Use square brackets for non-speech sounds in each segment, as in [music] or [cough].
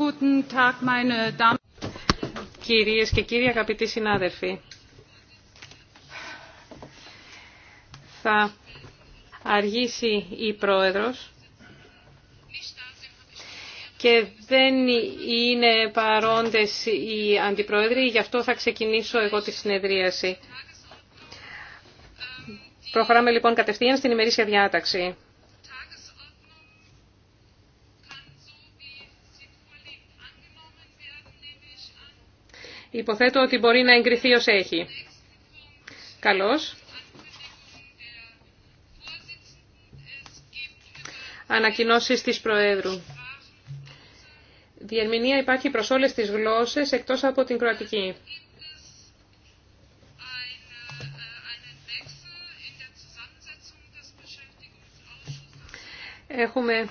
Guten Κυρίες και κύριοι, αγαπητοί συνάδελφοι. Θα αργήσει η Πρόεδρος και δεν είναι παρόντες οι αντιπρόεδροι, γι' αυτό θα ξεκινήσω εγώ τη συνεδρίαση. Προχωράμε λοιπόν κατευθείαν στην ημερήσια διάταξη. Υποθέτω ότι μπορεί να εγκριθεί ως έχει. Καλώς. Ανακοινώσεις της Προέδρου. Διερμηνία υπάρχει προς όλες τις γλώσσες εκτός από την Κροατική. Έχουμε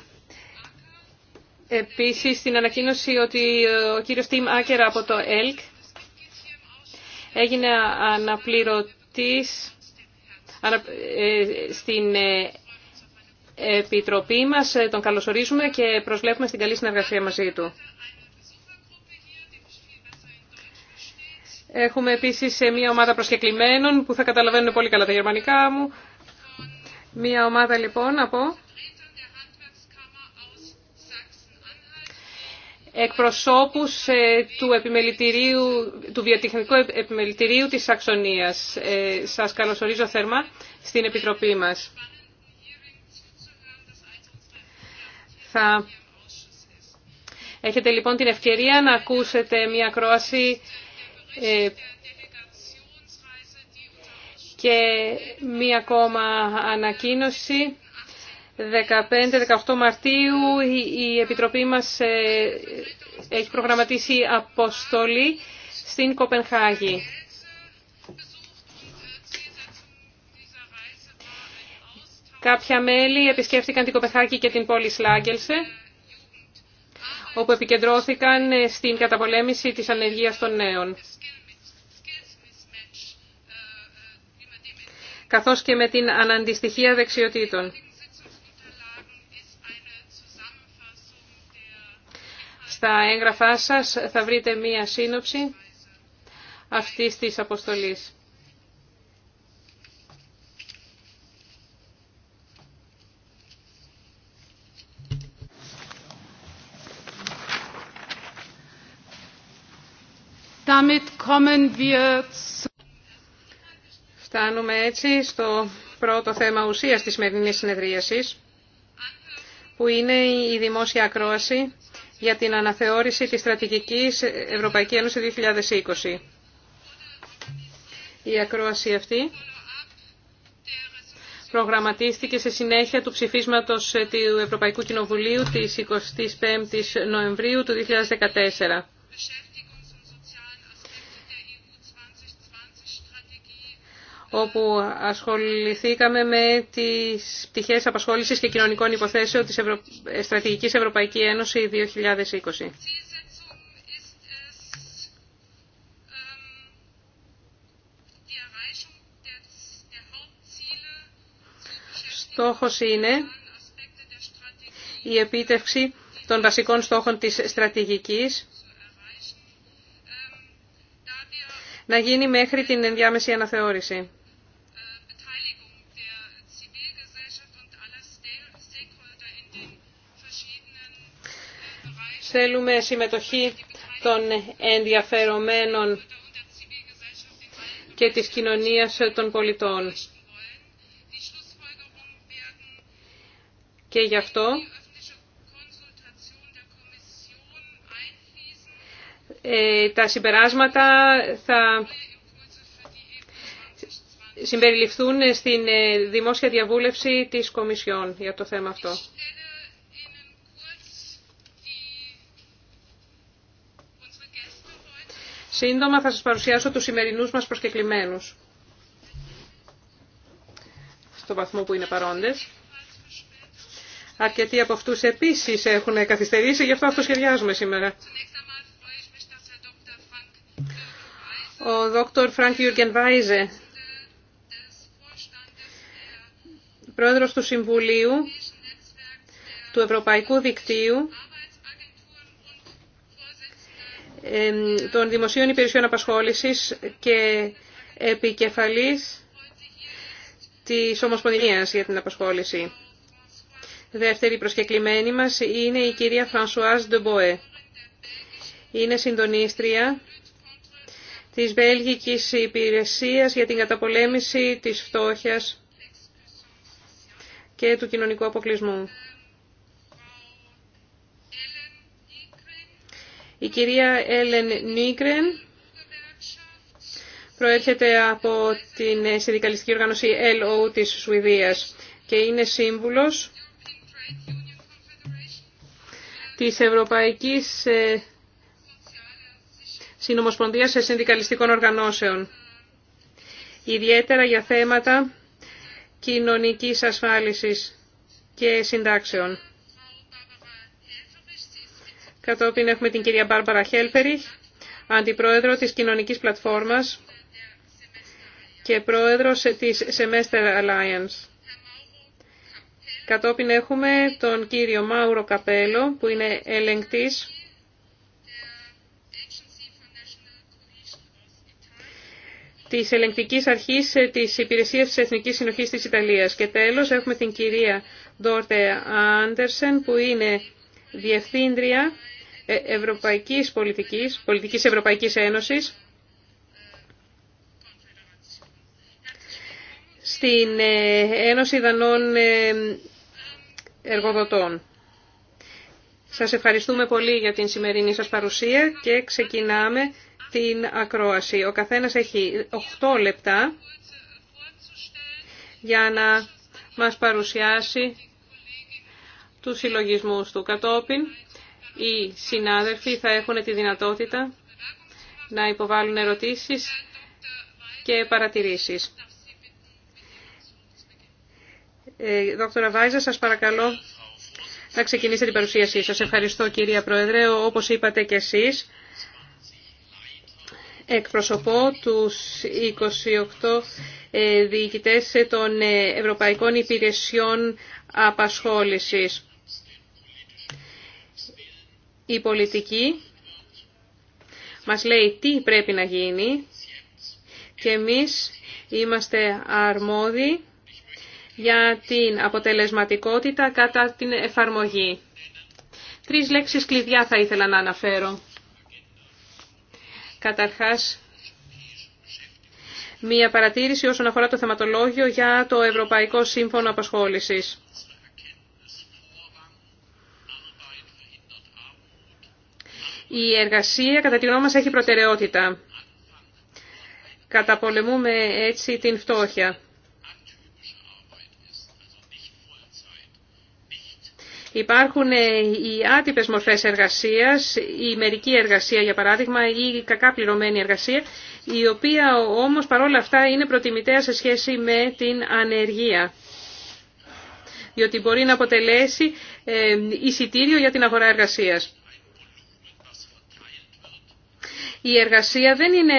επίσης την ανακοίνωση ότι ο κύριος Τιμ Άκερα από το ΕΛΚ έγινε αναπληρωτής ε, στην ε, Επιτροπή μας. Ε, τον καλωσορίζουμε και προσβλέπουμε στην καλή συνεργασία μαζί του. Έχουμε επίσης μια ομάδα προσκεκλημένων που θα καταλαβαίνουν πολύ καλά τα γερμανικά μου. Μια ομάδα λοιπόν από εκπροσώπους ε, του, επιμελητηρίου, του βιοτεχνικού επιμελητηρίου της Σαξονίας. Ε, σας καλωσορίζω θερμά στην Επιτροπή μας. Θα έχετε λοιπόν την ευκαιρία να ακούσετε μια ακρόαση ε, και μία ακόμα ανακοίνωση. 15-18 Μαρτίου η Επιτροπή μας ε, έχει προγραμματίσει αποστολή στην Κοπενχάγη. Κάποια μέλη επισκέφτηκαν την Κοπεχάκη και την πόλη Σλάγκελσε, όπου επικεντρώθηκαν ε, στην καταπολέμηση της ανεργίας των νέων. καθώς και με την αναντιστοιχεία δεξιοτήτων. Στα έγγραφά σας θα βρείτε μία σύνοψη αυτής της αποστολής. Φτάνουμε έτσι στο πρώτο θέμα ουσίας της σημερινής συνεδρίασης, που είναι η δημόσια ακρόαση για την αναθεώρηση της στρατηγικής Ευρωπαϊκή Ένωση 2020. Η ακρόαση αυτή προγραμματίστηκε σε συνέχεια του ψηφίσματος του Ευρωπαϊκού Κοινοβουλίου της 25ης Νοεμβρίου του 2014. όπου ασχοληθήκαμε με τις πτυχές απασχόλησης και κοινωνικών υποθέσεων της Ευρω... Στρατηγικής Ευρωπαϊκή Ένωση 2020. Στόχος είναι η επίτευξη των βασικών στόχων της στρατηγικής να γίνει μέχρι την ενδιάμεση αναθεώρηση. Θέλουμε συμμετοχή των ενδιαφερομένων και της κοινωνίας των πολιτών. Και γι' αυτό ε, τα συμπεράσματα θα συμπεριληφθούν στην ε, δημόσια διαβούλευση της Κομισιόν για το θέμα αυτό. Σύντομα θα σας παρουσιάσω τους σημερινούς μας προσκεκλημένους. Στο βαθμό που είναι παρόντες. Αρκετοί από αυτούς επίσης έχουν καθυστερήσει, γι' αυτό αυτό σχεδιάζουμε σήμερα. Ο δόκτωρ Φρανκ Γιούργεν Βάιζε, πρόεδρος του Συμβουλίου του Ευρωπαϊκού Δικτύου των δημοσίων υπηρεσιών απασχόλησης και επικεφαλής της ομοσπονδιακής για την απασχόληση. Δεύτερη προσκεκλημένη μας είναι η κυρία Φρανσουάζ Ντομποέ. Είναι συντονίστρια της Βέλγικης Υπηρεσίας για την καταπολέμηση της φτώχειας και του κοινωνικού αποκλεισμού. Η κυρία Έλεν Νίκρεν προέρχεται από την συνδικαλιστική οργάνωση LO της Σουηδίας και είναι σύμβουλος της Ευρωπαϊκής ε, Συνομοσπονδίας Συνδικαλιστικών Οργανώσεων. Ιδιαίτερα για θέματα κοινωνικής ασφάλισης και συντάξεων. Κατόπιν έχουμε την κυρία Μπάρμπαρα Χέλπερι, αντιπρόεδρο της Κοινωνικής Πλατφόρμας και πρόεδρος της Semester Alliance. Κατόπιν έχουμε τον κύριο Μάουρο Καπέλο, που είναι ελεγκτής της ελεγκτικής αρχής της Υπηρεσίας της Εθνικής Συνοχής της Ιταλίας. Και τέλος έχουμε την κυρία Ντόρτε Άντερσεν, που είναι διευθύντρια ε, ευρωπαϊκής πολιτικής, πολιτικής Ευρωπαϊκής Ένωσης, στην ε, Ένωση Δανών ε, Εργοδοτών. Σας ευχαριστούμε πολύ για την σημερινή σας παρουσία και ξεκινάμε την ακρόαση. Ο καθένας έχει 8 λεπτά για να μας παρουσιάσει τους συλλογισμούς του κατόπιν οι συνάδελφοι θα έχουν τη δυνατότητα να υποβάλουν ερωτήσεις και παρατηρήσεις. Ε, Δόκτωρα Βάιζα, σας παρακαλώ να ξεκινήσετε την παρουσίασή σας. Ευχαριστώ κυρία Πρόεδρε, όπως είπατε και εσείς. Εκπροσωπώ τους 28 ε, διοικητές των ε, Ευρωπαϊκών Υπηρεσιών Απασχόλησης η πολιτική μας λέει τι πρέπει να γίνει και εμείς είμαστε αρμόδιοι για την αποτελεσματικότητα κατά την εφαρμογή. Τρεις λέξεις κλειδιά θα ήθελα να αναφέρω. Καταρχάς, μία παρατήρηση όσον αφορά το θεματολόγιο για το Ευρωπαϊκό Σύμφωνο Απασχόλησης. Η εργασία, κατά τη γνώμη μας, έχει προτεραιότητα. Καταπολεμούμε έτσι την φτώχεια. Υπάρχουν ε, οι άτυπες μορφές εργασίας, η μερική εργασία για παράδειγμα ή η κακά πληρωμένη εργασία, η οποία όμως παρόλα αυτά είναι προτιμητέα σε σχέση με την ανεργία. Διότι μπορεί να αποτελέσει ε, εισιτήριο για την αγορά εργασίας η εργασία δεν είναι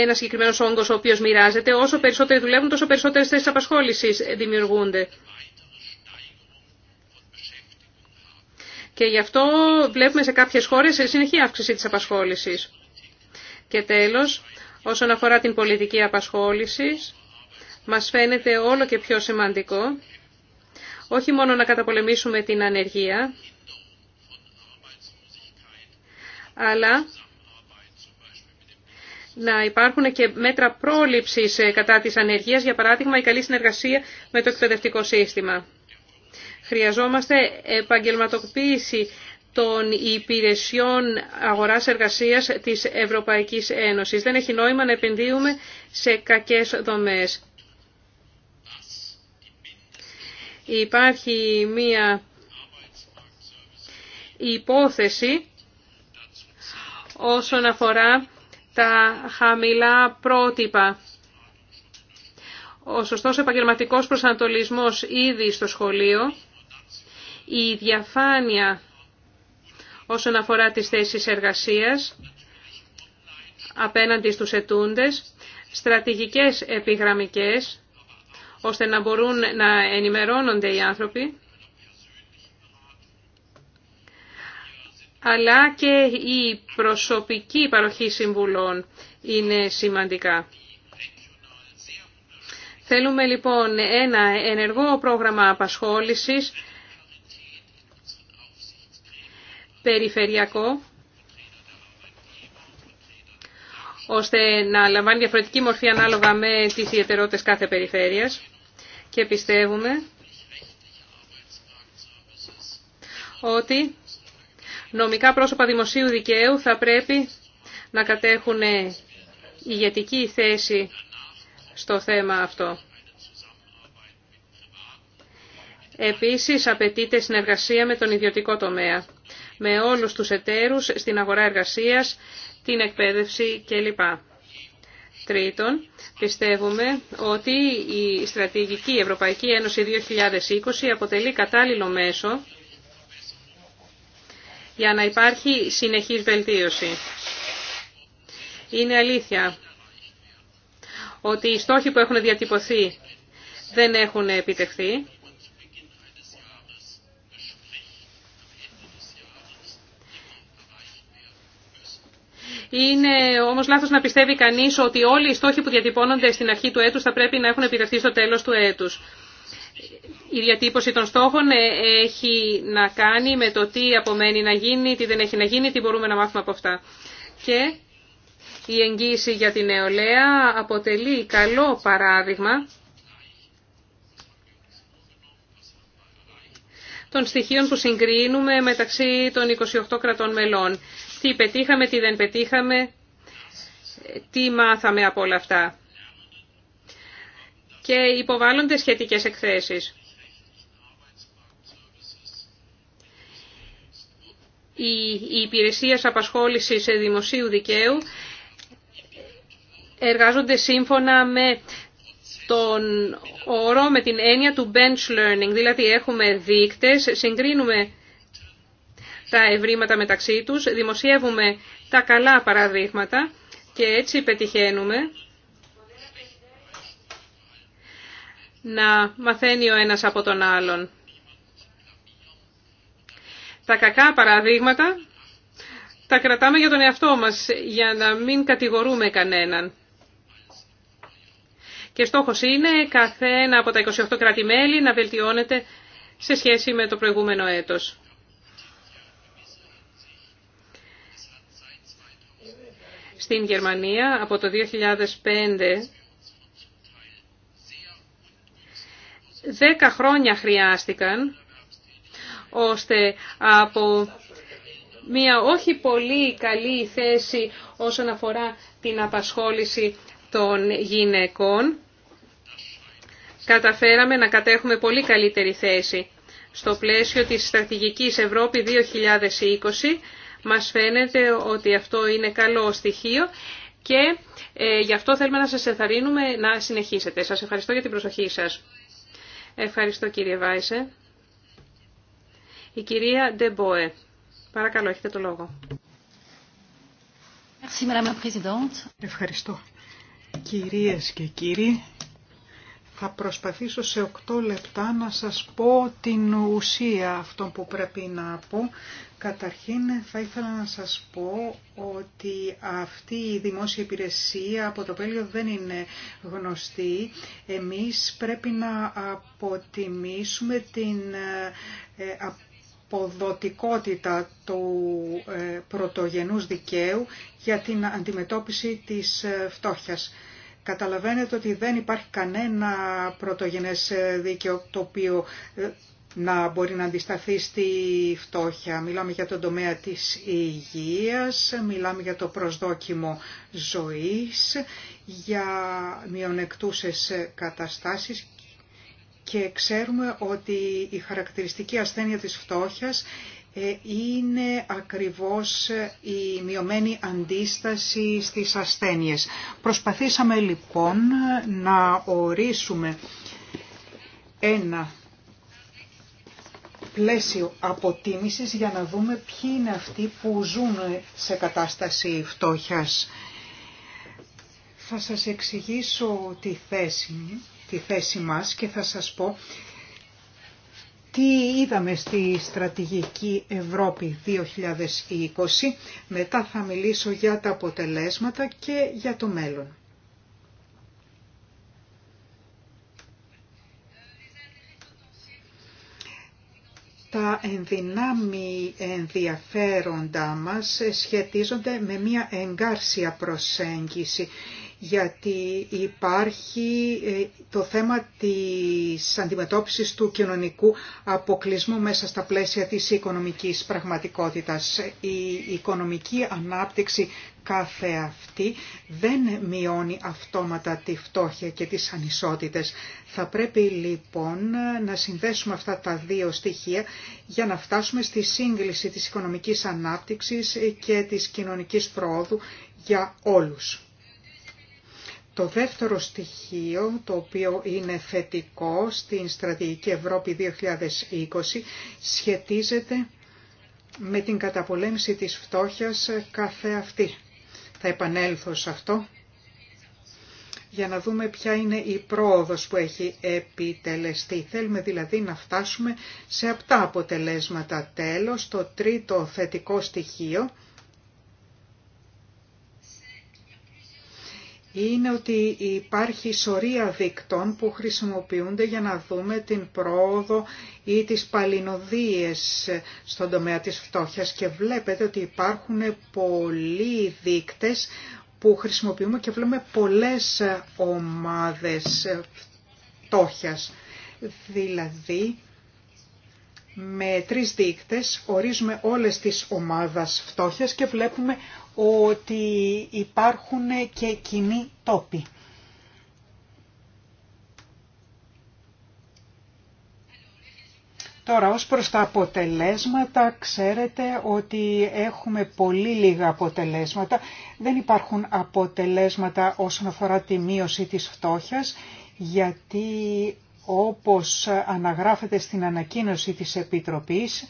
ένα συγκεκριμένο όγκο ο οποίο μοιράζεται. Όσο περισσότεροι δουλεύουν, τόσο περισσότερε θέσει απασχόληση δημιουργούνται. Και γι' αυτό βλέπουμε σε κάποιε χώρε συνεχή αύξηση τη απασχόληση. Και τέλο, όσον αφορά την πολιτική απασχόληση, μα φαίνεται όλο και πιο σημαντικό όχι μόνο να καταπολεμήσουμε την ανεργία, αλλά να υπάρχουν και μέτρα πρόληψης ε, κατά της ανεργίας, για παράδειγμα η καλή συνεργασία με το εκπαιδευτικό σύστημα. Χρειαζόμαστε επαγγελματοποίηση των υπηρεσιών αγοράς εργασίας της Ευρωπαϊκής Ένωσης. Δεν έχει νόημα να επενδύουμε σε κακές δομές. Υπάρχει μία υπόθεση όσον αφορά τα χαμηλά πρότυπα. Ο σωστός επαγγελματικός προσανατολισμός ήδη στο σχολείο, η διαφάνεια όσον αφορά τις θέσεις εργασίας απέναντι στους ετούντες, στρατηγικές επιγραμμικές, ώστε να μπορούν να ενημερώνονται οι άνθρωποι αλλά και η προσωπική παροχή συμβουλών είναι σημαντικά. Θέλουμε λοιπόν ένα ενεργό πρόγραμμα απασχόλησης, περιφερειακό, ώστε να λαμβάνει διαφορετική μορφή ανάλογα με τις ιδιαιτερότητες κάθε περιφέρειας και πιστεύουμε ότι νομικά πρόσωπα δημοσίου δικαίου θα πρέπει να κατέχουν ηγετική θέση στο θέμα αυτό. Επίσης, απαιτείται συνεργασία με τον ιδιωτικό τομέα, με όλους τους εταίρους στην αγορά εργασίας, την εκπαίδευση κλπ. Τρίτον, πιστεύουμε ότι η Στρατηγική Ευρωπαϊκή Ένωση 2020 αποτελεί κατάλληλο μέσο για να υπάρχει συνεχής βελτίωση. Είναι αλήθεια ότι οι στόχοι που έχουν διατυπωθεί δεν έχουν επιτευχθεί. Είναι όμως λάθος να πιστεύει κανείς ότι όλοι οι στόχοι που διατυπώνονται στην αρχή του έτους θα πρέπει να έχουν επιτευχθεί στο τέλος του έτους. Η διατύπωση των στόχων ε, έχει να κάνει με το τι απομένει να γίνει, τι δεν έχει να γίνει, τι μπορούμε να μάθουμε από αυτά. Και η εγγύηση για την νεολαία αποτελεί καλό παράδειγμα των στοιχείων που συγκρίνουμε μεταξύ των 28 κρατών μελών. Τι πετύχαμε, τι δεν πετύχαμε, τι μάθαμε από όλα αυτά. Και υποβάλλονται σχετικές εκθέσεις. οι υπηρεσίες απασχόλησης δημοσίου δικαίου εργάζονται σύμφωνα με τον όρο, με την έννοια του bench learning. Δηλαδή έχουμε δείκτες, συγκρίνουμε τα ευρήματα μεταξύ τους, δημοσιεύουμε τα καλά παραδείγματα και έτσι πετυχαίνουμε να μαθαίνει ο ένας από τον άλλον. Τα κακά παραδείγματα τα κρατάμε για τον εαυτό μας, για να μην κατηγορούμε κανέναν. Και στόχος είναι καθένα από τα 28 κράτη-μέλη να βελτιώνεται σε σχέση με το προηγούμενο έτος. Στην Γερμανία από το 2005 10 χρόνια χρειάστηκαν ώστε από μια όχι πολύ καλή θέση όσον αφορά την απασχόληση των γυναικών, καταφέραμε να κατέχουμε πολύ καλύτερη θέση. Στο πλαίσιο της στρατηγικής Ευρώπη 2020 μας φαίνεται ότι αυτό είναι καλό στοιχείο και ε, γι' αυτό θέλουμε να σας εθαρρύνουμε να συνεχίσετε. Σας ευχαριστώ για την προσοχή σας. Ευχαριστώ κύριε Βάισε. Η κυρία Ντεμποέ. Παρακαλώ, έχετε το λόγο. Ευχαριστώ. Κυρίες και κύριοι, θα προσπαθήσω σε 8 λεπτά να σας πω την ουσία αυτών που πρέπει να πω. Καταρχήν θα ήθελα να σας πω ότι αυτή η δημόσια υπηρεσία από το Πέλιο δεν είναι γνωστή. Εμείς πρέπει να αποτιμήσουμε την ε, αποδοτικότητα του ε, πρωτογενούς δικαίου για την αντιμετώπιση της ε, φτώχειας. Καταλαβαίνετε ότι δεν υπάρχει κανένα πρωτογενές ε, δίκαιο το οποίο να μπορεί να αντισταθεί στη φτώχεια. Μιλάμε για τον τομέα της υγείας, μιλάμε για το προσδόκιμο ζωής, για μειονεκτούσες καταστάσεις και ξέρουμε ότι η χαρακτηριστική ασθένεια της φτώχειας ε, είναι ακριβώς ε, η μειωμένη αντίσταση στις ασθένειες. Προσπαθήσαμε λοιπόν ε, να ορίσουμε ένα πλαίσιο αποτίμησης για να δούμε ποιοι είναι αυτοί που ζουν σε κατάσταση φτώχειας. Θα σας εξηγήσω τη θέση μου τη θέση μας και θα σας πω τι είδαμε στη στρατηγική Ευρώπη 2020. Μετά θα μιλήσω για τα αποτελέσματα και για το μέλλον. τα ενδυνάμει ενδιαφέροντά μας σχετίζονται με μια εγκάρσια προσέγγιση γιατί υπάρχει ε, το θέμα της αντιμετώπισης του κοινωνικού αποκλεισμού μέσα στα πλαίσια της οικονομικής πραγματικότητας. Η οικονομική ανάπτυξη κάθε αυτή δεν μειώνει αυτόματα τη φτώχεια και τις ανισότητες. Θα πρέπει λοιπόν να συνδέσουμε αυτά τα δύο στοιχεία για να φτάσουμε στη σύγκληση της οικονομικής ανάπτυξης και της κοινωνικής προόδου για όλους. Το δεύτερο στοιχείο, το οποίο είναι θετικό στην Στρατηγική Ευρώπη 2020, σχετίζεται με την καταπολέμηση της φτώχειας κάθε αυτή. Θα επανέλθω σε αυτό για να δούμε ποια είναι η πρόοδος που έχει επιτελεστεί. Θέλουμε δηλαδή να φτάσουμε σε αυτά αποτελέσματα. Τέλος, το τρίτο θετικό στοιχείο είναι ότι υπάρχει σωρία δικτών που χρησιμοποιούνται για να δούμε την πρόοδο ή τις παλινοδίες στον τομέα της φτώχειας και βλέπετε ότι υπάρχουν πολλοί δείκτες που χρησιμοποιούμε και βλέπουμε πολλές ομάδες φτώχειας. Δηλαδή, με τρεις δείκτες ορίζουμε όλες τις ομάδες φτώχειας και βλέπουμε ότι υπάρχουν και κοινοί τόποι. Τώρα, ως προς τα αποτελέσματα, ξέρετε ότι έχουμε πολύ λίγα αποτελέσματα. Δεν υπάρχουν αποτελέσματα όσον αφορά τη μείωση της φτώχειας, γιατί όπως αναγράφεται στην ανακοίνωση της Επιτροπής,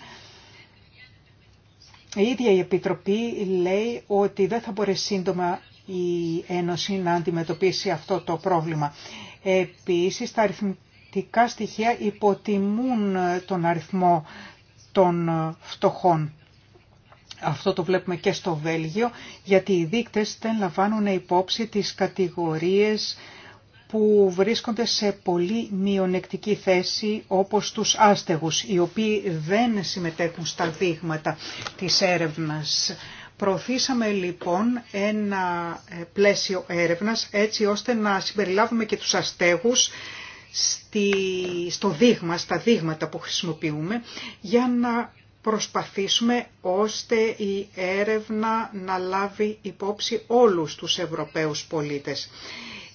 η ίδια η Επιτροπή λέει ότι δεν θα μπορέσει σύντομα η Ένωση να αντιμετωπίσει αυτό το πρόβλημα. Επίσης, τα αριθμητικά στοιχεία υποτιμούν τον αριθμό των φτωχών. Αυτό το βλέπουμε και στο Βέλγιο, γιατί οι δείκτες δεν λαμβάνουν υπόψη τις κατηγορίες που βρίσκονται σε πολύ μειονεκτική θέση όπως τους άστεγους, οι οποίοι δεν συμμετέχουν στα δείγματα της έρευνας. Προωθήσαμε λοιπόν ένα ε, πλαίσιο έρευνας έτσι ώστε να συμπεριλάβουμε και τους αστέγους στη, στο δείγμα, στα δείγματα που χρησιμοποιούμε για να προσπαθήσουμε ώστε η έρευνα να λάβει υπόψη όλους τους Ευρωπαίους πολίτες.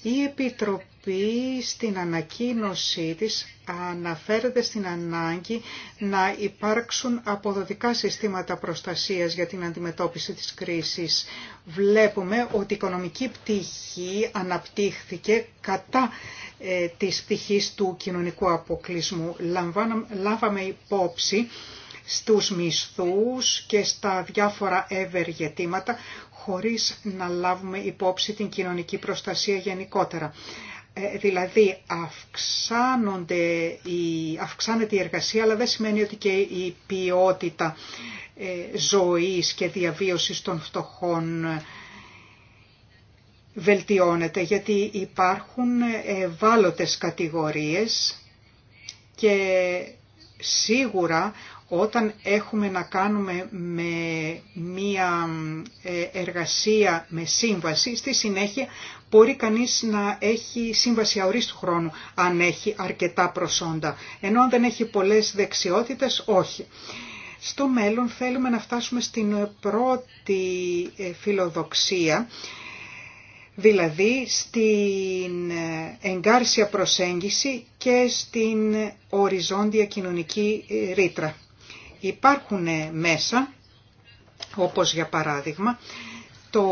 Η Επιτροπή στην ανακοίνωσή της αναφέρεται στην ανάγκη να υπάρξουν αποδοτικά συστήματα προστασίας για την αντιμετώπιση της κρίσης. Βλέπουμε ότι η οικονομική πτυχή αναπτύχθηκε κατά ε, της πτυχής του κοινωνικού αποκλεισμού. Λάβαμε υπόψη στους μισθούς και στα διάφορα ευεργετήματα χωρίς να λάβουμε υπόψη την κοινωνική προστασία γενικότερα. Ε, δηλαδή αυξάνονται η, αυξάνεται η εργασία αλλά δεν σημαίνει ότι και η ποιότητα ε, ζωής και διαβίωσης των φτωχών ε, βελτιώνεται γιατί υπάρχουν ευάλωτες κατηγορίες και σίγουρα όταν έχουμε να κάνουμε με μία ε, εργασία με σύμβαση, στη συνέχεια μπορεί κανείς να έχει σύμβαση αορίστου χρόνου, αν έχει αρκετά προσόντα. Ενώ αν δεν έχει πολλές δεξιότητες, όχι. Στο μέλλον θέλουμε να φτάσουμε στην πρώτη ε, φιλοδοξία, δηλαδή στην ε, εγκάρσια προσέγγιση και στην οριζόντια κοινωνική ρήτρα. Υπάρχουν μέσα, όπως για παράδειγμα, το,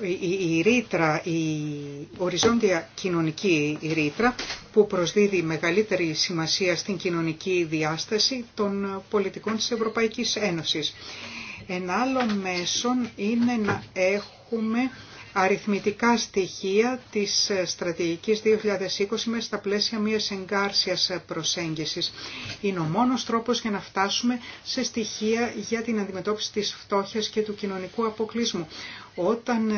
η, η η οριζόντια κοινωνική ρήτρα που προσδίδει μεγαλύτερη σημασία στην κοινωνική διάσταση των πολιτικών της Ευρωπαϊκής Ένωσης. Ένα άλλο μέσο είναι να έχουμε αριθμητικά στοιχεία της στρατηγικής 2020 μέσα στα πλαίσια μιας εγκάρσιας προσέγγισης. Είναι ο μόνος τρόπος για να φτάσουμε σε στοιχεία για την αντιμετώπιση της φτώχειας και του κοινωνικού αποκλείσμου. Όταν ε,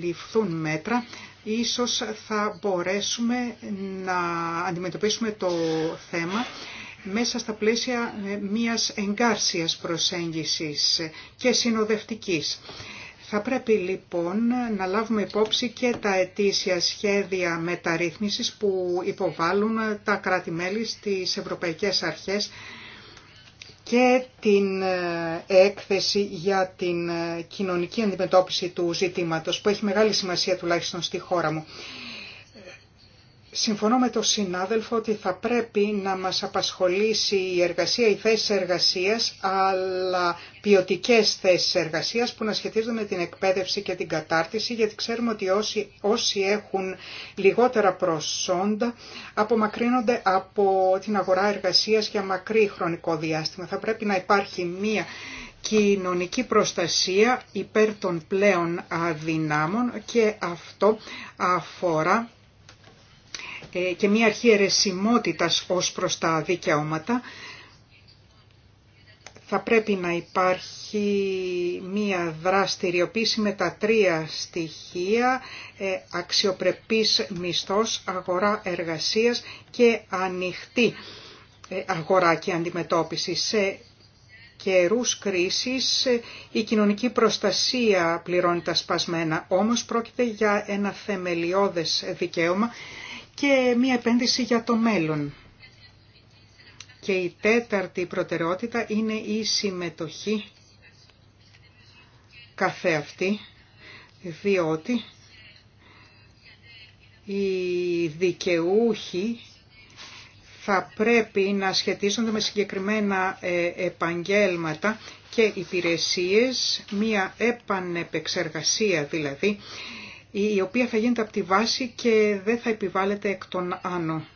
ληφθούν μέτρα, ίσως θα μπορέσουμε να αντιμετωπίσουμε το θέμα μέσα στα πλαίσια ε, μιας εγκάρσιας προσέγγισης και συνοδευτικής. Θα πρέπει λοιπόν να λάβουμε υπόψη και τα ετήσια σχέδια μεταρρύθμισης που υποβάλλουν τα κράτη-μέλη στις ευρωπαϊκές αρχές και την ε, έκθεση για την ε, κοινωνική αντιμετώπιση του ζητήματος που έχει μεγάλη σημασία τουλάχιστον στη χώρα μου. Συμφωνώ με τον συνάδελφο ότι θα πρέπει να μας απασχολήσει η εργασία, η θέση εργασίας, αλλά Ποιοτικέ θέσει εργασία που να σχετίζονται με την εκπαίδευση και την κατάρτιση, γιατί ξέρουμε ότι όσοι, όσοι έχουν λιγότερα προσόντα απομακρύνονται από την αγορά εργασία για μακρύ χρονικό διάστημα. Θα πρέπει να υπάρχει μία κοινωνική προστασία υπέρ των πλέον αδυνάμων και αυτό αφορά ε, και μία αρχή αιρεσιμότητας ως προς τα δικαιώματα θα πρέπει να υπάρχει μία δραστηριοποίηση με τα τρία στοιχεία, ε, αξιοπρεπής μισθός, αγορά εργασίας και ανοιχτή ε, αγορά και αντιμετώπιση. Σε καιρούς κρίσης ε, η κοινωνική προστασία πληρώνει τα σπασμένα, όμως πρόκειται για ένα θεμελιώδες δικαίωμα και μία επένδυση για το μέλλον. Και η τέταρτη προτεραιότητα είναι η συμμετοχή καθεαυτή, διότι οι δικαιούχοι θα πρέπει να σχετίζονται με συγκεκριμένα ε, επαγγέλματα και υπηρεσίες, μία επανεπεξεργασία δηλαδή, η οποία θα γίνεται από τη βάση και δεν θα επιβάλλεται εκ των άνω.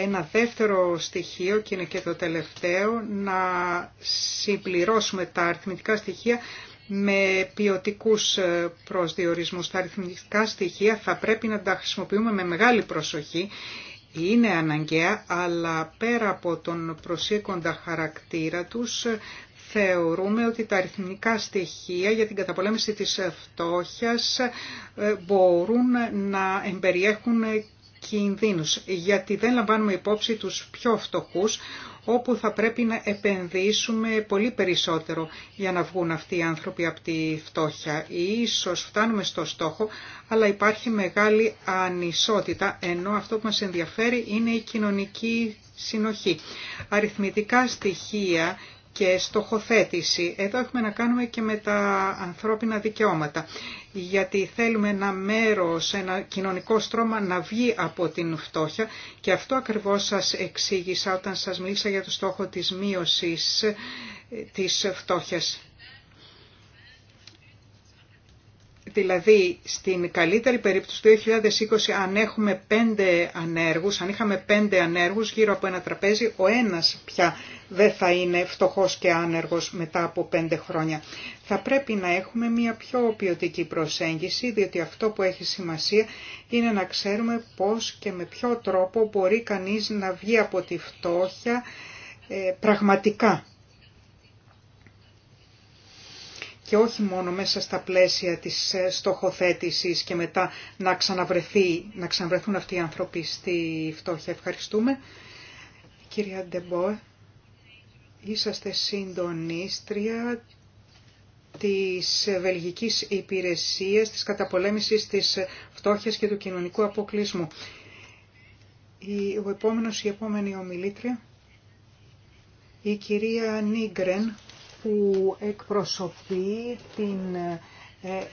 ένα δεύτερο στοιχείο και είναι και το τελευταίο, να συμπληρώσουμε τα αριθμητικά στοιχεία με ποιοτικούς ε, προσδιορισμούς. Τα αριθμητικά στοιχεία θα πρέπει να τα χρησιμοποιούμε με μεγάλη προσοχή. Είναι αναγκαία, αλλά πέρα από τον προσήκοντα χαρακτήρα τους, ε, θεωρούμε ότι τα αριθμητικά στοιχεία για την καταπολέμηση της φτώχειας ε, μπορούν να εμπεριέχουν κινδύνους, γιατί δεν λαμβάνουμε υπόψη τους πιο φτωχούς, όπου θα πρέπει να επενδύσουμε πολύ περισσότερο για να βγουν αυτοί οι άνθρωποι από τη φτώχεια. Ίσως φτάνουμε στο στόχο, αλλά υπάρχει μεγάλη ανισότητα, ενώ αυτό που μας ενδιαφέρει είναι η κοινωνική συνοχή. Αριθμητικά στοιχεία και στοχοθέτηση. Εδώ έχουμε να κάνουμε και με τα ανθρώπινα δικαιώματα, γιατί θέλουμε ένα μέρος, ένα κοινωνικό στρώμα να βγει από την φτώχεια και αυτό ακριβώς σας εξήγησα όταν σας μίλησα για το στόχο της μείωσης ε, της φτώχειας. Δηλαδή, στην καλύτερη περίπτωση του 2020, αν έχουμε πέντε ανέργους, αν είχαμε πέντε ανέργους γύρω από ένα τραπέζι, ο ένας πια δεν θα είναι φτωχός και άνεργος μετά από πέντε χρόνια. Θα πρέπει να έχουμε μια πιο ποιοτική προσέγγιση, διότι αυτό που έχει σημασία είναι να ξέρουμε πώς και με ποιο τρόπο μπορεί κανείς να βγει από τη φτώχεια ε, πραγματικά και όχι μόνο μέσα στα πλαίσια της ε, στοχοθέτησης και μετά να, ξαναβρεθεί, να ξαναβρεθούν αυτοί οι άνθρωποι στη φτώχεια. Ευχαριστούμε. Κυρία Ντεμπόε, είσαστε συντονίστρια της Βελγικής Υπηρεσίας της καταπολέμησης της φτώχειας και του κοινωνικού αποκλεισμού. Ο επόμενος, η επόμενη ομιλήτρια, η κυρία Νίγκρεν, που εκπροσωπεί την ε,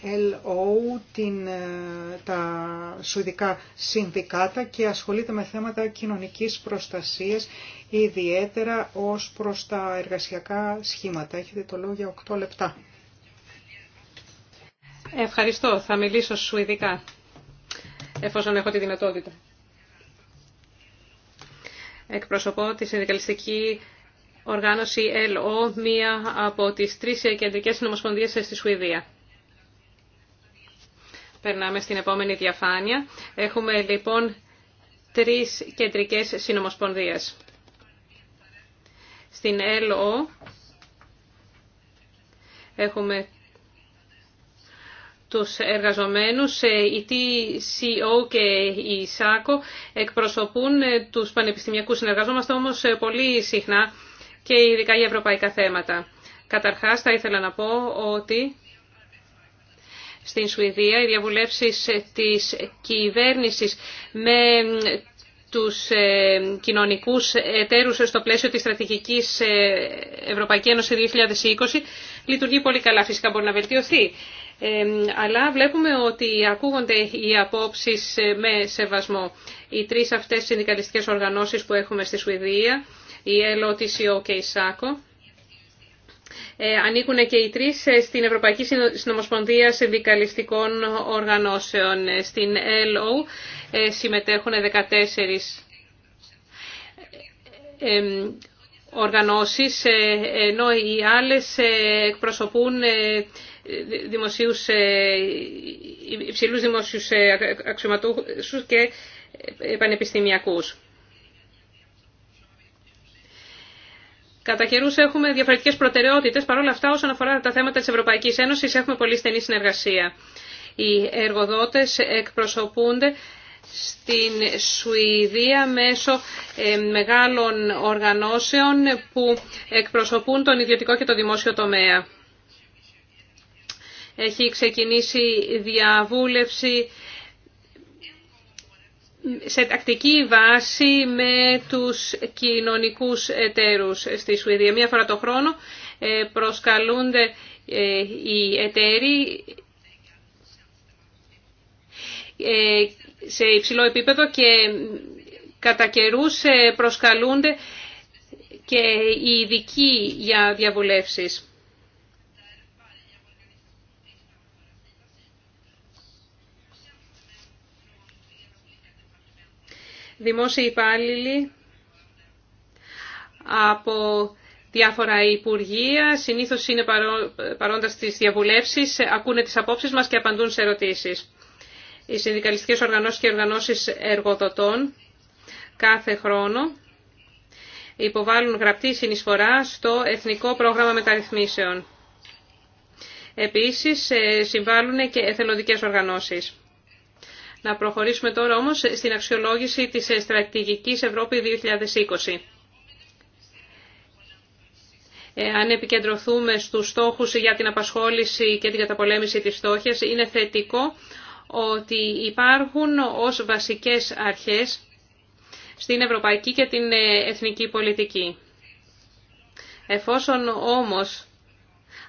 LO, την, ε, τα σουηδικά συνδικάτα και ασχολείται με θέματα κοινωνικής προστασίας, ιδιαίτερα ως προς τα εργασιακά σχήματα. Έχετε το λόγο για 8 λεπτά. Ευχαριστώ. Θα μιλήσω σουηδικά, εφόσον έχω τη δυνατότητα. Εκπροσωπώ τη συνδικαλιστική οργάνωση LO, μία από τις τρεις κεντρικές νομοσπονδίες στη Σουηδία. Περνάμε στην επόμενη διαφάνεια. Έχουμε λοιπόν τρεις κεντρικές συνομοσπονδίες. Στην LO έχουμε τους εργαζομένους, η ε, TCO και η ΣΑΚΟ εκπροσωπούν ε, τους πανεπιστημιακούς συνεργαζόμαστε όμως ε, πολύ συχνά και ειδικά για ευρωπαϊκά θέματα. Καταρχάς θα ήθελα να πω ότι στην Σουηδία οι διαβουλεύσεις της κυβέρνησης με τους ε, κοινωνικούς εταίρους στο πλαίσιο της στρατηγικής ε, Ευρωπαϊκή Ένωση 2020 λειτουργεί πολύ καλά. Φυσικά μπορεί να βελτιωθεί. Ε, αλλά βλέπουμε ότι ακούγονται οι απόψεις με σεβασμό. Οι τρεις αυτές συνδικαλιστικές οργανώσεις που έχουμε στη Σουηδία η ΕΛΟ, και η ΣΑΚΟ. Ε, ανήκουν και οι τρεις στην Ευρωπαϊκή Συνομοσπονδία Συνδικαλιστικών Οργανώσεων. Ε, στην ΕΛΟ συμμετέχουν 14 ε, οργανώσεις, ενώ οι άλλες εκπροσωπούν δημοσίους, υψηλούς δημοσίους αξιωματούχους και πανεπιστημιακούς. Κατά καιρού έχουμε διαφορετικέ προτεραιότητε. παρόλα αυτά, όσον αφορά τα θέματα τη Ευρωπαϊκή Ένωση, έχουμε πολύ στενή συνεργασία. Οι εργοδότε εκπροσωπούνται στην Σουηδία μέσω ε, μεγάλων οργανώσεων που εκπροσωπούν τον ιδιωτικό και το δημόσιο τομέα. Έχει ξεκινήσει διαβούλευση σε τακτική βάση με τους κοινωνικούς εταίρους στη Σουηδία. Μία φορά το χρόνο ε, προσκαλούνται ε, οι εταίροι ε, σε υψηλό επίπεδο και κατά καιρού προσκαλούνται και οι ειδικοί για διαβουλεύσεις. δημόσιοι υπάλληλοι από διάφορα υπουργεία, συνήθως είναι παρόντα στις διαβουλεύσεις, ακούνε τις απόψεις μας και απαντούν σε ερωτήσεις. Οι συνδικαλιστικές οργανώσεις και οργανώσεις εργοδοτών κάθε χρόνο υποβάλλουν γραπτή συνεισφορά στο Εθνικό Πρόγραμμα Μεταρρυθμίσεων. Επίσης ε, συμβάλλουν και εθελοντικές οργανώσεις. Να προχωρήσουμε τώρα όμως στην αξιολόγηση της στρατηγικής Ευρώπη 2020. Ε, αν επικεντρωθούμε στους στόχους για την απασχόληση και την καταπολέμηση της στόχιας, είναι θετικό ότι υπάρχουν ως βασικές αρχές στην ευρωπαϊκή και την ε, εθνική πολιτική. Εφόσον όμως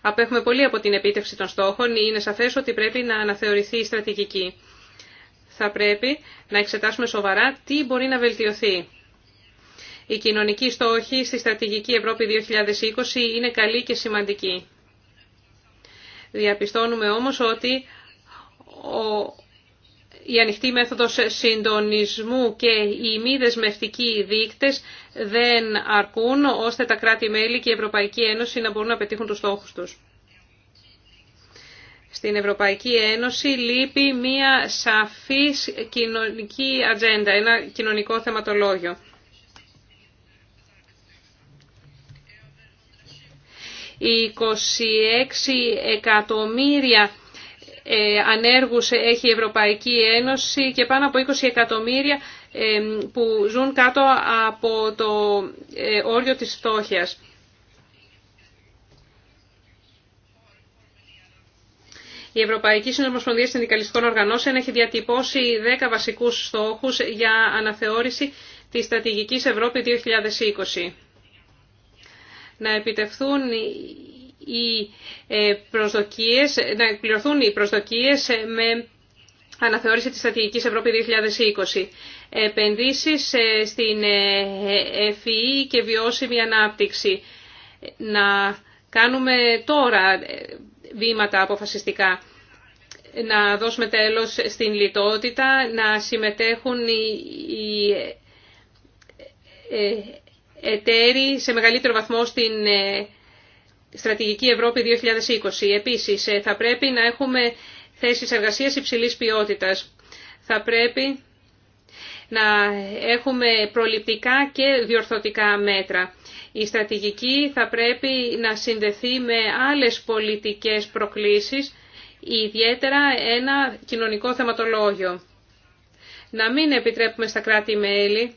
απέχουμε πολύ από την επίτευξη των στόχων, είναι σαφές ότι πρέπει να αναθεωρηθεί η στρατηγική θα πρέπει να εξετάσουμε σοβαρά τι μπορεί να βελτιωθεί. Η κοινωνική στόχοι στη Στρατηγική Ευρώπη 2020 είναι καλή και σημαντική. Διαπιστώνουμε όμως ότι ο, η ανοιχτή μέθοδος συντονισμού και οι μη δεσμευτικοί δείκτες δεν αρκούν ώστε τα κράτη-μέλη και η Ευρωπαϊκή Ένωση να μπορούν να πετύχουν τους στόχους τους στην Ευρωπαϊκή Ένωση λείπει μία σαφής κοινωνική ατζέντα, ένα κοινωνικό θεματολόγιο. Οι 26 εκατομμύρια ε, ανέργους έχει η Ευρωπαϊκή Ένωση και πάνω από 20 εκατομμύρια ε, που ζουν κάτω από το ε, όριο της φτώχειας. Η Ευρωπαϊκή Συνομοσπονδία Συνδικαλιστικών Οργανώσεων έχει διατυπώσει 10 βασικούς στόχους για αναθεώρηση της στρατηγικής Ευρώπη 2020. Να επιτευχθούν οι ε, προσδοκίες, να εκπληρωθούν οι προσδοκίες ε, με αναθεώρηση της στρατηγικής Ευρώπη 2020. Επενδύσεις ε, στην ΕΦΗ e e και βιώσιμη ανάπτυξη. Να κάνουμε τώρα βήματα αποφασιστικά. Να δώσουμε τέλος στην λιτότητα, να συμμετέχουν οι ε, ε, εταίροι σε μεγαλύτερο βαθμό στην ε, Στρατηγική Ευρώπη 2020. Επίσης, θα πρέπει να έχουμε θέσεις εργασίας υψηλής ποιότητας. Θα πρέπει να έχουμε προληπτικά και διορθωτικά μέτρα. Η στρατηγική θα πρέπει να συνδεθεί με άλλες πολιτικές προκλήσεις, ιδιαίτερα ένα κοινωνικό θεματολόγιο. Να μην επιτρέπουμε στα κράτη-μέλη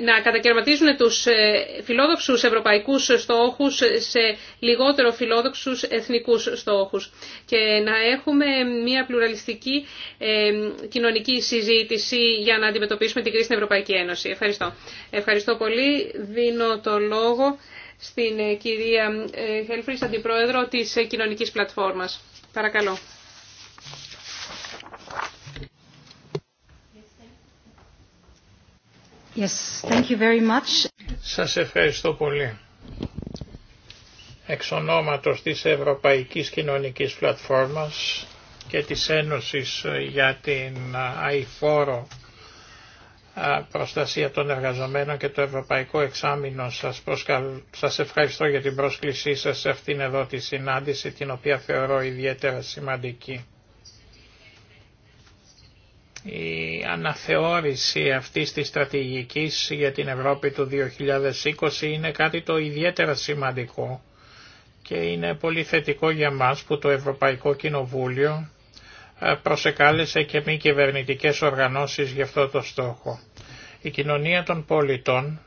να κατακαιρματίζουν τους ε, φιλόδοξους ευρωπαϊκούς στόχους σε λιγότερο φιλόδοξους εθνικούς στόχους και να έχουμε μια πλουραλιστική κοινωνική συζήτηση για να αντιμετωπίσουμε την κρίση στην Ευρωπαϊκή Ένωση. Ευχαριστώ. Ευχαριστώ πολύ. Δίνω το λόγο στην ε, κυρία ε, Χέλφρις, αντιπρόεδρο της Κοινωνικής Πλατφόρμας. Παρακαλώ. Yes, thank you Σας ευχαριστώ πολύ. Εξ ονόματος της Ευρωπαϊκής Κοινωνικής Πλατφόρμας και της Ένωσης για την αηφόρο προστασία των εργαζομένων και το Ευρωπαϊκό Εξάμεινο σας, σας ευχαριστώ για την πρόσκλησή σας σε αυτήν εδώ τη συνάντηση την οποία θεωρώ ιδιαίτερα σημαντική. Η αναθεώρηση αυτής της στρατηγικής για την Ευρώπη του 2020 είναι κάτι το ιδιαίτερα σημαντικό και είναι πολύ θετικό για μας που το Ευρωπαϊκό Κοινοβούλιο ε, προσεκάλεσε και μη κυβερνητικέ οργανώσεις για αυτό το στόχο. Η κοινωνία των πολιτών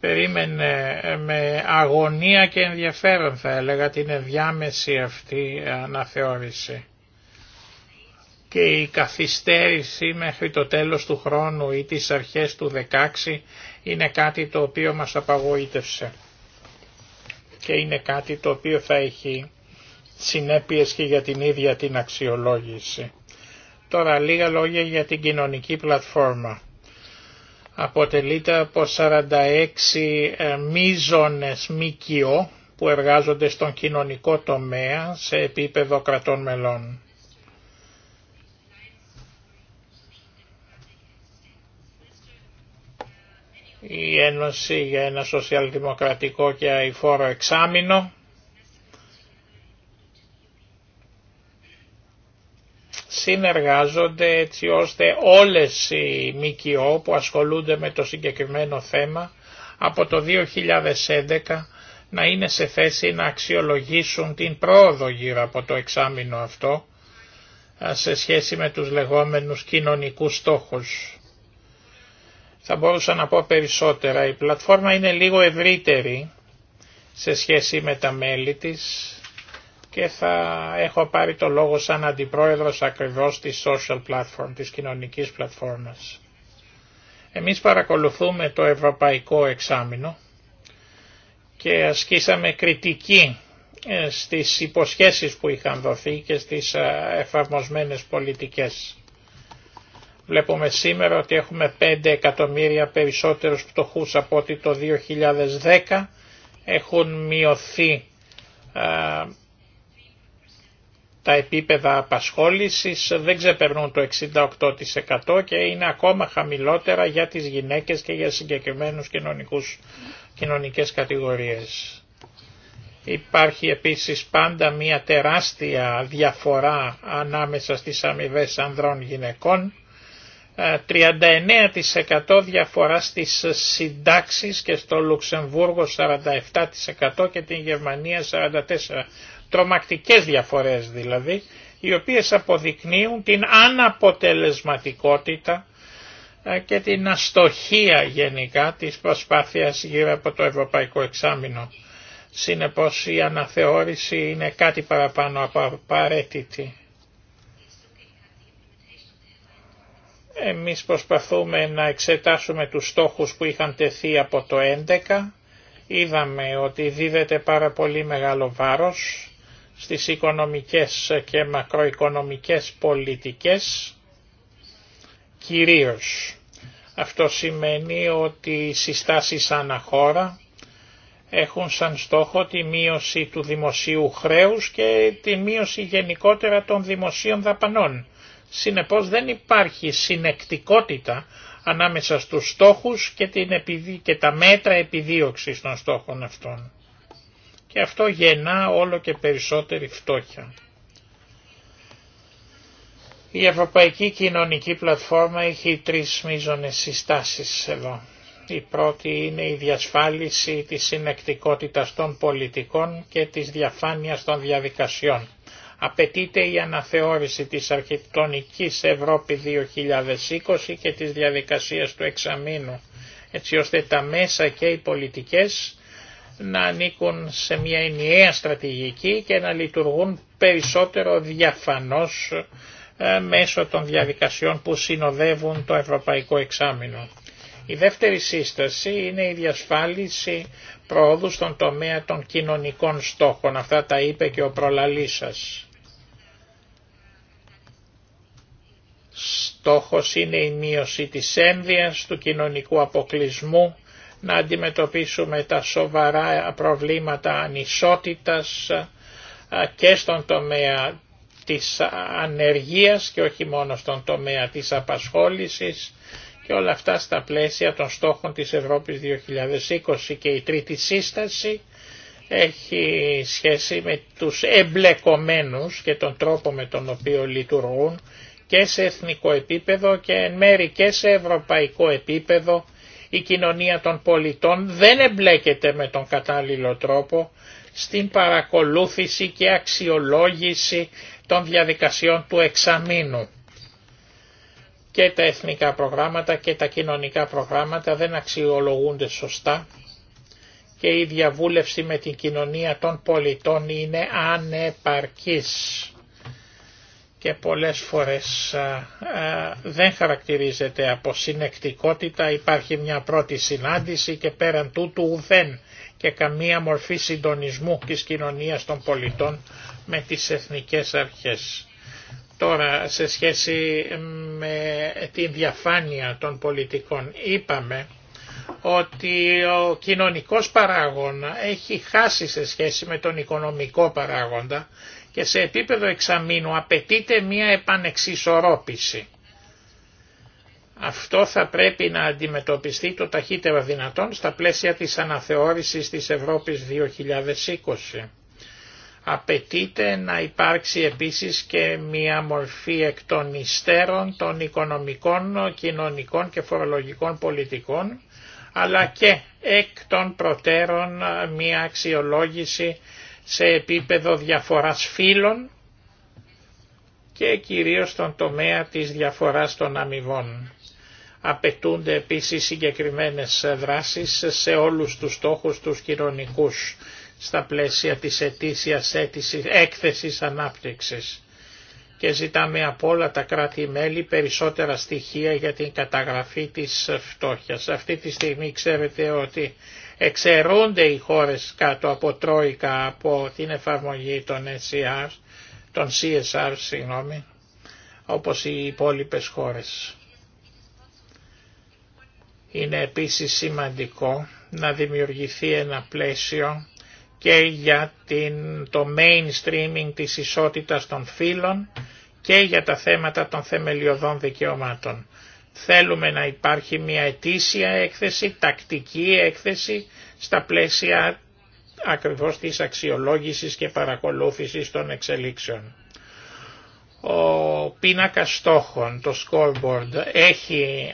περίμενε ε, με αγωνία και ενδιαφέρον θα έλεγα την ενδιάμεση αυτή αναθεώρηση και η καθυστέρηση μέχρι το τέλος του χρόνου ή τις αρχές του 16 είναι κάτι το οποίο μας απαγοήτευσε και είναι κάτι το οποίο θα έχει συνέπειες και για την ίδια την αξιολόγηση. Τώρα λίγα λόγια για την κοινωνική πλατφόρμα. Αποτελείται από 46 ε, μίζονες μικιό που εργάζονται στον κοινωνικό τομέα σε επίπεδο κρατών μελών. η Ένωση για ένα σοσιαλδημοκρατικό και αηφόρο εξάμεινο. Συνεργάζονται έτσι ώστε όλες οι ΜΚΟ που ασχολούνται με το συγκεκριμένο θέμα από το 2011 να είναι σε θέση να αξιολογήσουν την πρόοδο γύρω από το εξάμεινο αυτό σε σχέση με τους λεγόμενους κοινωνικούς στόχους. Θα μπορούσα να πω περισσότερα. Η πλατφόρμα είναι λίγο ευρύτερη σε σχέση με τα μέλη της και θα έχω πάρει το λόγο σαν αντιπρόεδρος ακριβώς της social platform, της κοινωνικής πλατφόρμας. Εμείς παρακολουθούμε το ευρωπαϊκό εξάμεινο και ασκήσαμε κριτική ε, στις υποσχέσεις που είχαν δοθεί και στις ε, εφαρμοσμένες πολιτικές. Βλέπουμε σήμερα ότι έχουμε 5 εκατομμύρια περισσότερους πτωχούς από ότι το 2010 έχουν μειωθεί τα επίπεδα απασχόλησης, δεν ξεπερνούν το 68% και είναι ακόμα χαμηλότερα για τις γυναίκες και για συγκεκριμένους κοινωνικούς, κοινωνικές κατηγορίες. Υπάρχει επίσης πάντα μια τεράστια διαφορά ανάμεσα στις αμοιβέ ανδρών γυναικών 39% ε, διαφορά στις συντάξεις και στο Λουξεμβούργο 47% και την Γερμανία 44%. Τρομακτικές διαφορές δηλαδή, οι οποίες αποδεικνύουν την αναποτελεσματικότητα ε, και την αστοχία γενικά της προσπάθειας γύρω από το Ευρωπαϊκό Εξάμεινο. Συνεπώς η αναθεώρηση είναι κάτι παραπάνω από απαραίτητη. Εμείς προσπαθούμε να εξετάσουμε τους στόχους που είχαν τεθεί από το 11. Είδαμε ότι δίδεται πάρα πολύ μεγάλο βάρος στις οικονομικές και μακροοικονομικές πολιτικές κυρίως. Αυτό σημαίνει ότι οι συστάσεις χώρα έχουν σαν στόχο τη μείωση του δημοσίου χρέους και τη μείωση γενικότερα των δημοσίων δαπανών. Συνεπώς δεν υπάρχει συνεκτικότητα ανάμεσα στους στόχους και, την και τα μέτρα επιδίωξης των στόχων αυτών. Και αυτό γεννά όλο και περισσότερη φτώχεια. Η Ευρωπαϊκή Κοινωνική Πλατφόρμα έχει τρεις μείζονες συστάσεις εδώ. Η πρώτη είναι η διασφάλιση της συνεκτικότητας των πολιτικών και της διαφάνειας των διαδικασιών. Απαιτείται η αναθεώρηση της αρχιτεκτονικής Ευρώπη 2020 και της διαδικασίας του εξαμήνου, έτσι ώστε τα μέσα και οι πολιτικές να ανήκουν σε μια ενιαία στρατηγική και να λειτουργούν περισσότερο διαφανώς ε, μέσω των διαδικασιών που συνοδεύουν το Ευρωπαϊκό Εξάμεινο. Η δεύτερη σύσταση είναι η διασφάλιση προόδου στον τομέα των κοινωνικών στόχων. Αυτά τα είπε και ο προλαλής σας. στόχος είναι η μείωση της ένδυας, του κοινωνικού αποκλεισμού, να αντιμετωπίσουμε τα σοβαρά προβλήματα ανισότητας και στον τομέα της ανεργίας και όχι μόνο στον τομέα της απασχόλησης και όλα αυτά στα πλαίσια των στόχων της Ευρώπης 2020 και η τρίτη σύσταση έχει σχέση με τους εμπλεκομένους και τον τρόπο με τον οποίο λειτουργούν και σε εθνικό επίπεδο και εν μέρη και σε ευρωπαϊκό επίπεδο η κοινωνία των πολιτών δεν εμπλέκεται με τον κατάλληλο τρόπο στην παρακολούθηση και αξιολόγηση των διαδικασιών του εξαμήνου. Και τα εθνικά προγράμματα και τα κοινωνικά προγράμματα δεν αξιολογούνται σωστά και η διαβούλευση με την κοινωνία των πολιτών είναι ανεπαρκής και πολλές φορές δεν χαρακτηρίζεται από συνεκτικότητα, υπάρχει μια πρώτη συνάντηση και πέραν τούτου ουδέν και καμία μορφή συντονισμού της κοινωνίας των πολιτών με τις εθνικές αρχές. Τώρα σε σχέση με τη διαφάνεια των πολιτικών είπαμε ότι ο κοινωνικός παράγων έχει χάσει σε σχέση με τον οικονομικό παράγοντα και σε επίπεδο εξαμήνου απαιτείται μία επανεξισορρόπηση. Αυτό θα πρέπει να αντιμετωπιστεί το ταχύτερο δυνατόν στα πλαίσια της αναθεώρησης της Ευρώπης 2020. Απαιτείται να υπάρξει επίσης και μία μορφή εκ των υστέρων των οικονομικών, κοινωνικών και φορολογικών πολιτικών, αλλά και εκ των προτέρων μία αξιολόγηση σε επίπεδο διαφοράς φύλων και κυρίως στον τομέα της διαφοράς των αμοιβών. Απαιτούνται επίσης συγκεκριμένες δράσεις σε όλους τους στόχους τους κοινωνικούς στα πλαίσια της ετήσιας έκθεσης ανάπτυξης και ζητάμε από όλα τα κράτη-μέλη περισσότερα στοιχεία για την καταγραφή της φτώχειας. Αυτή τη στιγμή ξέρετε ότι εξαιρούνται οι χώρες κάτω από τρόικα από την εφαρμογή των CSR, των CSR όπως οι υπόλοιπες χώρες. Είναι επίσης σημαντικό να δημιουργηθεί ένα πλαίσιο και για την, το mainstreaming της ισότητας των φύλων και για τα θέματα των θεμελιωδών δικαιωμάτων. Θέλουμε να υπάρχει μια ετήσια έκθεση, τακτική έκθεση στα πλαίσια ακριβώς της αξιολόγησης και παρακολούθησης των εξελίξεων. Ο Πίνακα στόχων, το scoreboard, έχει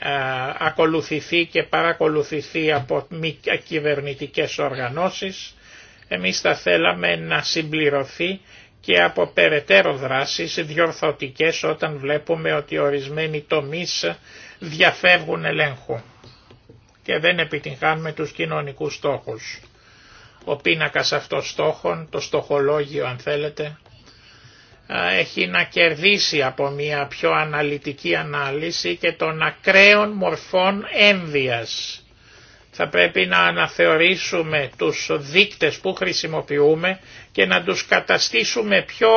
ακολουθηθεί και παρακολουθηθεί από μη κυβερνητικές οργανώσεις. Εμείς θα θέλαμε να συμπληρωθεί και από περαιτέρω δράσεις διορθωτικές όταν βλέπουμε ότι ορισμένοι τομείς διαφεύγουν ελέγχου και δεν επιτυγχάνουμε τους κοινωνικούς στόχους. Ο πίνακας αυτών στόχων, το στοχολόγιο αν θέλετε, έχει να κερδίσει από μια πιο αναλυτική ανάλυση και των ακραίων μορφών ένδυας. Θα πρέπει να αναθεωρήσουμε τους δείκτες που χρησιμοποιούμε και να τους καταστήσουμε πιο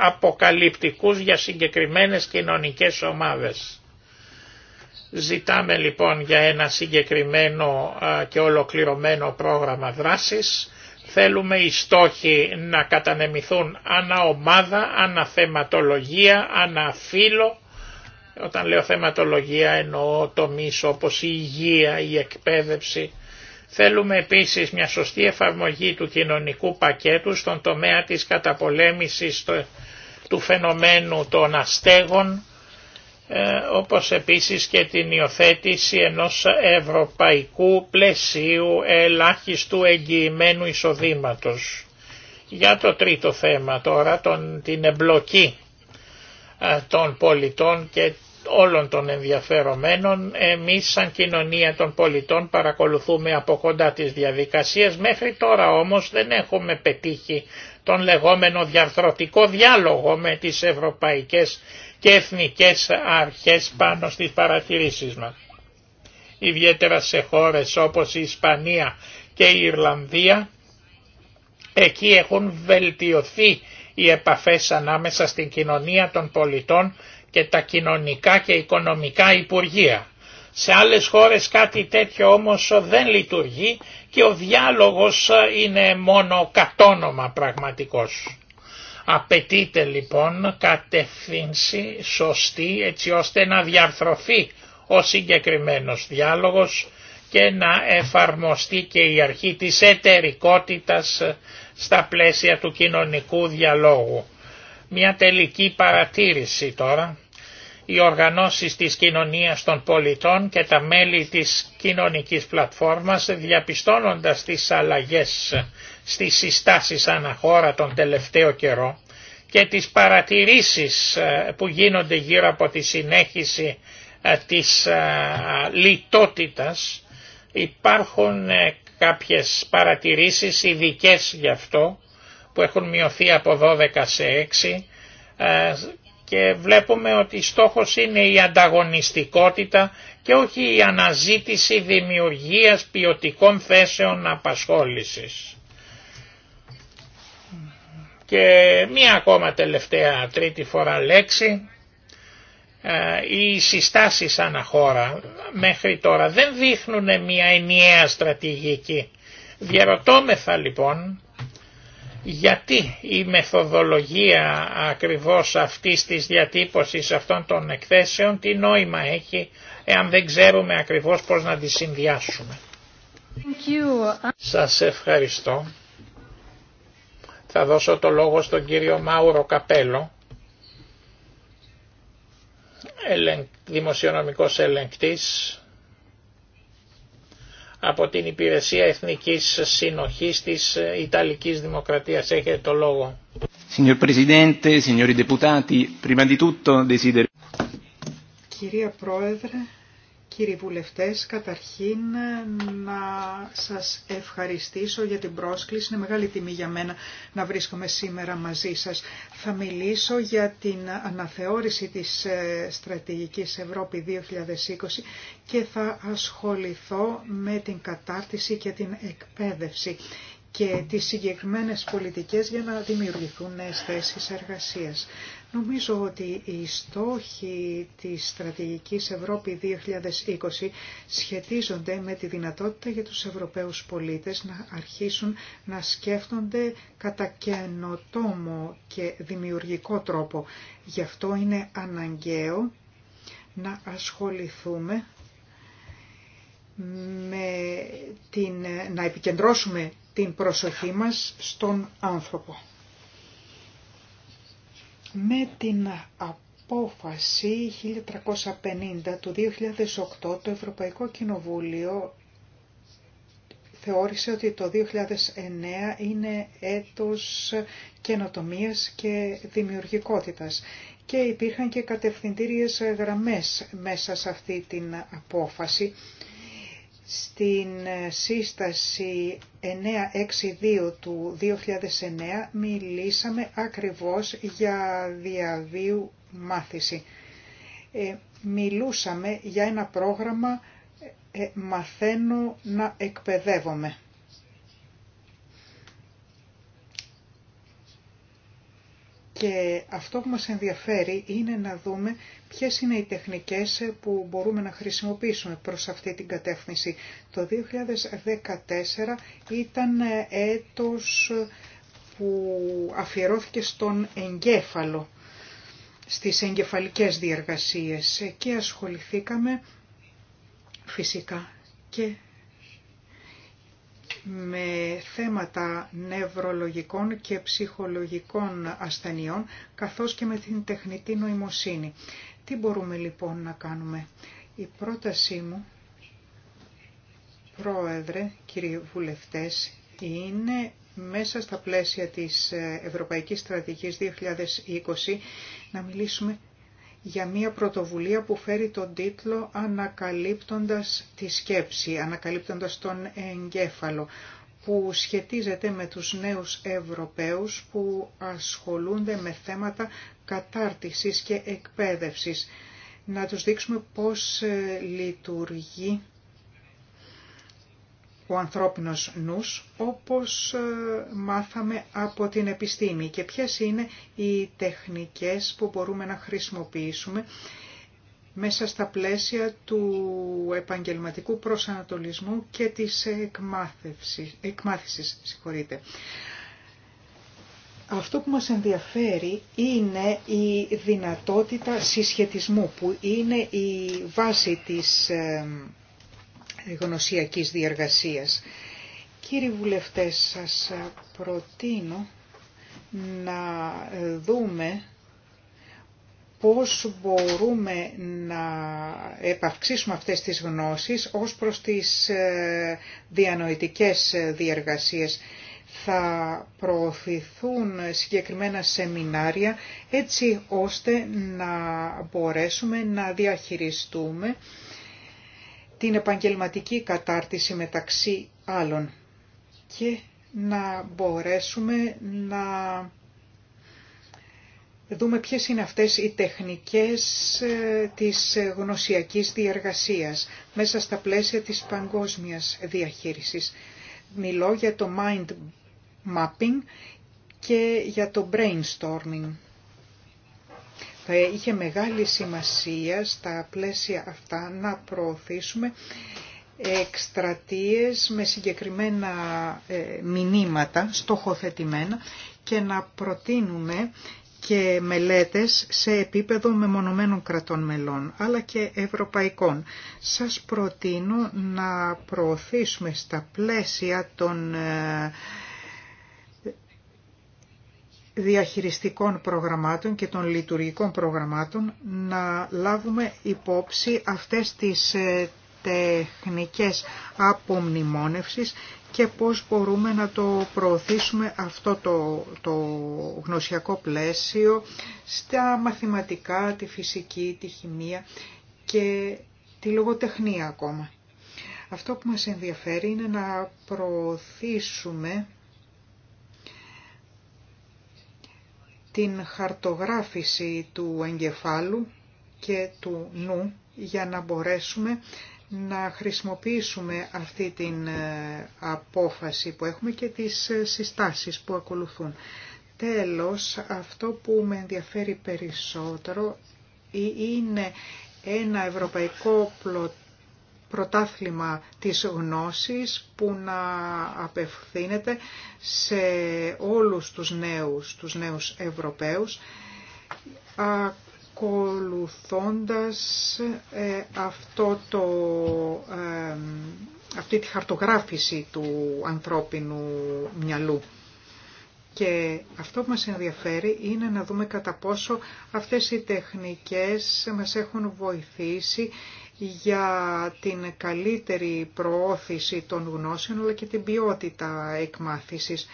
αποκαλυπτικούς για συγκεκριμένες κοινωνικές ομάδες. Ζητάμε λοιπόν για ένα συγκεκριμένο και ολοκληρωμένο πρόγραμμα δράσης. Θέλουμε οι στόχοι να κατανεμηθούν ανά ομάδα, ανά θεματολογία, ανά φύλλο. Όταν λέω θεματολογία εννοώ τομείς όπως η υγεία, η εκπαίδευση. Θέλουμε επίσης μια σωστή εφαρμογή του κοινωνικού πακέτου στον τομέα της καταπολέμησης του φαινομένου των αστέγων ε, όπως επίσης και την υιοθέτηση ενός ευρωπαϊκού πλαισίου ελάχιστου εγγυημένου εισοδήματος. Για το τρίτο θέμα τώρα, τον, την εμπλοκή ε, των πολιτών και όλων των ενδιαφερομένων, εμείς σαν κοινωνία των πολιτών παρακολουθούμε από κοντά τις διαδικασίες, μέχρι τώρα όμως δεν έχουμε πετύχει τον λεγόμενο διαρθρωτικό διάλογο με τις ευρωπαϊκές και εθνικές αρχές πάνω στις παρατηρήσεις μας. Ιδιαίτερα σε χώρες όπως η Ισπανία και η Ιρλανδία, εκεί έχουν βελτιωθεί οι επαφές ανάμεσα στην κοινωνία των πολιτών και τα κοινωνικά και οικονομικά υπουργεία. Σε άλλες χώρες κάτι τέτοιο όμως δεν λειτουργεί και ο διάλογος είναι μόνο κατόνομα πραγματικός. Απαιτείται λοιπόν κατευθύνση σωστή έτσι ώστε να διαρθρωθεί ο συγκεκριμένος διάλογος και να εφαρμοστεί και η αρχή της εταιρικότητας στα πλαίσια του κοινωνικού διαλόγου. Μια τελική παρατήρηση τώρα οι οργανώσεις της κοινωνίας των πολιτών και τα μέλη της κοινωνικής πλατφόρμας διαπιστώνοντας τις αλλαγές στις συστάσεις αναχώρα τον τελευταίο καιρό και τις παρατηρήσεις ε, που γίνονται γύρω από τη συνέχιση ε, της ε, λιτότητας υπάρχουν κάποιες παρατηρήσεις ειδικέ γι' αυτό που έχουν μειωθεί από 12 σε 6 και βλέπουμε ότι στόχος είναι η ανταγωνιστικότητα και όχι η αναζήτηση δημιουργίας ποιοτικών θέσεων απασχόλησης. Και μία ακόμα τελευταία τρίτη φορά λέξη, ε, οι συστάσεις αναχώρα μέχρι τώρα δεν δείχνουν μια ενιαία στρατηγική. Διαρωτώμεθα λοιπόν γιατί η μεθοδολογία ακριβώς αυτής της διατύπωσης αυτών των εκθέσεων τι νόημα έχει εάν δεν ξέρουμε ακριβώς πώς να τη συνδυάσουμε. Thank Σας ευχαριστώ. Θα δώσω το λόγο στον κύριο Μάουρο Καπέλο, δημοσιονομικός ελεγκτής από την Υπηρεσία Εθνικής Συνοχής της Ιταλικής Δημοκρατίας. Έχετε το λόγο. Κυρία Πρόεδρε, Κύριοι βουλευτές, καταρχήν να σας ευχαριστήσω για την πρόσκληση. Είναι μεγάλη τιμή για μένα να βρίσκομαι σήμερα μαζί σας. Θα μιλήσω για την αναθεώρηση της ε, στρατηγικής Ευρώπη 2020 και θα ασχοληθώ με την κατάρτιση και την εκπαίδευση και τις συγκεκριμένες πολιτικές για να δημιουργηθούν νέες θέσεις εργασίας. Νομίζω ότι οι στόχοι της στρατηγικής Ευρώπη 2020 σχετίζονται με τη δυνατότητα για τους Ευρωπαίους πολίτες να αρχίσουν να σκέφτονται κατά καινοτόμο και δημιουργικό τρόπο. Γι' αυτό είναι αναγκαίο να ασχοληθούμε με την, να επικεντρώσουμε την προσοχή μας στον άνθρωπο με την απόφαση 1350 του 2008 το Ευρωπαϊκό Κοινοβούλιο θεώρησε ότι το 2009 είναι έτος καινοτομίας και δημιουργικότητας και υπήρχαν και κατευθυντήριες γραμμές μέσα σε αυτή την απόφαση στην ε, σύσταση 962 του 2009 μιλήσαμε ακριβώς για διαβίου μάθηση. Ε, μιλούσαμε για ένα πρόγραμμα ε, «Μαθαίνω να εκπαιδεύομαι». Και αυτό που μας ενδιαφέρει είναι να δούμε ποιες είναι οι τεχνικές που μπορούμε να χρησιμοποιήσουμε προς αυτή την κατεύθυνση. Το 2014 ήταν έτος που αφιερώθηκε στον εγκέφαλο, στις εγκεφαλικές διεργασίες και ασχοληθήκαμε φυσικά και με θέματα νευρολογικών και ψυχολογικών ασθενειών, καθώς και με την τεχνητή νοημοσύνη. Τι μπορούμε λοιπόν να κάνουμε. Η πρότασή μου, πρόεδρε, κύριοι βουλευτές, είναι μέσα στα πλαίσια της Ευρωπαϊκής Στρατηγικής 2020 να μιλήσουμε για μια πρωτοβουλία που φέρει τον τίτλο «Ανακαλύπτοντας τη σκέψη», «Ανακαλύπτοντας τον εγκέφαλο», που σχετίζεται με τους νέους Ευρωπαίους που ασχολούνται με θέματα κατάρτισης και εκπαίδευσης. Να τους δείξουμε πώς ε, λειτουργεί ο ανθρώπινος νους, όπως ε, μάθαμε από την επιστήμη και ποιες είναι οι τεχνικές που μπορούμε να χρησιμοποιήσουμε μέσα στα πλαίσια του επαγγελματικού προσανατολισμού και της εκμάθησης. Αυτό που μας ενδιαφέρει είναι η δυνατότητα συσχετισμού που είναι η βάση της ε, γνωσιακής διεργασίας. Κύριοι βουλευτές, σας προτείνω να δούμε πώς μπορούμε να επαυξήσουμε αυτές τις γνώσεις ως προς τις ε, διανοητικές διεργασίες. Θα προωθηθούν συγκεκριμένα σεμινάρια έτσι ώστε να μπορέσουμε να διαχειριστούμε την επαγγελματική κατάρτιση μεταξύ άλλων και να μπορέσουμε να δούμε ποιες είναι αυτές οι τεχνικές ε, της γνωσιακής διεργασίας μέσα στα πλαίσια της παγκόσμιας διαχείρισης. Μιλώ για το mind mapping και για το brainstorming θα είχε μεγάλη σημασία στα πλαίσια αυτά να προωθήσουμε εκστρατείες με συγκεκριμένα ε, μηνύματα, στοχοθετημένα και να προτείνουμε και μελέτες σε επίπεδο μεμονωμένων κρατών μελών, αλλά και ευρωπαϊκών. Σας προτείνω να προωθήσουμε στα πλαίσια των ε, διαχειριστικών προγραμμάτων και των λειτουργικών προγραμμάτων να λάβουμε υπόψη αυτές τις ε, τεχνικές απομνημόνευσης και πώς μπορούμε να το προωθήσουμε αυτό το, το γνωσιακό πλαίσιο στα μαθηματικά, τη φυσική, τη χημεία και τη λογοτεχνία ακόμα. Αυτό που μας ενδιαφέρει είναι να προωθήσουμε την χαρτογράφηση του εγκεφάλου και του νου για να μπορέσουμε να χρησιμοποιήσουμε αυτή την ε, απόφαση που έχουμε και τις ε, συστάσεις που ακολουθούν. Τέλος, αυτό που με ενδιαφέρει περισσότερο ε, είναι ένα ευρωπαϊκό πρωτάθλημα της γνώσης που να απευθύνεται σε όλους τους νέους, τους νέους Ευρωπαίους, ακολουθώντας ε, αυτό το, αυτή τη χαρτογράφηση του ανθρώπινου μυαλού. Και αυτό που μας ενδιαφέρει είναι να δούμε κατά πόσο αυτές οι τεχνικές μας έχουν βοηθήσει για την καλύτερη προώθηση των γνώσεων αλλά και την ποιότητα εκμάθησης.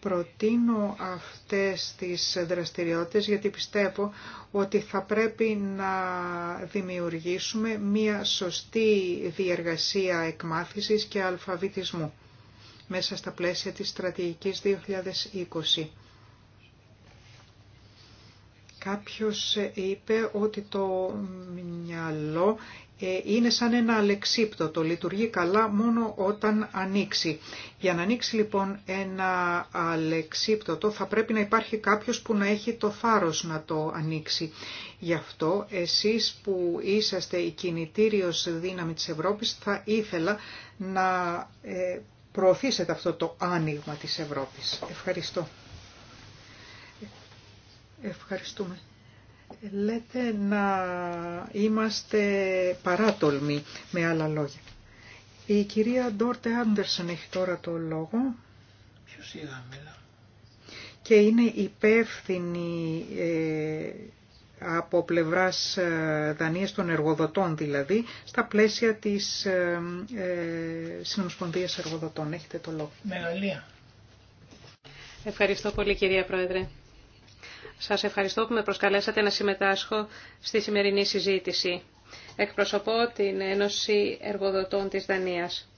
Προτείνω αυτές τις δραστηριότητες γιατί πιστεύω ότι θα πρέπει να δημιουργήσουμε μία σωστή διεργασία εκμάθησης και αλφαβητισμού μέσα στα πλαίσια της στρατηγικής 2020. Κάποιος είπε ότι το μυαλό ε, είναι σαν ένα αλεξίπτωτο, λειτουργεί καλά μόνο όταν ανοίξει. Για να ανοίξει λοιπόν ένα αλεξίπτωτο θα πρέπει να υπάρχει κάποιος που να έχει το θάρρος να το ανοίξει. Γι' αυτό εσείς που είσαστε η κινητήριος δύναμη της Ευρώπης θα ήθελα να ε, προωθήσετε αυτό το άνοιγμα της Ευρώπης. Ευχαριστώ. Ε, ευχαριστούμε λέτε να είμαστε παράτολμοι με άλλα λόγια. Η κυρία Ντόρτε Άντερσον έχει τώρα το λόγο. Ποιος είδαμε. Και είναι υπεύθυνη ε, από πλευράς ε, των εργοδοτών δηλαδή, στα πλαίσια της ε, ε Συνομοσπονδίας Εργοδοτών. Έχετε το λόγο. Μεγαλία. Ευχαριστώ πολύ κυρία Πρόεδρε. Σας ευχαριστώ που με προσκαλέσατε να συμμετάσχω στη σημερινή συζήτηση. Εκπροσωπώ την Ένωση Εργοδοτών της Δανίας.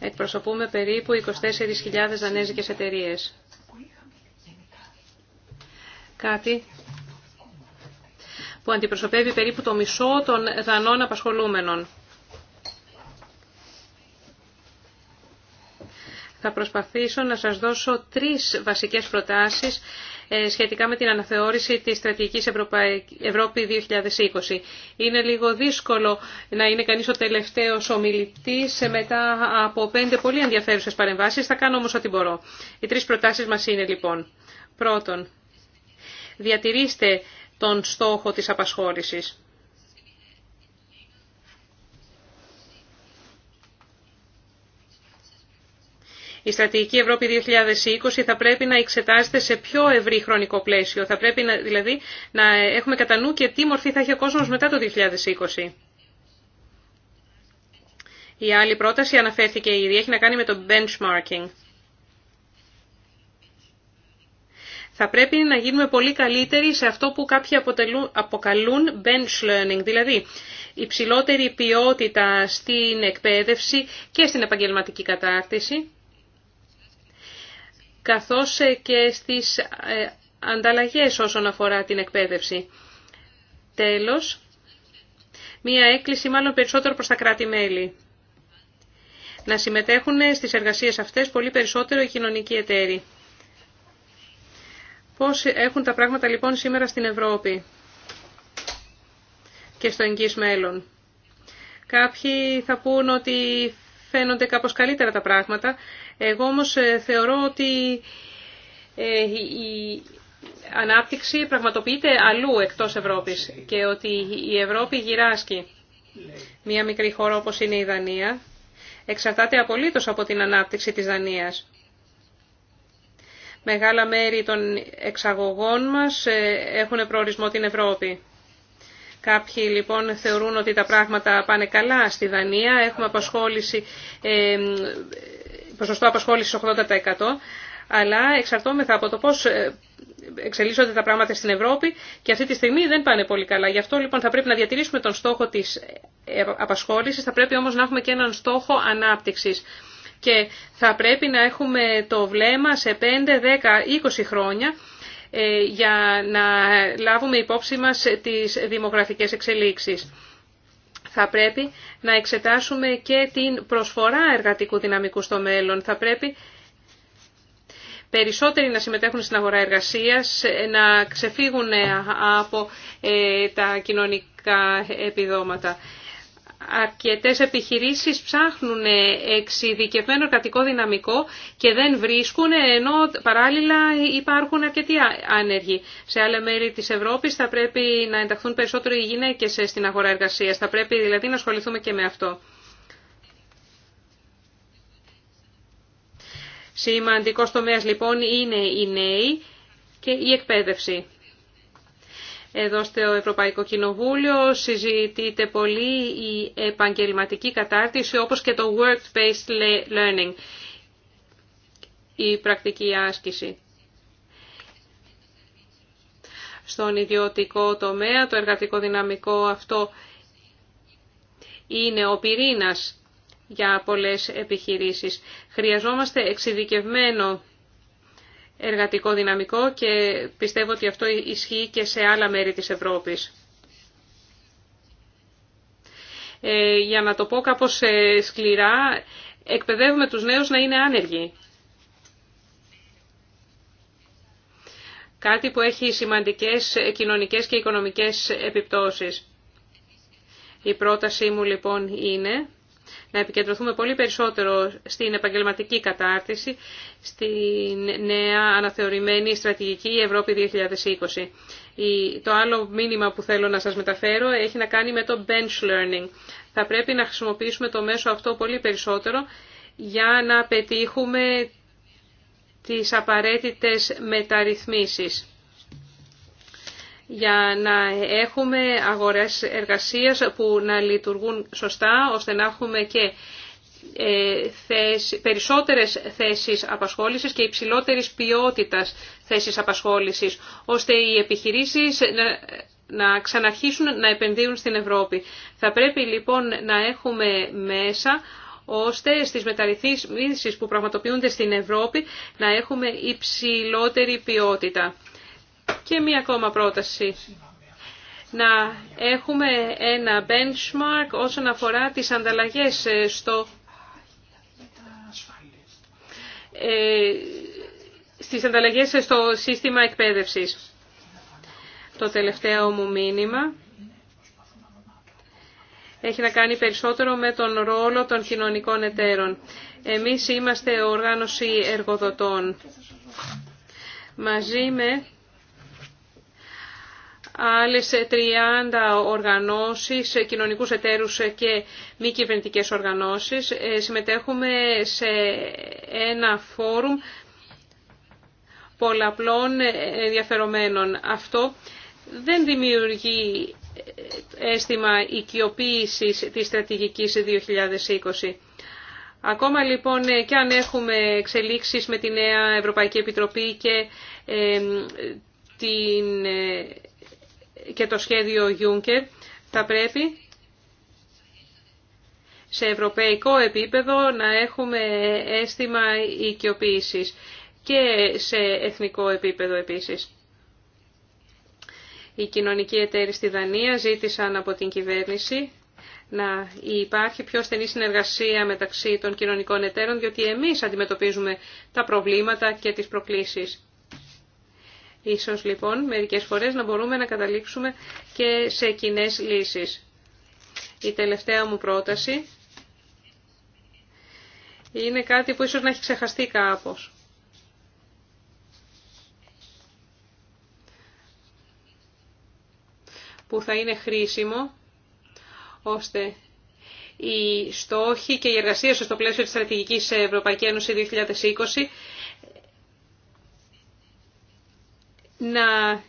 Εκπροσωπούμε περίπου 24.000 δανέζικες εταιρείες. Κάτι που αντιπροσωπεύει περίπου το μισό των δανών απασχολούμενων. θα προσπαθήσω να σας δώσω τρεις βασικές προτάσεις ε, σχετικά με την αναθεώρηση της στρατηγικής Ευρώπη 2020. Είναι λίγο δύσκολο να είναι κανείς ο τελευταίος ομιλητής ε, μετά από πέντε πολύ ενδιαφέρουσες παρεμβάσεις. Θα κάνω όμως ό,τι μπορώ. Οι τρεις προτάσεις μας είναι λοιπόν. Πρώτον, διατηρήστε τον στόχο της απασχόλησης. Η στρατηγική Ευρώπη 2020 θα πρέπει να εξετάζεται σε πιο ευρύ χρονικό πλαίσιο. Θα πρέπει να, δηλαδή να έχουμε κατά νου και τι μορφή θα έχει ο κόσμος μετά το 2020. Η άλλη πρόταση αναφέρθηκε ήδη, έχει να κάνει με το benchmarking. Θα πρέπει να γίνουμε πολύ καλύτεροι σε αυτό που κάποιοι αποκαλούν bench learning, δηλαδή υψηλότερη ποιότητα στην εκπαίδευση και στην επαγγελματική κατάρτιση καθώς ε, και στις ε, ανταλλαγές όσον αφορά την εκπαίδευση. Τέλος, μία έκκληση μάλλον περισσότερο προς τα κράτη-μέλη. Να συμμετέχουν στις εργασίες αυτές πολύ περισσότερο οι κοινωνικοί εταίροι. Πώς έχουν τα πράγματα λοιπόν σήμερα στην Ευρώπη και στο εγγύς μέλλον. Κάποιοι θα πούν ότι φαίνονται κάπως καλύτερα τα πράγματα. Εγώ όμως ε, θεωρώ ότι ε, η ανάπτυξη πραγματοποιείται αλλού εκτός Ευρώπης και ότι η Ευρώπη γυράσκει. Μία μικρή χώρα όπως είναι η Δανία εξαρτάται απολύτως από την ανάπτυξη της Δανίας. Μεγάλα μέρη των εξαγωγών μας ε, έχουν προορισμό την Ευρώπη. Κάποιοι λοιπόν θεωρούν ότι τα πράγματα πάνε καλά στη Δανία. Έχουμε απασχόληση ποσοστό απασχόλησης 80%, αλλά εξαρτώμεθα από το πώς ε, εξελίσσονται τα πράγματα στην Ευρώπη και αυτή τη στιγμή δεν πάνε πολύ καλά. Γι' αυτό λοιπόν θα πρέπει να διατηρήσουμε τον στόχο της ε, απασχόλησης, θα πρέπει όμως να έχουμε και έναν στόχο ανάπτυξης. Και θα πρέπει να έχουμε το βλέμμα σε 5, 10, 20 χρόνια ε, για να λάβουμε υπόψη μας τις δημογραφικές εξελίξεις θα πρέπει να εξετάσουμε και την προσφορά εργατικού δυναμικού στο μέλλον. Θα πρέπει περισσότεροι να συμμετέχουν στην αγορά εργασίας, να ξεφύγουν ε, από ε, τα κοινωνικά επιδόματα αρκετές επιχειρήσεις ψάχνουν εξειδικευμένο εργατικό δυναμικό και δεν βρίσκουν, ενώ παράλληλα υπάρχουν αρκετοί άνεργοι. Σε άλλα μέρη της Ευρώπης θα πρέπει να ενταχθούν περισσότερο οι γυναίκες στην αγορά εργασίας. Θα πρέπει δηλαδή να ασχοληθούμε και με αυτό. Σημαντικός τομέας λοιπόν είναι οι νέοι και η εκπαίδευση εδώ στο Ευρωπαϊκό Κοινοβούλιο συζητείται πολύ η επαγγελματική κατάρτιση όπως και το work-based learning, η πρακτική άσκηση. Στον ιδιωτικό τομέα το εργατικό δυναμικό αυτό είναι ο πυρήνας για πολλές επιχειρήσεις. Χρειαζόμαστε εξειδικευμένο εργατικό δυναμικό και πιστεύω ότι αυτό ισχύει και σε άλλα μέρη της Ευρώπης. Ε, για να το πω κάπως ε, σκληρά, εκπαιδεύουμε τους νέους να είναι άνεργοι. Κάτι που έχει σημαντικές κοινωνικές και οικονομικές επιπτώσεις. Η πρότασή μου λοιπόν είναι να επικεντρωθούμε πολύ περισσότερο στην επαγγελματική κατάρτιση, στην νέα αναθεωρημένη στρατηγική Ευρώπη 2020. Το άλλο μήνυμα που θέλω να σας μεταφέρω έχει να κάνει με το bench learning. Θα πρέπει να χρησιμοποιήσουμε το μέσο αυτό πολύ περισσότερο για να πετύχουμε τις απαραίτητες μεταρρυθμίσεις για να έχουμε αγορές εργασίας που να λειτουργούν σωστά, ώστε να έχουμε και ε, περισσότερες θέσεις απασχόλησης και υψηλότερης ποιότητας θέσεις απασχόλησης, ώστε οι επιχειρήσεις να ξαναρχίσουν να επενδύουν στην Ευρώπη. Θα πρέπει λοιπόν να έχουμε μέσα ώστε στις μεταρρυθμίσεις που πραγματοποιούνται στην Ευρώπη να έχουμε υψηλότερη ποιότητα. Και μία ακόμα πρόταση. Να έχουμε ένα benchmark όσον αφορά τις ανταλλαγές ε, στο... Ε, στις ανταλλαγές ε, στο σύστημα εκπαίδευσης. Το τελευταίο μου μήνυμα έχει να κάνει περισσότερο με τον ρόλο των κοινωνικών εταίρων. Εμείς είμαστε οργάνωση εργοδοτών. Μαζί με άλλες 30 οργανώσεις, ε, κοινωνικούς εταίρους ε, και μη κυβερνητικέ οργανώσεις. Ε, συμμετέχουμε σε ένα φόρουμ πολλαπλών ενδιαφερομένων. Αυτό δεν δημιουργεί αίσθημα οικειοποίησης της στρατηγικής 2020. Ακόμα λοιπόν και αν έχουμε εξελίξεις με τη νέα Ευρωπαϊκή Επιτροπή και την και το σχέδιο Juncker θα πρέπει σε ευρωπαϊκό επίπεδο να έχουμε αίσθημα οικειοποίησης και σε εθνικό επίπεδο επίσης. Οι κοινωνικοί εταίροι στη Δανία ζήτησαν από την κυβέρνηση να υπάρχει πιο στενή συνεργασία μεταξύ των κοινωνικών εταίρων, διότι εμείς αντιμετωπίζουμε τα προβλήματα και τις προκλήσεις. Ίσως λοιπόν μερικές φορές να μπορούμε να καταλήξουμε και σε κοινέ λύσεις. Η τελευταία μου πρόταση είναι κάτι που ίσως να έχει ξεχαστεί κάπως. Που θα είναι χρήσιμο ώστε οι στόχοι και οι εργασίες στο πλαίσιο της Στρατηγικής Ευρωπαϊκής Ένωση 2020 να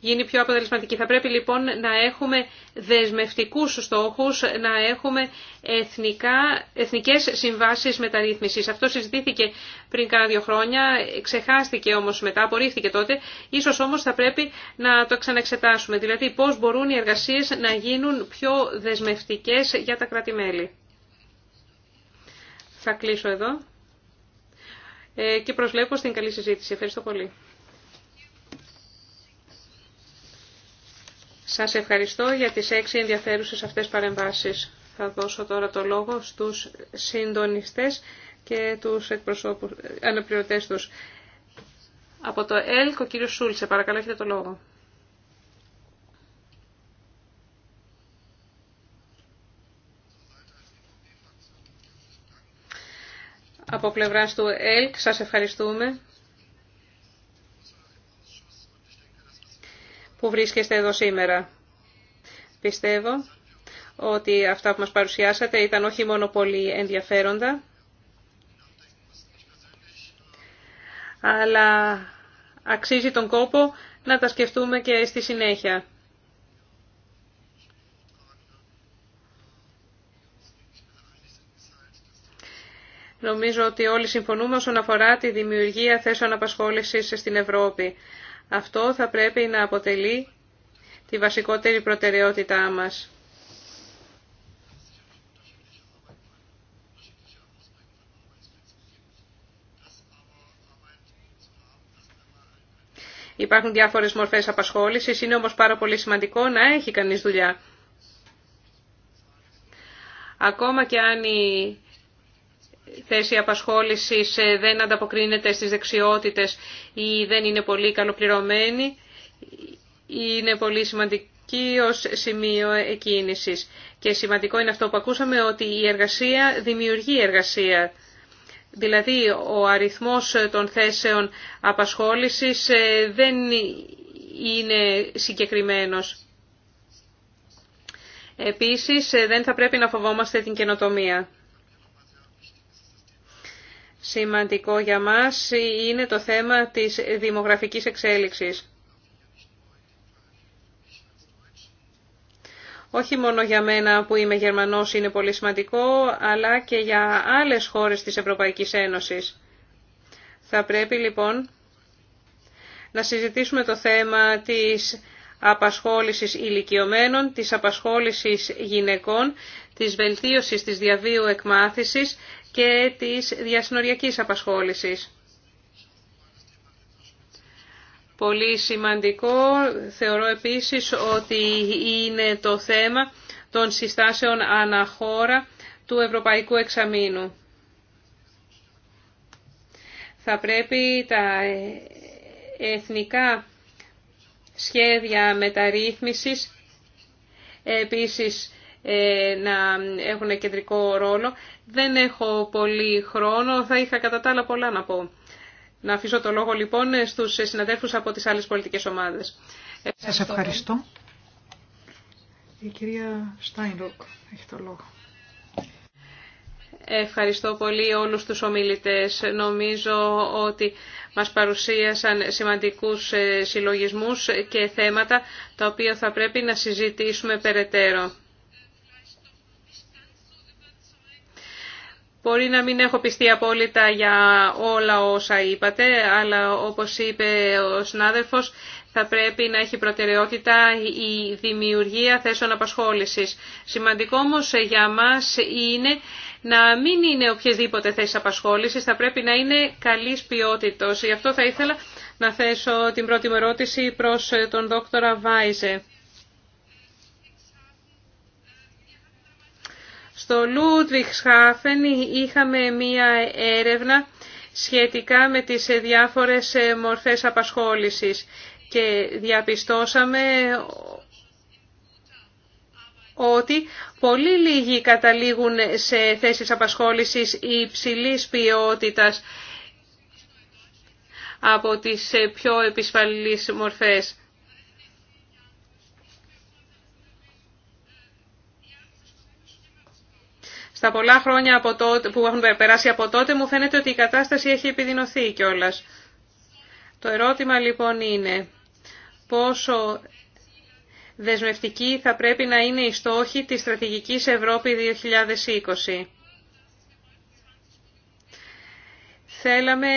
γίνει πιο αποτελεσματική. Θα πρέπει λοιπόν να έχουμε δεσμευτικούς στόχους, να έχουμε εθνικά, εθνικές συμβάσεις μεταρρύθμισης. Αυτό συζητήθηκε πριν κάνα δύο χρόνια, ξεχάστηκε όμως μετά, απορρίφθηκε τότε. Ίσως όμως θα πρέπει να το ξαναεξετάσουμε, δηλαδή πώς μπορούν οι εργασίες να γίνουν πιο δεσμευτικές για τα κράτη-μέλη. Θα κλείσω εδώ. Ε, και προσβλέπω στην καλή συζήτηση. Ευχαριστώ πολύ. Σας ευχαριστώ για τις έξι ενδιαφέρουσες αυτές παρεμβάσεις. Θα δώσω τώρα το λόγο στους συντονιστές και τους εκπροσώπους, αναπληρωτές τους. Από το ΕΛΚ, ο κύριος Σούλτσε, παρακαλώ έχετε το λόγο. Από πλευράς του ΕΛΚ σας ευχαριστούμε που βρίσκεστε εδώ σήμερα. Πιστεύω ότι αυτά που μας παρουσιάσατε ήταν όχι μόνο πολύ ενδιαφέροντα, αλλά αξίζει τον κόπο να τα σκεφτούμε και στη συνέχεια. Νομίζω ότι όλοι συμφωνούμε όσον αφορά τη δημιουργία θέσεων απασχόλησης στην Ευρώπη. Αυτό θα πρέπει να αποτελεί τη βασικότερη προτεραιότητά μας. Υπάρχουν διάφορες μορφές απασχόλησης, είναι όμως πάρα πολύ σημαντικό να έχει κανείς δουλειά. Ακόμα και αν η θέση απασχόλησης ε, δεν ανταποκρίνεται στις δεξιότητες ή δεν είναι πολύ καλοπληρωμένη, είναι πολύ σημαντική ως σημείο εκκίνησης. Και σημαντικό είναι αυτό που ακούσαμε ότι η εργασία δημιουργεί εργασία. Δηλαδή ο αριθμός των θέσεων απασχόλησης ε, δεν είναι συγκεκριμένος. Επίσης ε, δεν θα πρέπει να φοβόμαστε την καινοτομία σημαντικό για μας είναι το θέμα της δημογραφικής εξέλιξης. όχι μόνο για μένα που είμαι Γερμανός είναι πολύ σημαντικό, αλλά και για άλλες χώρες της Ευρωπαϊκής Ένωσης. Θα πρέπει λοιπόν να συζητήσουμε το θέμα της απασχόλησης ηλικιωμένων, της απασχόλησης γυναικών, της βελτίωσης της διαβίου εκμάθησης και της διασυνοριακής απασχόλησης. Πολύ σημαντικό θεωρώ επίσης ότι είναι το θέμα των συστάσεων αναχώρα του Ευρωπαϊκού Εξαμήνου. Θα πρέπει τα εθνικά σχέδια μεταρρύθμισης επίσης ε, να έχουν κεντρικό ρόλο. Δεν έχω πολύ χρόνο, θα είχα κατά τα άλλα πολλά να πω. Να αφήσω το λόγο λοιπόν στους συναδέλφους από τις άλλες πολιτικές ομάδες. Σας ευχαριστώ. Η κυρία Στάινροκ έχει το λόγο. Ευχαριστώ πολύ όλους τους ομιλητές. Νομίζω ότι μας παρουσίασαν σημαντικούς ε, συλλογισμούς και θέματα τα οποία θα πρέπει να συζητήσουμε περαιτέρω. Μπορεί να μην έχω πιστεί απόλυτα για όλα όσα είπατε, αλλά όπως είπε ο συνάδελφος, θα πρέπει να έχει προτεραιότητα η δημιουργία θέσεων απασχόλησης. Σημαντικό όμως για μας είναι να μην είναι οποιασδήποτε θέση απασχόλησης, θα πρέπει να είναι καλής ποιότητος. Γι' αυτό θα ήθελα να θέσω την πρώτη μου ερώτηση προς τον δόκτορα Βάιζε. Στο Χάφεν είχαμε μία έρευνα σχετικά με τις διάφορες μορφές απασχόλησης και διαπιστώσαμε ότι πολύ λίγοι καταλήγουν σε θέσεις απασχόλησης υψηλής ποιότητας από τις πιο επισφαλείς μορφές. Στα πολλά χρόνια από τότε, που έχουν περάσει από τότε μου φαίνεται ότι η κατάσταση έχει επιδεινωθεί κιόλα. Το ερώτημα λοιπόν είναι πόσο δεσμευτική θα πρέπει να είναι η στόχη της στρατηγικής Ευρώπη 2020. Θέλαμε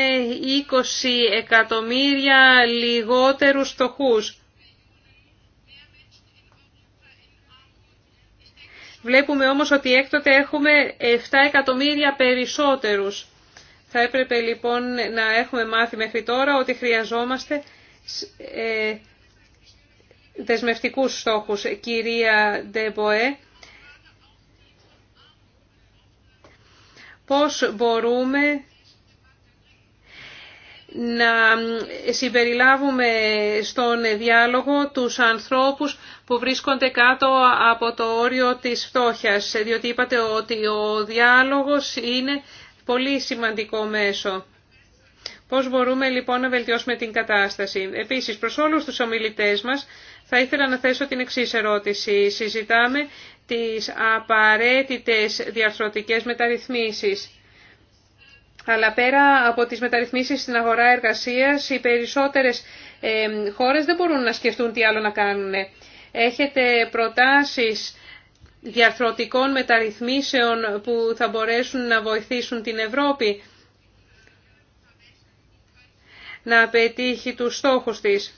20 εκατομμύρια λιγότερους στοχούς. Βλέπουμε όμως ότι έκτοτε έχουμε 7 εκατομμύρια περισσότερους. Θα έπρεπε λοιπόν να έχουμε μάθει μέχρι τώρα ότι χρειαζόμαστε ε, δεσμευτικούς στόχους. Κυρία Ντεμποέ, πώς μπορούμε να συμπεριλάβουμε στον διάλογο τους ανθρώπους που βρίσκονται κάτω από το όριο της φτώχειας, διότι είπατε ότι ο διάλογος είναι πολύ σημαντικό μέσο. Πώς μπορούμε λοιπόν να βελτιώσουμε την κατάσταση. Επίσης, προς όλους τους ομιλητές μας θα ήθελα να θέσω την εξής ερώτηση. Συζητάμε τις απαραίτητες διαρθρωτικές μεταρρυθμίσεις. Αλλά πέρα από τις μεταρρυθμίσεις στην αγορά εργασίας, οι περισσότερες χώρες δεν μπορούν να σκεφτούν τι άλλο να κάνουν. Έχετε προτάσεις διαρθρωτικών μεταρρυθμίσεων που θα μπορέσουν να βοηθήσουν την Ευρώπη να πετύχει τους στόχους της.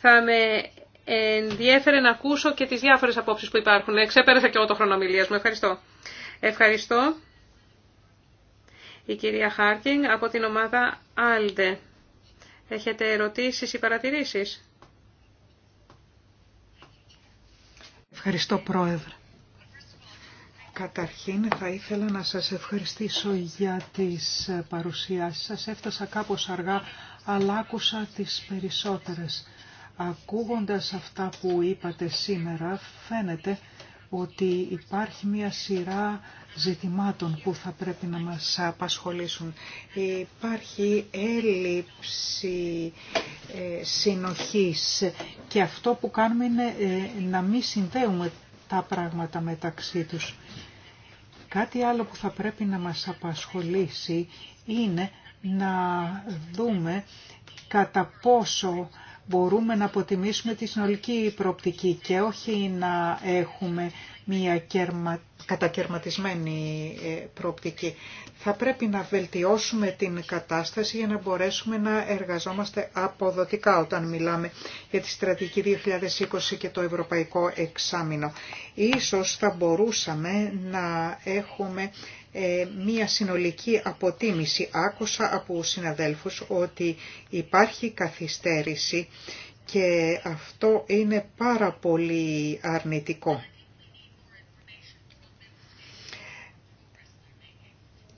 Θα ενδιέφερε να ακούσω και τις διάφορες απόψεις που υπάρχουν. Ε, ξεπέρασα και εγώ το μου. Ευχαριστώ. Ευχαριστώ. Η κυρία Χάρκινγκ από την ομάδα ALDE. Έχετε ερωτήσεις ή παρατηρήσεις. Ευχαριστώ Πρόεδρε. Καταρχήν θα ήθελα να σας ευχαριστήσω για τις παρουσιάσεις σας. Έφτασα κάπως αργά, αλλά άκουσα τις περισσότερες. Ακούγοντας αυτά που είπατε σήμερα, φαίνεται ότι υπάρχει μια σειρά ζητημάτων που θα πρέπει να μας απασχολήσουν. Υπάρχει έλλειψη ε, συνοχής και αυτό που κάνουμε είναι ε, να μην συνδέουμε τα πράγματα μεταξύ τους. Κάτι άλλο που θα πρέπει να μας απασχολήσει είναι να δούμε κατά πόσο μπορούμε να αποτιμήσουμε τη συνολική προοπτική και όχι να έχουμε μια κερμα... κατακαιρματισμένη ε, προοπτική. Θα πρέπει να βελτιώσουμε την κατάσταση για να μπορέσουμε να εργαζόμαστε αποδοτικά όταν μιλάμε για τη στρατηγική 2020 και το ευρωπαϊκό εξάμεινο. Ίσως θα μπορούσαμε να έχουμε ε, μία συνολική αποτίμηση. Άκουσα από συναδέλφους ότι υπάρχει καθυστέρηση και αυτό είναι πάρα πολύ αρνητικό.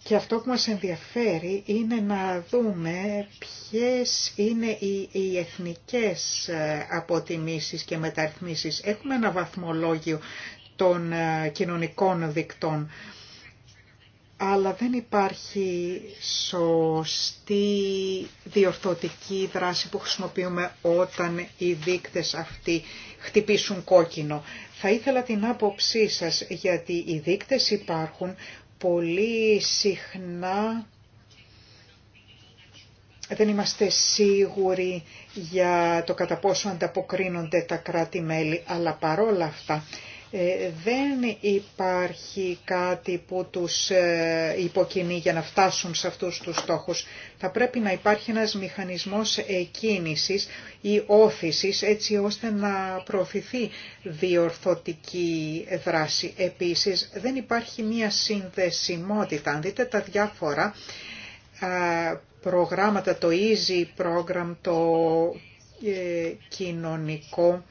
Και αυτό που μας ενδιαφέρει είναι να δούμε ποιες είναι οι, εθνικές ε, αποτιμήσεις και μεταρρυθμίσεις. Έχουμε ένα βαθμολόγιο των ε, κοινωνικών δικτών αλλά δεν υπάρχει σωστή διορθωτική δράση που χρησιμοποιούμε όταν οι δείκτες αυτοί χτυπήσουν κόκκινο. Θα ήθελα την άποψή σας γιατί οι δείκτες υπάρχουν πολύ συχνά δεν είμαστε σίγουροι για το κατά πόσο ανταποκρίνονται τα κράτη-μέλη, αλλά παρόλα αυτά ε, δεν υπάρχει κάτι που τους ε, υποκινεί για να φτάσουν σε αυτούς τους στόχους. Θα πρέπει να υπάρχει ένας μηχανισμός κίνησης ή όθησης έτσι ώστε να προωθηθεί διορθωτική δράση. Επίσης δεν υπάρχει μία συνδεσιμότητα. Αν δείτε τα διάφορα προγράμματα, το Easy Program, το ε, κοινωνικό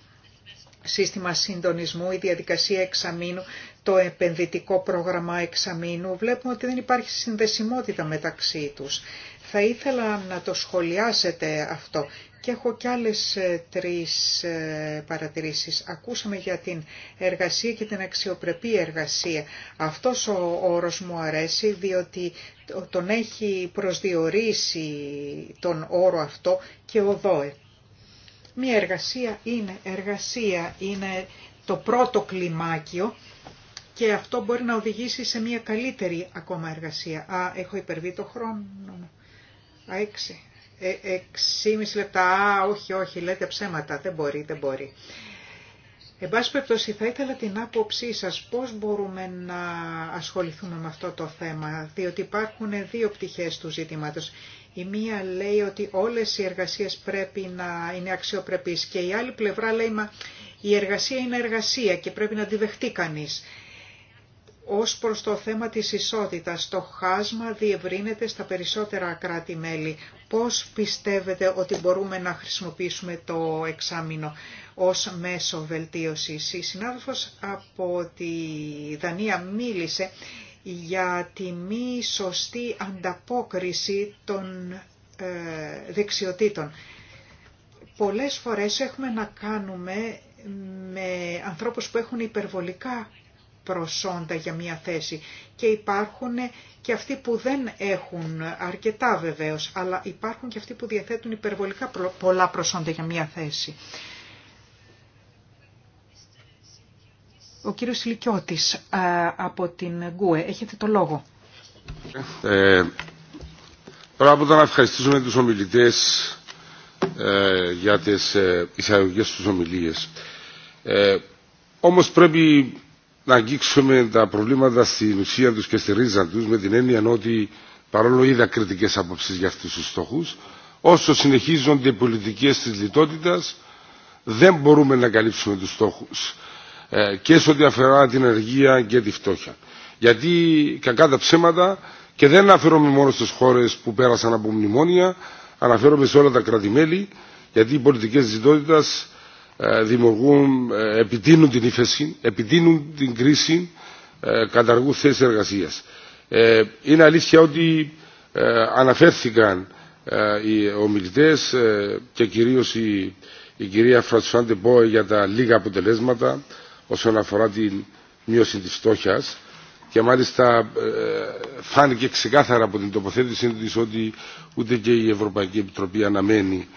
σύστημα συντονισμού, η διαδικασία εξαμήνου, το επενδυτικό πρόγραμμα εξαμήνου, βλέπουμε ότι δεν υπάρχει συνδεσιμότητα μεταξύ τους. Θα ήθελα να το σχολιάσετε αυτό. Και έχω κι άλλες ε, τρεις ε, παρατηρήσεις. Ακούσαμε για την εργασία και την αξιοπρεπή εργασία. Αυτός ο όρος μου αρέσει διότι τον έχει προσδιορίσει τον όρο αυτό και ο ΔΟΕ. Μία εργασία είναι εργασία, είναι το πρώτο κλιμάκιο και αυτό μπορεί να οδηγήσει σε μια καλύτερη ακόμα εργασία. Α, έχω υπερβεί το χρόνο. Α, έξι. εξήμιση λεπτά. Α, όχι, όχι, λέτε ψέματα. Δεν μπορεί, δεν μπορεί. Εν πάση περιπτώσει, θα ήθελα την άποψή σας πώς μπορούμε να ασχοληθούμε με αυτό το θέμα, διότι υπάρχουν δύο πτυχές του ζητήματος. Η μία λέει ότι όλες οι εργασίες πρέπει να είναι αξιοπρεπείς και η άλλη πλευρά λέει η εργασία είναι εργασία και πρέπει να τη δεχτεί κανείς. Ως προς το θέμα της ισότητας, το χάσμα διευρύνεται στα περισσότερα κράτη-μέλη. Πώς πιστεύετε ότι μπορούμε να χρησιμοποιήσουμε το εξάμεινο ως μέσο βελτίωσης. Η συνάδελφος από τη Δανία μίλησε για τη μη σωστή ανταπόκριση των ε, δεξιοτήτων. Πολλές φορές έχουμε να κάνουμε με ανθρώπους που έχουν υπερβολικά προσόντα για μια θέση και υπάρχουν και αυτοί που δεν έχουν αρκετά βεβαίως, αλλά υπάρχουν και αυτοί που διαθέτουν υπερβολικά πολλά προσόντα για μια θέση. Ο κύριος Λικιώτης ε, από την ΓΚΟΕ. Έχετε το λόγο. Ε, πρώτα απ' να ευχαριστήσουμε τους ομιλητές ε, για τις ε, εισαγωγές τους ομιλίες. Ε, όμως πρέπει να αγγίξουμε τα προβλήματα στην ουσία τους και στη ρίζα τους με την έννοια ότι παρόλο είδα κριτικές απόψεις για αυτούς τους στόχους όσο συνεχίζονται οι πολιτικές της λιτότητας δεν μπορούμε να καλύψουμε τους στόχους. Ε, και σε ό,τι αφορά την ενεργεία και τη φτώχεια. Γιατί κακά τα ψέματα και δεν αναφέρομαι μόνο στις χώρες που πέρασαν από μνημόνια, αναφέρομαι σε όλα τα κρατημέλη, γιατί οι πολιτικές ζητότητας ε, δημιουργούν, ε, επιτείνουν την ύφεση, επιτείνουν την κρίση, καταργού θέσεις εργασίας. Είναι αλήθεια ότι αναφέρθηκαν οι ομιλητές και κυρίως η, κυρία Φρατσουάντε Μπόε για τα λίγα αποτελέσματα όσον αφορά την μείωση της φτώχειας και μάλιστα ε, φάνηκε ξεκάθαρα από την τοποθέτησή της ότι ούτε και η Ευρωπαϊκή Επιτροπή αναμένει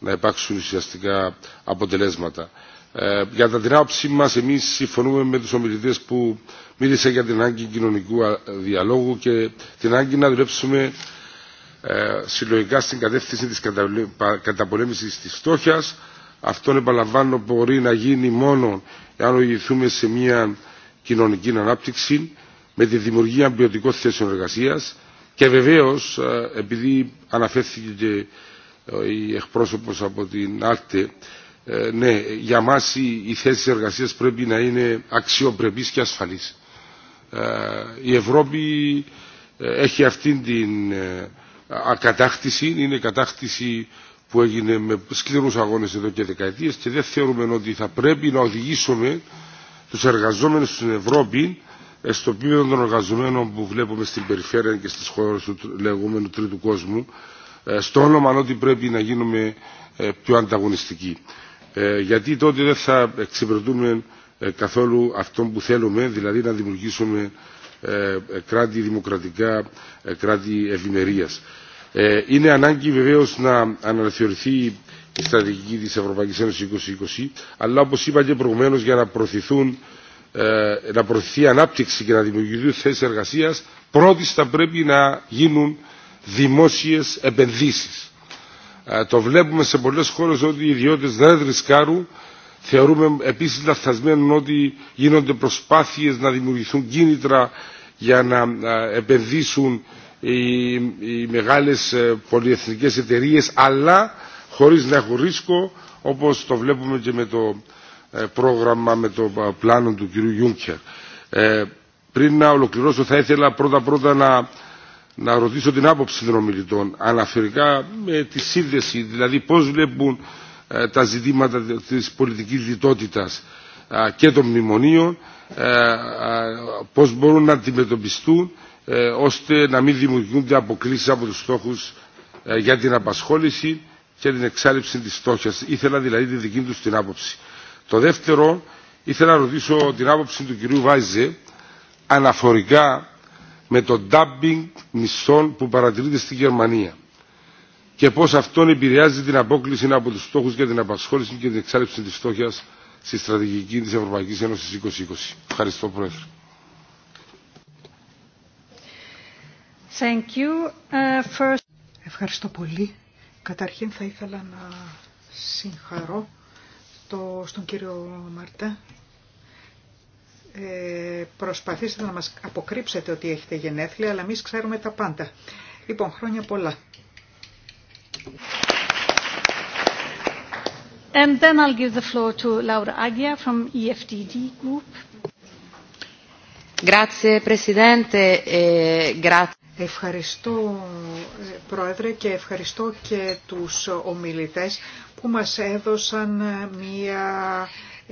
να υπάρξουν ουσιαστικά αποτελέσματα. Ε, για τα την άποψή μα, εμεί συμφωνούμε με του ομιλητέ που μίλησαν για την ανάγκη κοινωνικού διαλόγου και την άγκη να δουλέψουμε ε, συλλογικά στην κατεύθυνση τη καταπολέμηση τη φτώχεια, αυτό επαναλαμβάνω μπορεί να γίνει μόνο εάν οδηγηθούμε σε μια κοινωνική ανάπτυξη με τη δημιουργία ποιοτικών θέσεων εργασία και βεβαίω ε, επειδή αναφέρθηκε και ε, η εκπρόσωπο από την ΑΛΤΕ, ε, ναι, για μα οι θέσει εργασία πρέπει να είναι αξιοπρεπεί και ασφαλεί. Η Ευρώπη έχει αυτή την ακατάκτηση, είναι κατάκτηση που έγινε με σκληρούς αγώνες εδώ και δεκαετίες και δεν θεωρούμε ότι θα πρέπει να οδηγήσουμε τους εργαζόμενους στην Ευρώπη στο επίπεδο των εργαζομένων που βλέπουμε στην περιφέρεια και στις χώρες του λεγόμενου τρίτου κόσμου ε, στο όνομα ότι πρέπει να γίνουμε ε, πιο ανταγωνιστικοί. Ε, γιατί τότε δεν θα εξυπηρετούμε καθόλου αυτό που θέλουμε, δηλαδή να δημιουργήσουμε κράτη δημοκρατικά, κράτη ευημερίας. Ε, είναι ανάγκη βεβαίω να αναθεωρηθεί η στρατηγική της Ευρωπαϊκής Ένωσης 2020, αλλά όπως είπα και προηγουμένως για να προωθηθούν ε, να προωθηθεί η ανάπτυξη και να δημιουργηθούν θέσει εργασία, πρώτη θα πρέπει να γίνουν δημόσιε επενδύσει. Ε, το βλέπουμε σε πολλέ χώρε ότι οι ιδιώτε δεν ρισκάρουν. Θεωρούμε επίση λαθασμένο ότι γίνονται προσπάθειε να δημιουργηθούν κίνητρα για να επενδύσουν οι, οι μεγάλες ε, πολυεθνικές εταιρείες αλλά χωρίς να έχουν ρίσκο όπως το βλέπουμε και με το ε, πρόγραμμα, με το ε, πλάνο του κυρίου Γιούγκερ πριν να ολοκληρώσω θα ήθελα πρώτα πρώτα να, να ρωτήσω την άποψη των ομιλητών αναφερικά με τη σύνδεση, δηλαδή πώς βλέπουν τα ζητήματα της πολιτικής λιτότητας και των μνημονίων, πώς μπορούν να αντιμετωπιστούν ε, ώστε να μην δημιουργούνται αποκλήσει από τους στόχους ε, για την απασχόληση και την εξάλληψη τη φτώχεια. Ήθελα δηλαδή τη δική του την άποψη. Το δεύτερο, ήθελα να ρωτήσω την άποψη του κυρίου Βάιζε αναφορικά με το ντάμπινγκ μισθών που παρατηρείται στη Γερμανία και πω αυτόν επηρεάζει την απόκληση από του στόχου για την απασχόληση και την εξάλληψη τη φτώχεια στη στρατηγική της Ευρωπαϊκής Ένωσης 2020. Ευχαριστώ Πρόεδρε. Uh, Ευχαριστώ πολύ. Καταρχήν θα ήθελα να συγχαρώ το, στον κύριο Μάρτε. Ε, προσπαθήσατε να μας αποκρύψετε ότι έχετε γενέθλια, αλλά εμείς ξέρουμε τα πάντα. Λοιπόν, χρόνια πολλά. And then I'll give the floor to Laura Agia from EFTD Group. Grazie Presidente, e grazie. Ευχαριστώ Πρόεδρε και ευχαριστώ και τους ομιλητές που μας έδωσαν μία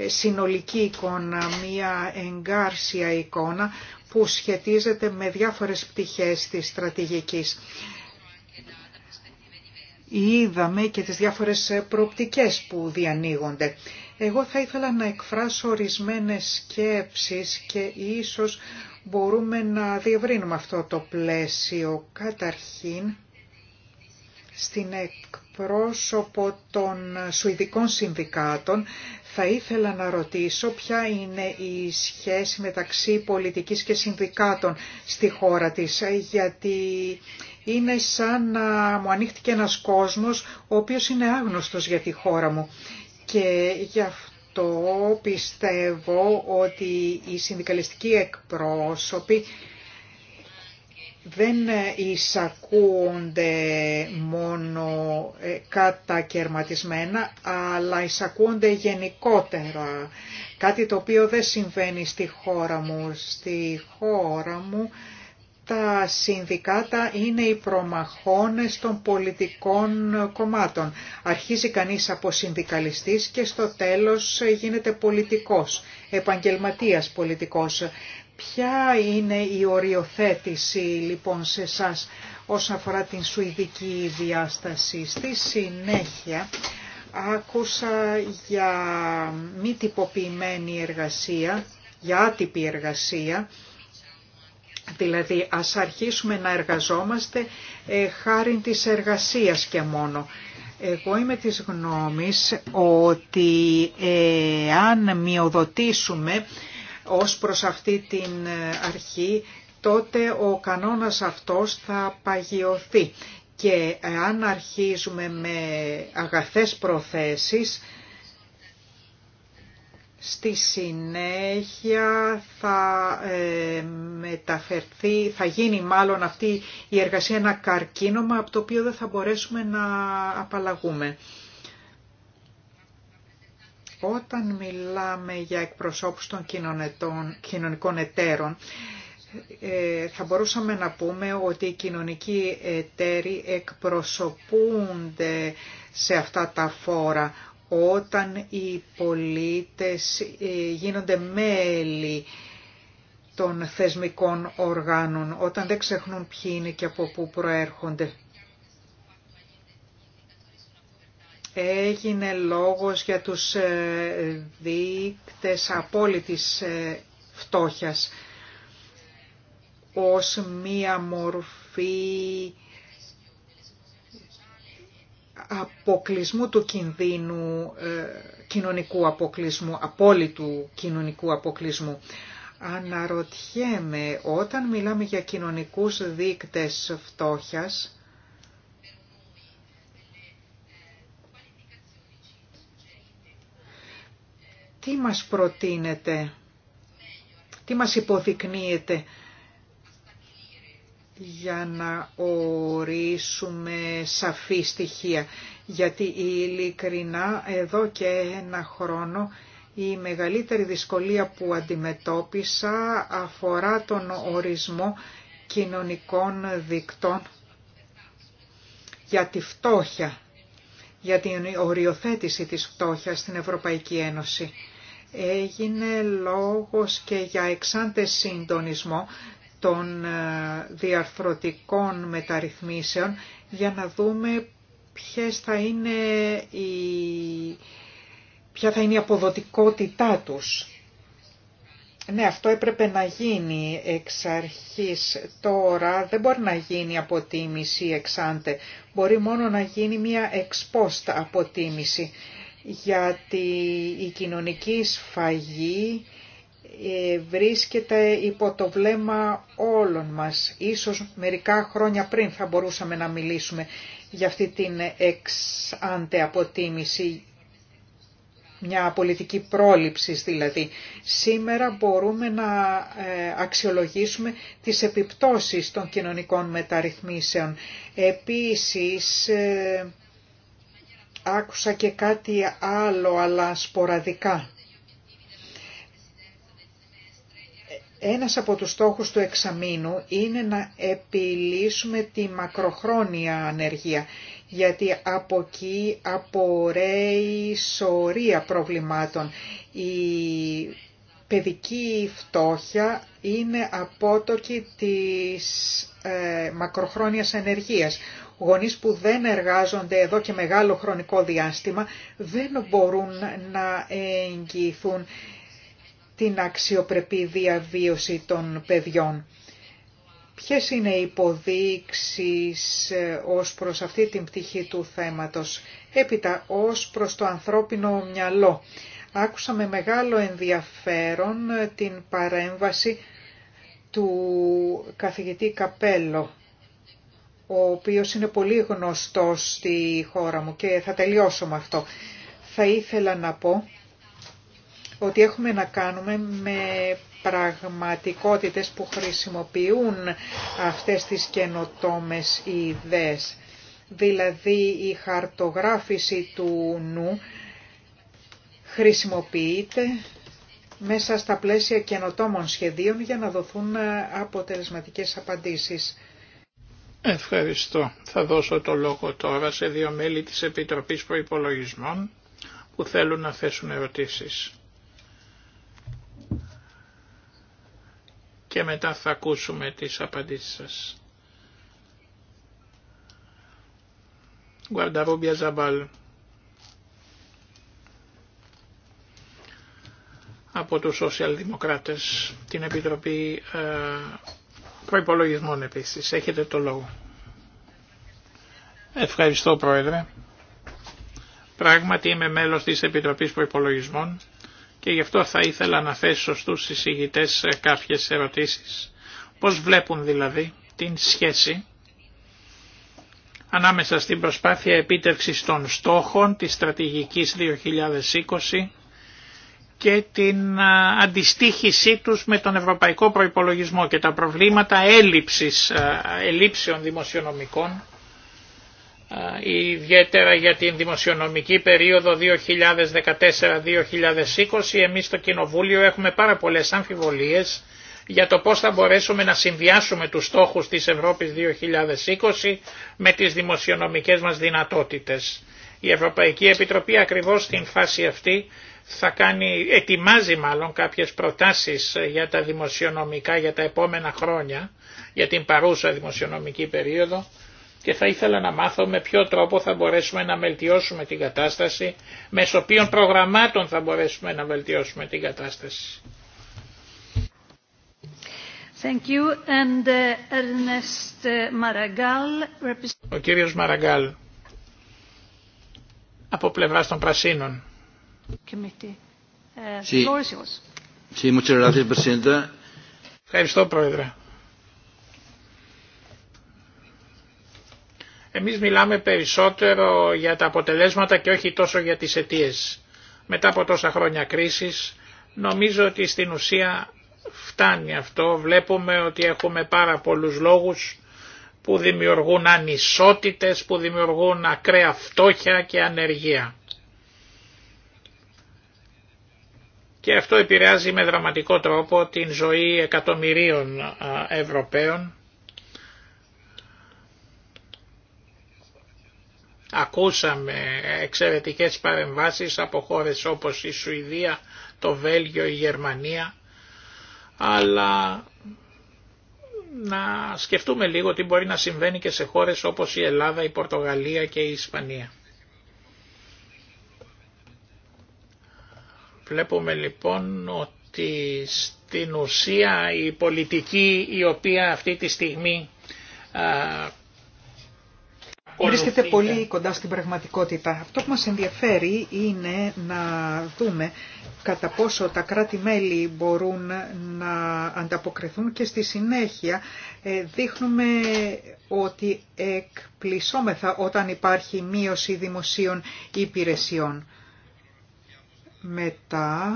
συνολική εικόνα, μία εγκάρσια εικόνα που σχετίζεται με διάφορες πτυχές της στρατηγικής. Είδαμε και τις διάφορες προοπτικές που διανοίγονται. Εγώ θα ήθελα να εκφράσω ορισμένες σκέψεις και ίσως μπορούμε να διευρύνουμε αυτό το πλαίσιο. Καταρχήν, στην εκπρόσωπο των Σουηδικών Συνδικάτων θα ήθελα να ρωτήσω ποια είναι η σχέση μεταξύ πολιτικής και συνδικάτων στη χώρα της, γιατί είναι σαν να μου ανοίχτηκε ένας κόσμος ο οποίος είναι άγνωστος για τη χώρα μου. Και γι' Το πιστεύω ότι οι συνδικαλιστικοί εκπρόσωποι δεν εισακούνται μόνο ε, κατακαιρματισμένα, αλλά εισακούνται γενικότερα. Κάτι το οποίο δεν συμβαίνει στη χώρα μου. Στη χώρα μου τα συνδικάτα είναι οι προμαχώνες των πολιτικών κομμάτων. Αρχίζει κανείς από συνδικαλιστής και στο τέλος γίνεται πολιτικός, επαγγελματίας πολιτικός. Ποια είναι η οριοθέτηση λοιπόν σε εσά όσον αφορά την σουηδική διάσταση. Στη συνέχεια άκουσα για μη τυποποιημένη εργασία, για άτυπη εργασία Δηλαδή ας αρχίσουμε να εργαζόμαστε ε, χάρη της εργασίας και μόνο. Εγώ είμαι της γνώμης ότι ε, αν μειοδοτήσουμε ως προς αυτή την ε, αρχή, τότε ο κανόνας αυτός θα παγιωθεί. Και ε, αν αρχίζουμε με αγαθές προθέσεις, Στη συνέχεια θα ε, μεταφερθεί, θα γίνει μάλλον αυτή η εργασία ένα καρκίνωμα από το οποίο δεν θα μπορέσουμε να απαλλαγούμε. Όταν μιλάμε για εκπροσώπους των κοινωνικών εταίρων, ε, θα μπορούσαμε να πούμε ότι οι κοινωνικοί εταίροι εκπροσωπούνται σε αυτά τα φόρα όταν οι πολίτες ε, γίνονται μέλη των θεσμικών οργάνων, όταν δεν ξεχνούν ποιοι είναι και από πού προέρχονται. Έγινε λόγος για τους ε, δείκτες απόλυτης ε, φτώχειας ως μία μορφή αποκλεισμού του κινδύνου, ε, κοινωνικού αποκλεισμού, απόλυτου κοινωνικού αποκλεισμού. Αναρωτιέμαι, όταν μιλάμε για κοινωνικούς δείκτες φτώχειας, τι μας προτείνετε, τι μας υποδεικνύεται για να ορίσουμε σαφή στοιχεία. Γιατί ειλικρινά εδώ και ένα χρόνο η μεγαλύτερη δυσκολία που αντιμετώπισα αφορά τον ορισμό κοινωνικών δικτών για τη φτώχεια, για την οριοθέτηση της φτώχειας στην Ευρωπαϊκή Ένωση. Έγινε λόγος και για εξάντες συντονισμό των ε, διαρθρωτικών μεταρρυθμίσεων για να δούμε ποιες θα είναι η... ποια θα είναι η αποδοτικότητά τους. Ναι, αυτό έπρεπε να γίνει εξ αρχής. Τώρα δεν μπορεί να γίνει αποτίμηση εξάντε. Μπορεί μόνο να γίνει μια εξπόστα αποτίμηση. Γιατί η κοινωνική σφαγή ε, βρίσκεται υπό το βλέμμα όλων μας. Ίσως μερικά χρόνια πριν θα μπορούσαμε να μιλήσουμε για αυτή την εξάντε αποτίμηση, μια πολιτική πρόληψη δηλαδή. Σήμερα μπορούμε να ε, αξιολογήσουμε τις επιπτώσεις των κοινωνικών μεταρρυθμίσεων. Επίσης, ε, άκουσα και κάτι άλλο, αλλά σποραδικά Ένας από τους στόχους του εξαμήνου είναι να επιλύσουμε τη μακροχρόνια ανεργία, γιατί από εκεί απορρέει σωρία προβλημάτων. Η παιδική φτώχεια είναι απότοκη της ε, μακροχρόνιας ανεργίας. Γονείς που δεν εργάζονται εδώ και μεγάλο χρονικό διάστημα δεν μπορούν να εγγυηθούν την αξιοπρεπή διαβίωση των παιδιών. Ποιες είναι οι υποδείξεις ε, ως προς αυτή την πτυχή του θέματος, έπειτα ως προς το ανθρώπινο μυαλό. Άκουσα με μεγάλο ενδιαφέρον ε, την παρέμβαση του καθηγητή Καπέλο, ο οποίος είναι πολύ γνωστός στη χώρα μου και θα τελειώσω με αυτό. Θα ήθελα να πω ότι έχουμε να κάνουμε με πραγματικότητες που χρησιμοποιούν αυτές τις καινοτόμες ιδέες. Δηλαδή η χαρτογράφηση του νου χρησιμοποιείται μέσα στα πλαίσια καινοτόμων σχεδίων για να δοθούν αποτελεσματικές απαντήσεις. Ευχαριστώ. Θα δώσω το λόγο τώρα σε δύο μέλη της Επιτροπής Προϋπολογισμών που θέλουν να θέσουν ερωτήσεις. και μετά θα ακούσουμε τις απαντήσεις σας. Γουαρνταρούμπια Ζαμπάλ. από τους σοσιαλδημοκράτες, την Επιτροπή ε, Προϋπολογισμών επίσης. Έχετε το λόγο. Ευχαριστώ Πρόεδρε. Πράγματι είμαι μέλος της Επιτροπής Προϋπολογισμών και γι' αυτό θα ήθελα να θέσω στους συζητητές ε, κάποιες ερωτήσεις. Πώς βλέπουν δηλαδή την σχέση ανάμεσα στην προσπάθεια επίτευξης των στόχων της στρατηγικής 2020 και την αντιστήχησή τους με τον ευρωπαϊκό προϋπολογισμό και τα προβλήματα έλλειψης, ελλείψεων δημοσιονομικών ε, ιδιαίτερα για την δημοσιονομική περίοδο 2014-2020 εμείς στο Κοινοβούλιο έχουμε πάρα πολλές αμφιβολίες για το πώς θα μπορέσουμε να συνδυάσουμε τους στόχους της Ευρώπης 2020 με τις δημοσιονομικές μας δυνατότητες. Η Ευρωπαϊκή Επιτροπή ακριβώς στην φάση αυτή θα κάνει, ετοιμάζει μάλλον κάποιες προτάσεις για τα δημοσιονομικά για τα επόμενα χρόνια, για την παρούσα δημοσιονομική περίοδο και θα ήθελα να μάθω με ποιο τρόπο θα μπορέσουμε να βελτιώσουμε την κατάσταση, μέσω ποιων προγραμμάτων θα μπορέσουμε να βελτιώσουμε την κατάσταση. Thank you. Uh, uh, Ο κύριος Μαραγκάλ από πλευράς των Πρασίνων. Uh, Ευχαριστώ Πρόεδρε. Εμείς μιλάμε περισσότερο για τα αποτελέσματα και όχι τόσο για τις αιτίε. Μετά από τόσα χρόνια κρίσης, νομίζω ότι στην ουσία φτάνει αυτό. Βλέπουμε ότι έχουμε πάρα πολλούς λόγους που δημιουργούν ανισότητες, που δημιουργούν ακραία φτώχεια και ανεργία. Και αυτό επηρεάζει με δραματικό τρόπο την ζωή εκατομμυρίων Ευρωπαίων Ακούσαμε εξαιρετικές παρεμβάσεις από χώρες όπως η Σουηδία, το Βέλγιο, η Γερμανία, αλλά να σκεφτούμε λίγο τι μπορεί να συμβαίνει και σε χώρες όπως η Ελλάδα, η Πορτογαλία και η Ισπανία. Βλέπουμε λοιπόν ότι στην ουσία η πολιτική η οποία αυτή τη στιγμή βρίσκεται πολύ κοντά στην πραγματικότητα. Αυτό που μας ενδιαφέρει είναι να δούμε κατά πόσο τα κράτη-μέλη μπορούν να ανταποκριθούν και στη συνέχεια ε, δείχνουμε ότι εκπλησόμεθα όταν υπάρχει μείωση δημοσίων υπηρεσιών. Μετά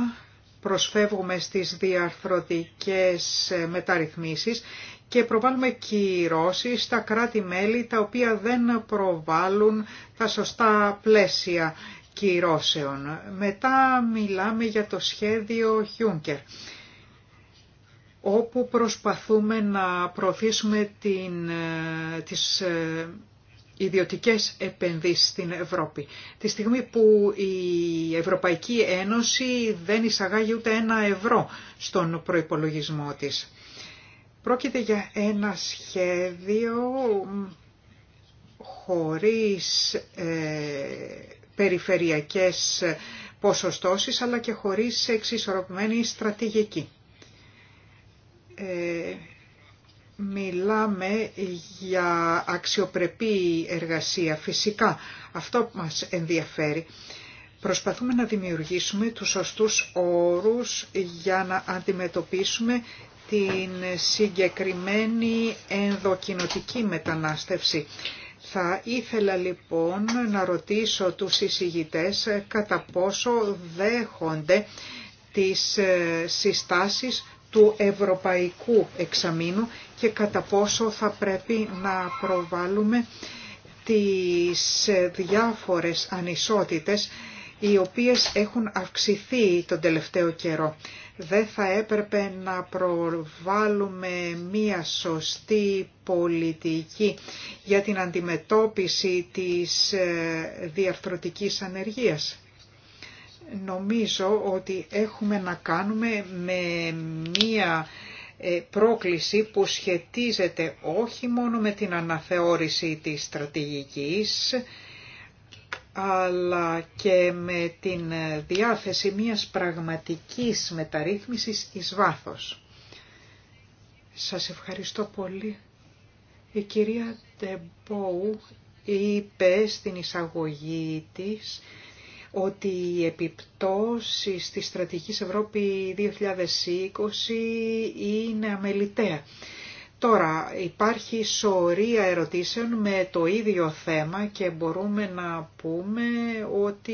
προσφεύγουμε στις διαρθρωτικές μεταρρυθμίσεις και προβάλλουμε κυρώσεις στα κράτη-μέλη τα οποία δεν προβάλλουν τα σωστά πλαίσια κυρώσεων. Μετά μιλάμε για το σχέδιο Juncker όπου προσπαθούμε να προωθήσουμε την, ε, τις ε, ιδιωτικές επενδύσεις στην Ευρώπη. Τη στιγμή που η Ευρωπαϊκή Ένωση δεν εισαγάγει ούτε ένα ευρώ στον προϋπολογισμό της. Πρόκειται για ένα σχέδιο χωρίς ε, περιφερειακές ποσοστώσεις αλλά και χωρίς εξισορροπημένη στρατηγική. Ε, μιλάμε για αξιοπρεπή εργασία. Φυσικά αυτό μας ενδιαφέρει. Προσπαθούμε να δημιουργήσουμε τους σωστούς όρους για να αντιμετωπίσουμε την συγκεκριμένη ενδοκινοτική μετανάστευση. Θα ήθελα λοιπόν να ρωτήσω τους εισηγητές ε, κατά πόσο δέχονται τις ε, συστάσεις του Ευρωπαϊκού Εξαμήνου και κατά πόσο θα πρέπει να προβάλλουμε τις ε, διάφορες ανισότητες οι οποίες έχουν αυξηθεί τον τελευταίο καιρό. Δεν θα έπρεπε να προβάλλουμε μία σωστή πολιτική για την αντιμετώπιση της ε, διαρθρωτικής ανεργίας. Νομίζω ότι έχουμε να κάνουμε με μία ε, πρόκληση που σχετίζεται όχι μόνο με την αναθεώρηση της στρατηγικής, αλλά και με την διάθεση μιας πραγματικής μεταρρύθμισης εις βάθος. Σας ευχαριστώ πολύ. Η κυρία Τεμπόου είπε στην εισαγωγή της ότι οι επιπτώσεις της στρατηγικής Ευρώπη 2020 είναι αμεληταία Τώρα υπάρχει σωρία ερωτήσεων με το ίδιο θέμα και μπορούμε να πούμε ότι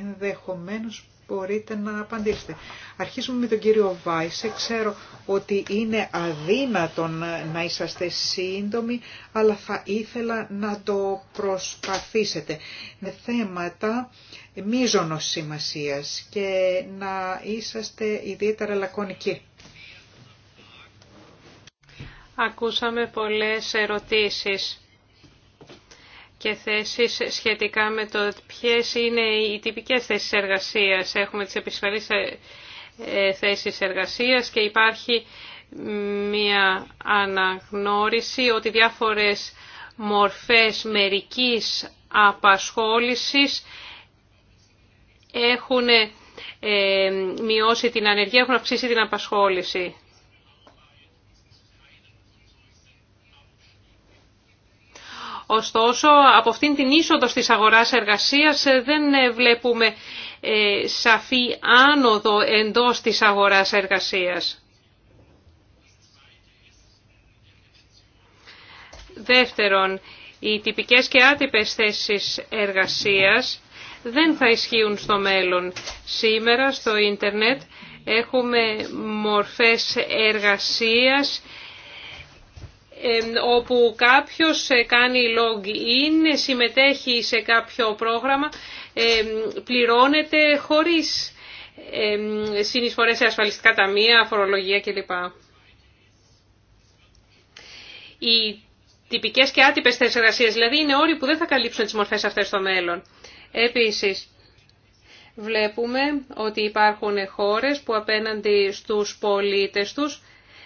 ενδεχομένως μπορείτε να απαντήσετε. Αρχίζουμε με τον κύριο Βάισε. Ξέρω ότι είναι αδύνατον να είσαστε σύντομοι, αλλά θα ήθελα να το προσπαθήσετε με θέματα μίζωνος σημασίας και να είσαστε ιδιαίτερα λακωνικοί. Ακούσαμε πολλές ερωτήσεις και θέσεις σχετικά με το ποιες είναι οι τυπικές θέσεις εργασίας. Έχουμε τις επισφαλείς ε, ε, θέσεις εργασίας και υπάρχει μια αναγνώριση ότι διάφορες μορφές μερικής απασχόλησης έχουν ε, μειώσει την ανεργία, έχουν αυξήσει την απασχόληση. Ωστόσο, από αυτήν την είσοδο στις αγοράς εργασίας ε, δεν ε, βλέπουμε ε, σαφή άνοδο εντός της αγοράς εργασίας. Δεύτερον, οι τυπικές και άτυπες θέσεις εργασίας δεν θα ισχύουν στο μέλλον. Σήμερα στο ίντερνετ έχουμε μορφές εργασίας όπου κάποιος ε, κάνει login, συμμετέχει σε κάποιο πρόγραμμα, πληρώνεται χωρίς συνεισφορές σε ασφαλιστικά ταμεία, φορολογία κλπ. Οι τυπικές και άτυπες θέσεις δηλαδή είναι όροι που δεν θα καλύψουν τις μορφές αυτές στο μέλλον. Επίσης, βλέπουμε ότι υπάρχουν χώρες που απέναντι στους πολίτες τους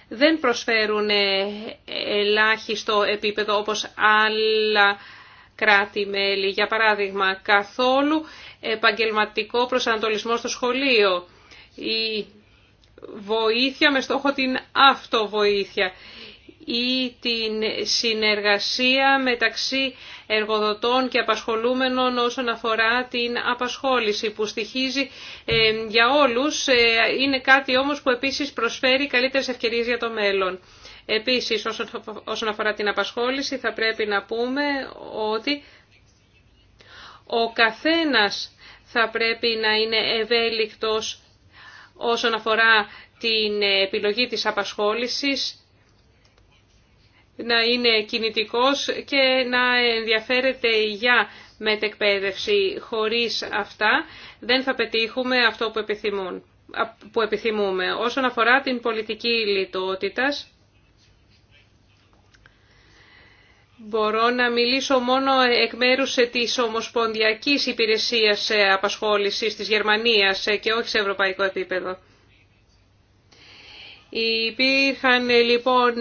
δεν προσφέρουν ε, ελάχιστο επίπεδο όπως άλλα κράτη-μέλη. Για παράδειγμα, καθόλου επαγγελματικό προσανατολισμό στο σχολείο. Η βοήθεια με στόχο την αυτοβοήθεια ή την συνεργασία μεταξύ εργοδοτών και απασχολούμενων όσον αφορά την απασχόληση που στοιχίζει ε, για όλους. Ε, είναι κάτι όμως που επίσης προσφέρει καλύτερες ευκαιρίες για το μέλλον. Επίσης όσον αφορά την απασχόληση θα πρέπει να πούμε ότι ο καθένας θα πρέπει να είναι ευέλικτος όσον αφορά την επιλογή της απασχόλησης να είναι κινητικός και να ενδιαφέρεται για μετεκπαίδευση. Χωρίς αυτά δεν θα πετύχουμε αυτό που, επιθυμούν, που επιθυμούμε. Όσον αφορά την πολιτική λιτότητας, Μπορώ να μιλήσω μόνο εκ μέρους της Ομοσπονδιακής Υπηρεσίας Απασχόλησης της Γερμανίας και όχι σε ευρωπαϊκό επίπεδο. Υπήρχαν λοιπόν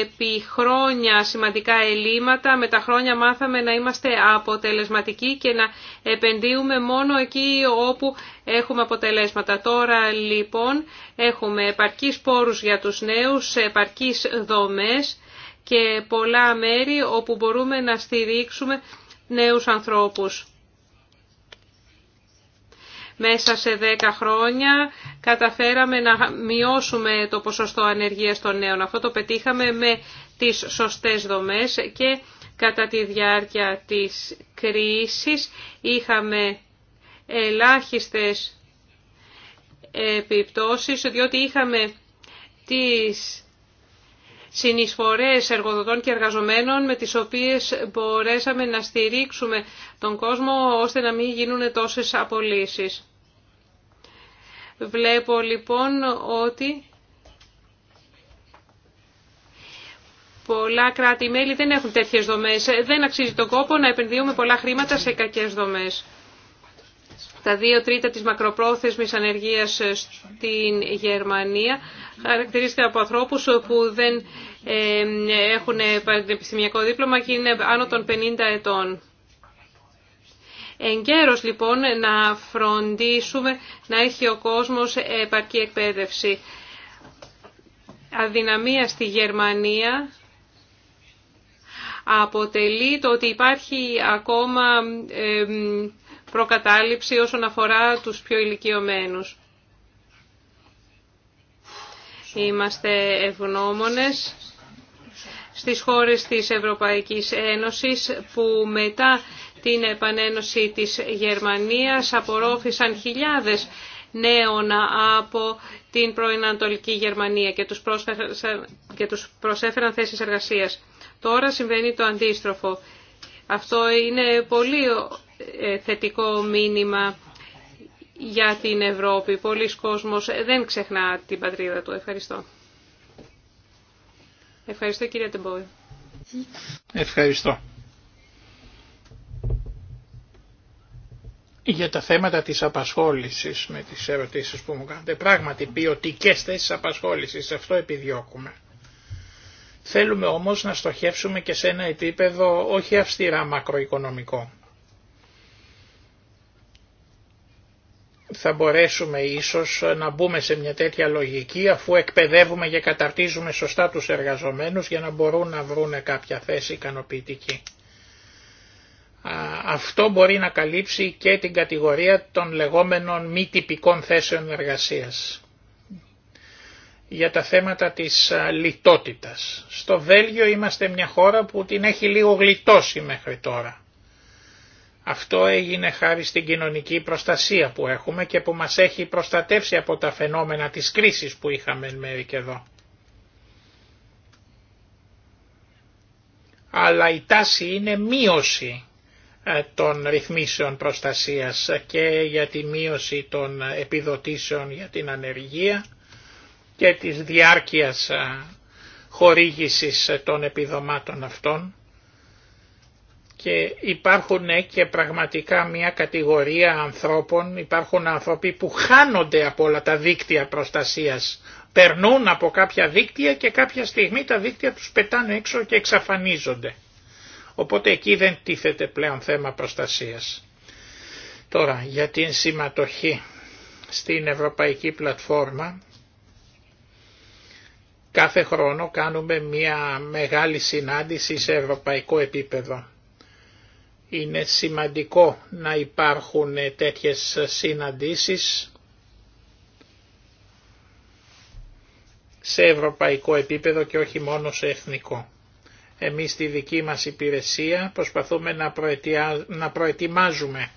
επί χρόνια σημαντικά ελλείμματα. Με τα χρόνια μάθαμε να είμαστε αποτελεσματικοί και να επενδύουμε μόνο εκεί όπου έχουμε αποτελέσματα. Τώρα λοιπόν έχουμε επαρκείς πόρους για τους νέους, επαρκείς δομές και πολλά μέρη όπου μπορούμε να στηρίξουμε νέους ανθρώπους. Μέσα σε 10 χρόνια καταφέραμε να μειώσουμε το ποσοστό ανεργίας των νέων. Αυτό το πετύχαμε με τις σωστές δομές και κατά τη διάρκεια της κρίσης είχαμε ελάχιστες επιπτώσεις, διότι είχαμε τις συνεισφορές εργοδοτών και εργαζομένων με τις οποίες μπορέσαμε να στηρίξουμε τον κόσμο ώστε να μην γίνουν τόσες απολύσεις. Βλέπω λοιπόν ότι πολλά κράτη-μέλη δεν έχουν τέτοιες δομές. Δεν αξίζει τον κόπο να επενδύουμε πολλά χρήματα σε κακές δομές τα δύο τρίτα της μακροπρόθεσμης ανεργίας στην Γερμανία χαρακτηρίζεται από ανθρώπους που δεν έχουν πανεπιστημιακό δίπλωμα και είναι άνω των 50 ετών. Εγκαίρως λοιπόν να φροντίσουμε να έχει ο κόσμος επαρκή εκπαίδευση. Αδυναμία στη Γερμανία αποτελεί το ότι υπάρχει ακόμα προκατάληψη όσον αφορά τους πιο ηλικιωμένους. Είμαστε ευγνώμονες στις χώρες της Ευρωπαϊκής Ένωσης που μετά την επανένωση της Γερμανίας απορρόφησαν χιλιάδες νέων από την προενατολική Γερμανία και τους, και τους προσέφεραν θέσεις εργασίας. Τώρα συμβαίνει το αντίστροφο. Αυτό είναι πολύ ε, θετικό μήνυμα για την Ευρώπη. Πολλοί κόσμος δεν ξεχνά την πατρίδα του. Ευχαριστώ. Ευχαριστώ κύριε Τεμπόη. Ευχαριστώ. Για τα θέματα της απασχόλησης με τις ερωτήσεις που μου κάνετε, πράγματι ποιοτικέ θέσει απασχόλησης, αυτό επιδιώκουμε. Θέλουμε όμως να στοχεύσουμε και σε ένα επίπεδο όχι αυστηρά μακροοικονομικό. θα μπορέσουμε ίσως να μπούμε σε μια τέτοια λογική αφού εκπαιδεύουμε και καταρτίζουμε σωστά τους εργαζομένους για να μπορούν να βρουν κάποια θέση ικανοποιητική. Αυτό μπορεί να καλύψει και την κατηγορία των λεγόμενων μη τυπικών θέσεων εργασίας για τα θέματα της λιτότητας. Στο Βέλγιο είμαστε μια χώρα που την έχει λίγο γλιτώσει μέχρι τώρα αυτό έγινε χάρη στην κοινωνική προστασία που έχουμε και που μας έχει προστατεύσει από τα φαινόμενα της κρίσης που είχαμε εν μέρη και εδώ. Αλλά η τάση είναι μείωση ε, των ρυθμίσεων προστασίας και για τη μείωση των επιδοτήσεων για την ανεργία και της διάρκειας ε, χορήγησης των επιδομάτων αυτών και υπάρχουν ε, και πραγματικά μια κατηγορία ανθρώπων, υπάρχουν άνθρωποι που χάνονται από όλα τα δίκτυα προστασίας. Περνούν από κάποια δίκτυα και κάποια στιγμή τα δίκτυα τους πετάνε έξω και εξαφανίζονται. Οπότε εκεί δεν τίθεται πλέον θέμα προστασίας. Τώρα για την συμματοχή στην Ευρωπαϊκή Πλατφόρμα κάθε χρόνο κάνουμε μια μεγάλη συνάντηση σε ευρωπαϊκό επίπεδο είναι σημαντικό να υπάρχουν τέτοιες συναντήσεις σε ευρωπαϊκό επίπεδο και όχι μόνο σε εθνικό. Εμείς στη δική μας υπηρεσία προσπαθούμε να, να προετοιμάζουμε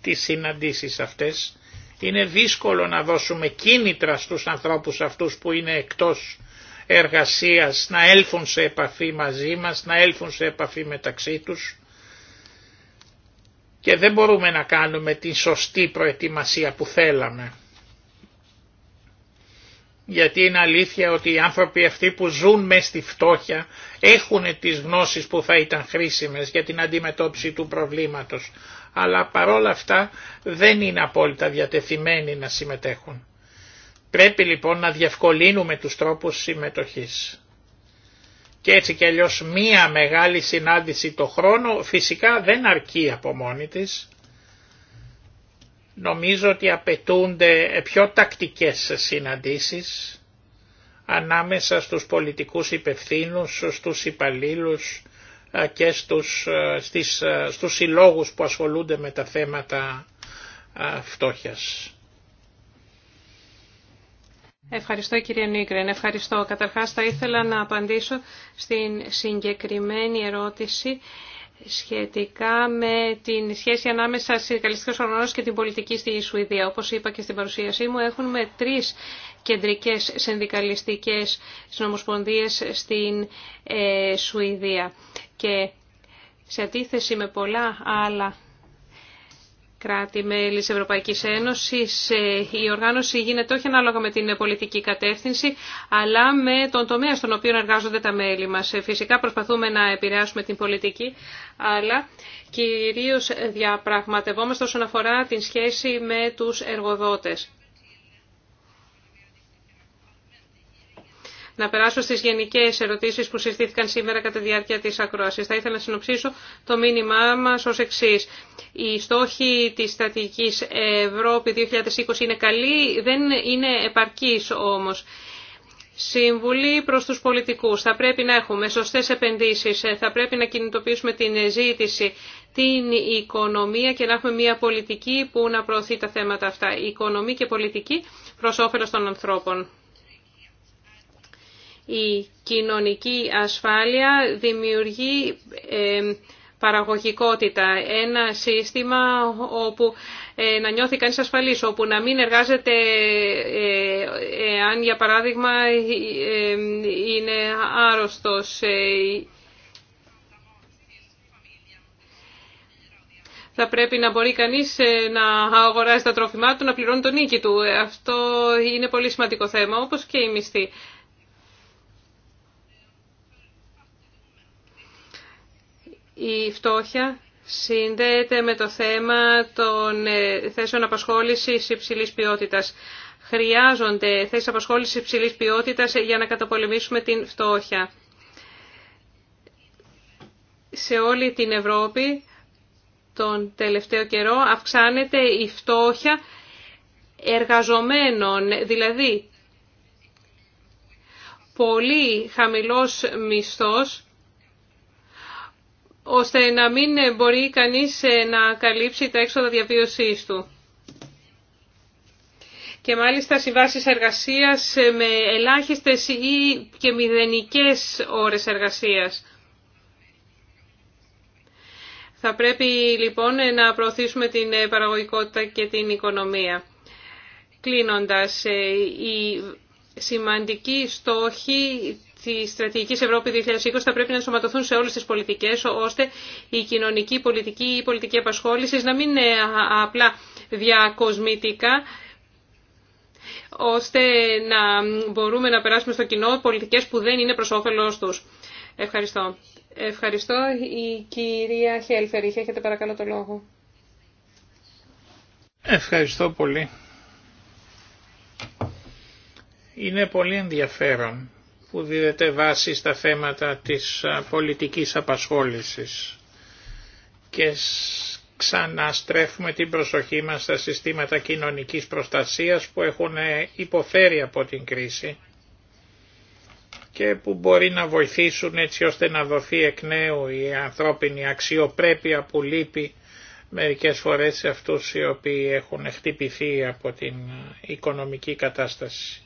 τις συναντήσεις αυτές. Είναι δύσκολο να δώσουμε κίνητρα στους ανθρώπους αυτούς που είναι εκτός εργασίας να έλθουν σε επαφή μαζί μας, να έλθουν σε επαφή μεταξύ τους και δεν μπορούμε να κάνουμε την σωστή προετοιμασία που θέλαμε. Γιατί είναι αλήθεια ότι οι άνθρωποι αυτοί που ζουν με στη φτώχεια έχουν τις γνώσεις που θα ήταν χρήσιμες για την αντιμετώπιση του προβλήματος, αλλά παρόλα αυτά δεν είναι απόλυτα διατεθειμένοι να συμμετέχουν. Πρέπει λοιπόν να διευκολύνουμε τους τρόπους συμμετοχής και έτσι κι αλλιώς μία μεγάλη συνάντηση το χρόνο φυσικά δεν αρκεί από μόνη της. Νομίζω ότι απαιτούνται πιο τακτικές συναντήσεις ανάμεσα στους πολιτικούς υπευθύνους, στους υπαλλήλους και στους, στις, στους συλλόγους που ασχολούνται με τα θέματα φτώχειας. Ευχαριστώ κυρία Νίγκρεν. Ευχαριστώ. Καταρχάς θα ήθελα να απαντήσω στην συγκεκριμένη ερώτηση σχετικά με την σχέση ανάμεσα στις καλλιστικές οργανώσεις και την πολιτική στη Σουηδία. Όπως είπα και στην παρουσίασή μου, έχουμε τρεις κεντρικές συνδικαλιστικές συνομοσπονδίες στην ε, Σουηδία. Και σε αντίθεση με πολλά άλλα κράτη-μέλη της Ευρωπαϊκής Ένωσης. Ε, η οργάνωση γίνεται όχι ανάλογα με την πολιτική κατεύθυνση, αλλά με τον τομέα στον οποίο εργάζονται τα μέλη μας. Ε, φυσικά προσπαθούμε να επηρεάσουμε την πολιτική, αλλά κυρίως διαπραγματευόμαστε όσον αφορά την σχέση με τους εργοδότες. να περάσω στι γενικέ ερωτήσει που συστήθηκαν σήμερα κατά τη διάρκεια τη ακρόαση. Θα ήθελα να συνοψίσω το μήνυμά μα ω εξή. Οι στόχοι τη στρατηγικής Ευρώπη 2020 είναι καλοί, δεν είναι επαρκή όμω. Συμβουλή προς τους πολιτικούς. Θα πρέπει να έχουμε σωστές επενδύσεις, θα πρέπει να κινητοποιήσουμε την ζήτηση, την οικονομία και να έχουμε μια πολιτική που να προωθεί τα θέματα αυτά. Η και πολιτική προς όφελος των ανθρώπων. Η κοινωνική ασφάλεια δημιουργεί ε, παραγωγικότητα, ένα σύστημα όπου ε, να νιώθει κανείς ασφαλής, όπου να μην εργάζεται ε, αν για παράδειγμα είναι άρρωστος. Θα πρέπει να μπορεί κανείς να αγοράζει τα τρόφιμά του, να πληρώνει τον νίκη του. Αυτό είναι πολύ σημαντικό θέμα, όπως και η μισθή. Η φτώχεια συνδέεται με το θέμα των ε, θέσεων απασχόλησης υψηλής ποιότητας. Χρειάζονται θέσεις απασχόλησης υψηλής ποιότητας για να καταπολεμήσουμε την φτώχεια. Σε όλη την Ευρώπη τον τελευταίο καιρό αυξάνεται η φτώχεια εργαζομένων, δηλαδή πολύ χαμηλός μισθός ώστε να μην μπορεί κανείς ε, να καλύψει τα έξοδα διαβίωσής του. Και μάλιστα συμβάσεις εργασίας ε, με ελάχιστες ή και μηδενικές ώρες εργασίας. Θα πρέπει λοιπόν ε, να προωθήσουμε την παραγωγικότητα και την οικονομία. Κλείνοντας, η σημαντική στόχη τη στρατηγική Ευρώπη 2020 θα πρέπει να ενσωματωθούν σε όλε τι πολιτικέ, ώστε η κοινωνική πολιτική ή η πολιτική απασχόληση να μην είναι απλά διακοσμητικά, ώστε να μπορούμε να περάσουμε στο κοινό πολιτικέ που δεν είναι προ όφελό του. Ευχαριστώ. Ευχαριστώ. Η κυρία Χέλφερη, έχετε παρακαλώ το λόγο. Ευχαριστώ πολύ. Είναι πολύ ενδιαφέρον που δίδεται βάση στα θέματα της πολιτικής απασχόλησης. Και ξανά στρέφουμε την προσοχή μας στα συστήματα κοινωνικής προστασίας που έχουν ε, υποφέρει από την κρίση και που μπορεί να βοηθήσουν έτσι ώστε να δοθεί εκ νέου η ανθρώπινη αξιοπρέπεια που λείπει μερικές φορές σε αυτούς οι οποίοι έχουν χτυπηθεί από την ε, οικονομική κατάσταση.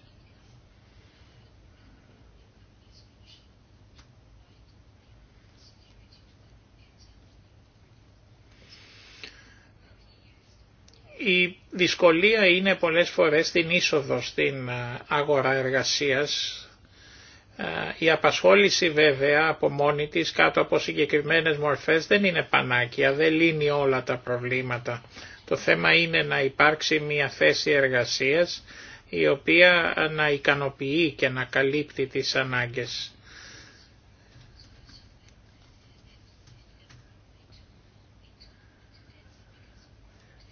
Η δυσκολία είναι πολλές φορές την είσοδο στην ε, αγορά εργασίας. Ε, η απασχόληση βέβαια από μόνη της κάτω από συγκεκριμένες μορφές δεν είναι πανάκια, δεν λύνει όλα τα προβλήματα. Το θέμα είναι να υπάρξει μια θέση εργασίας η οποία να ικανοποιεί και να καλύπτει τις ανάγκες.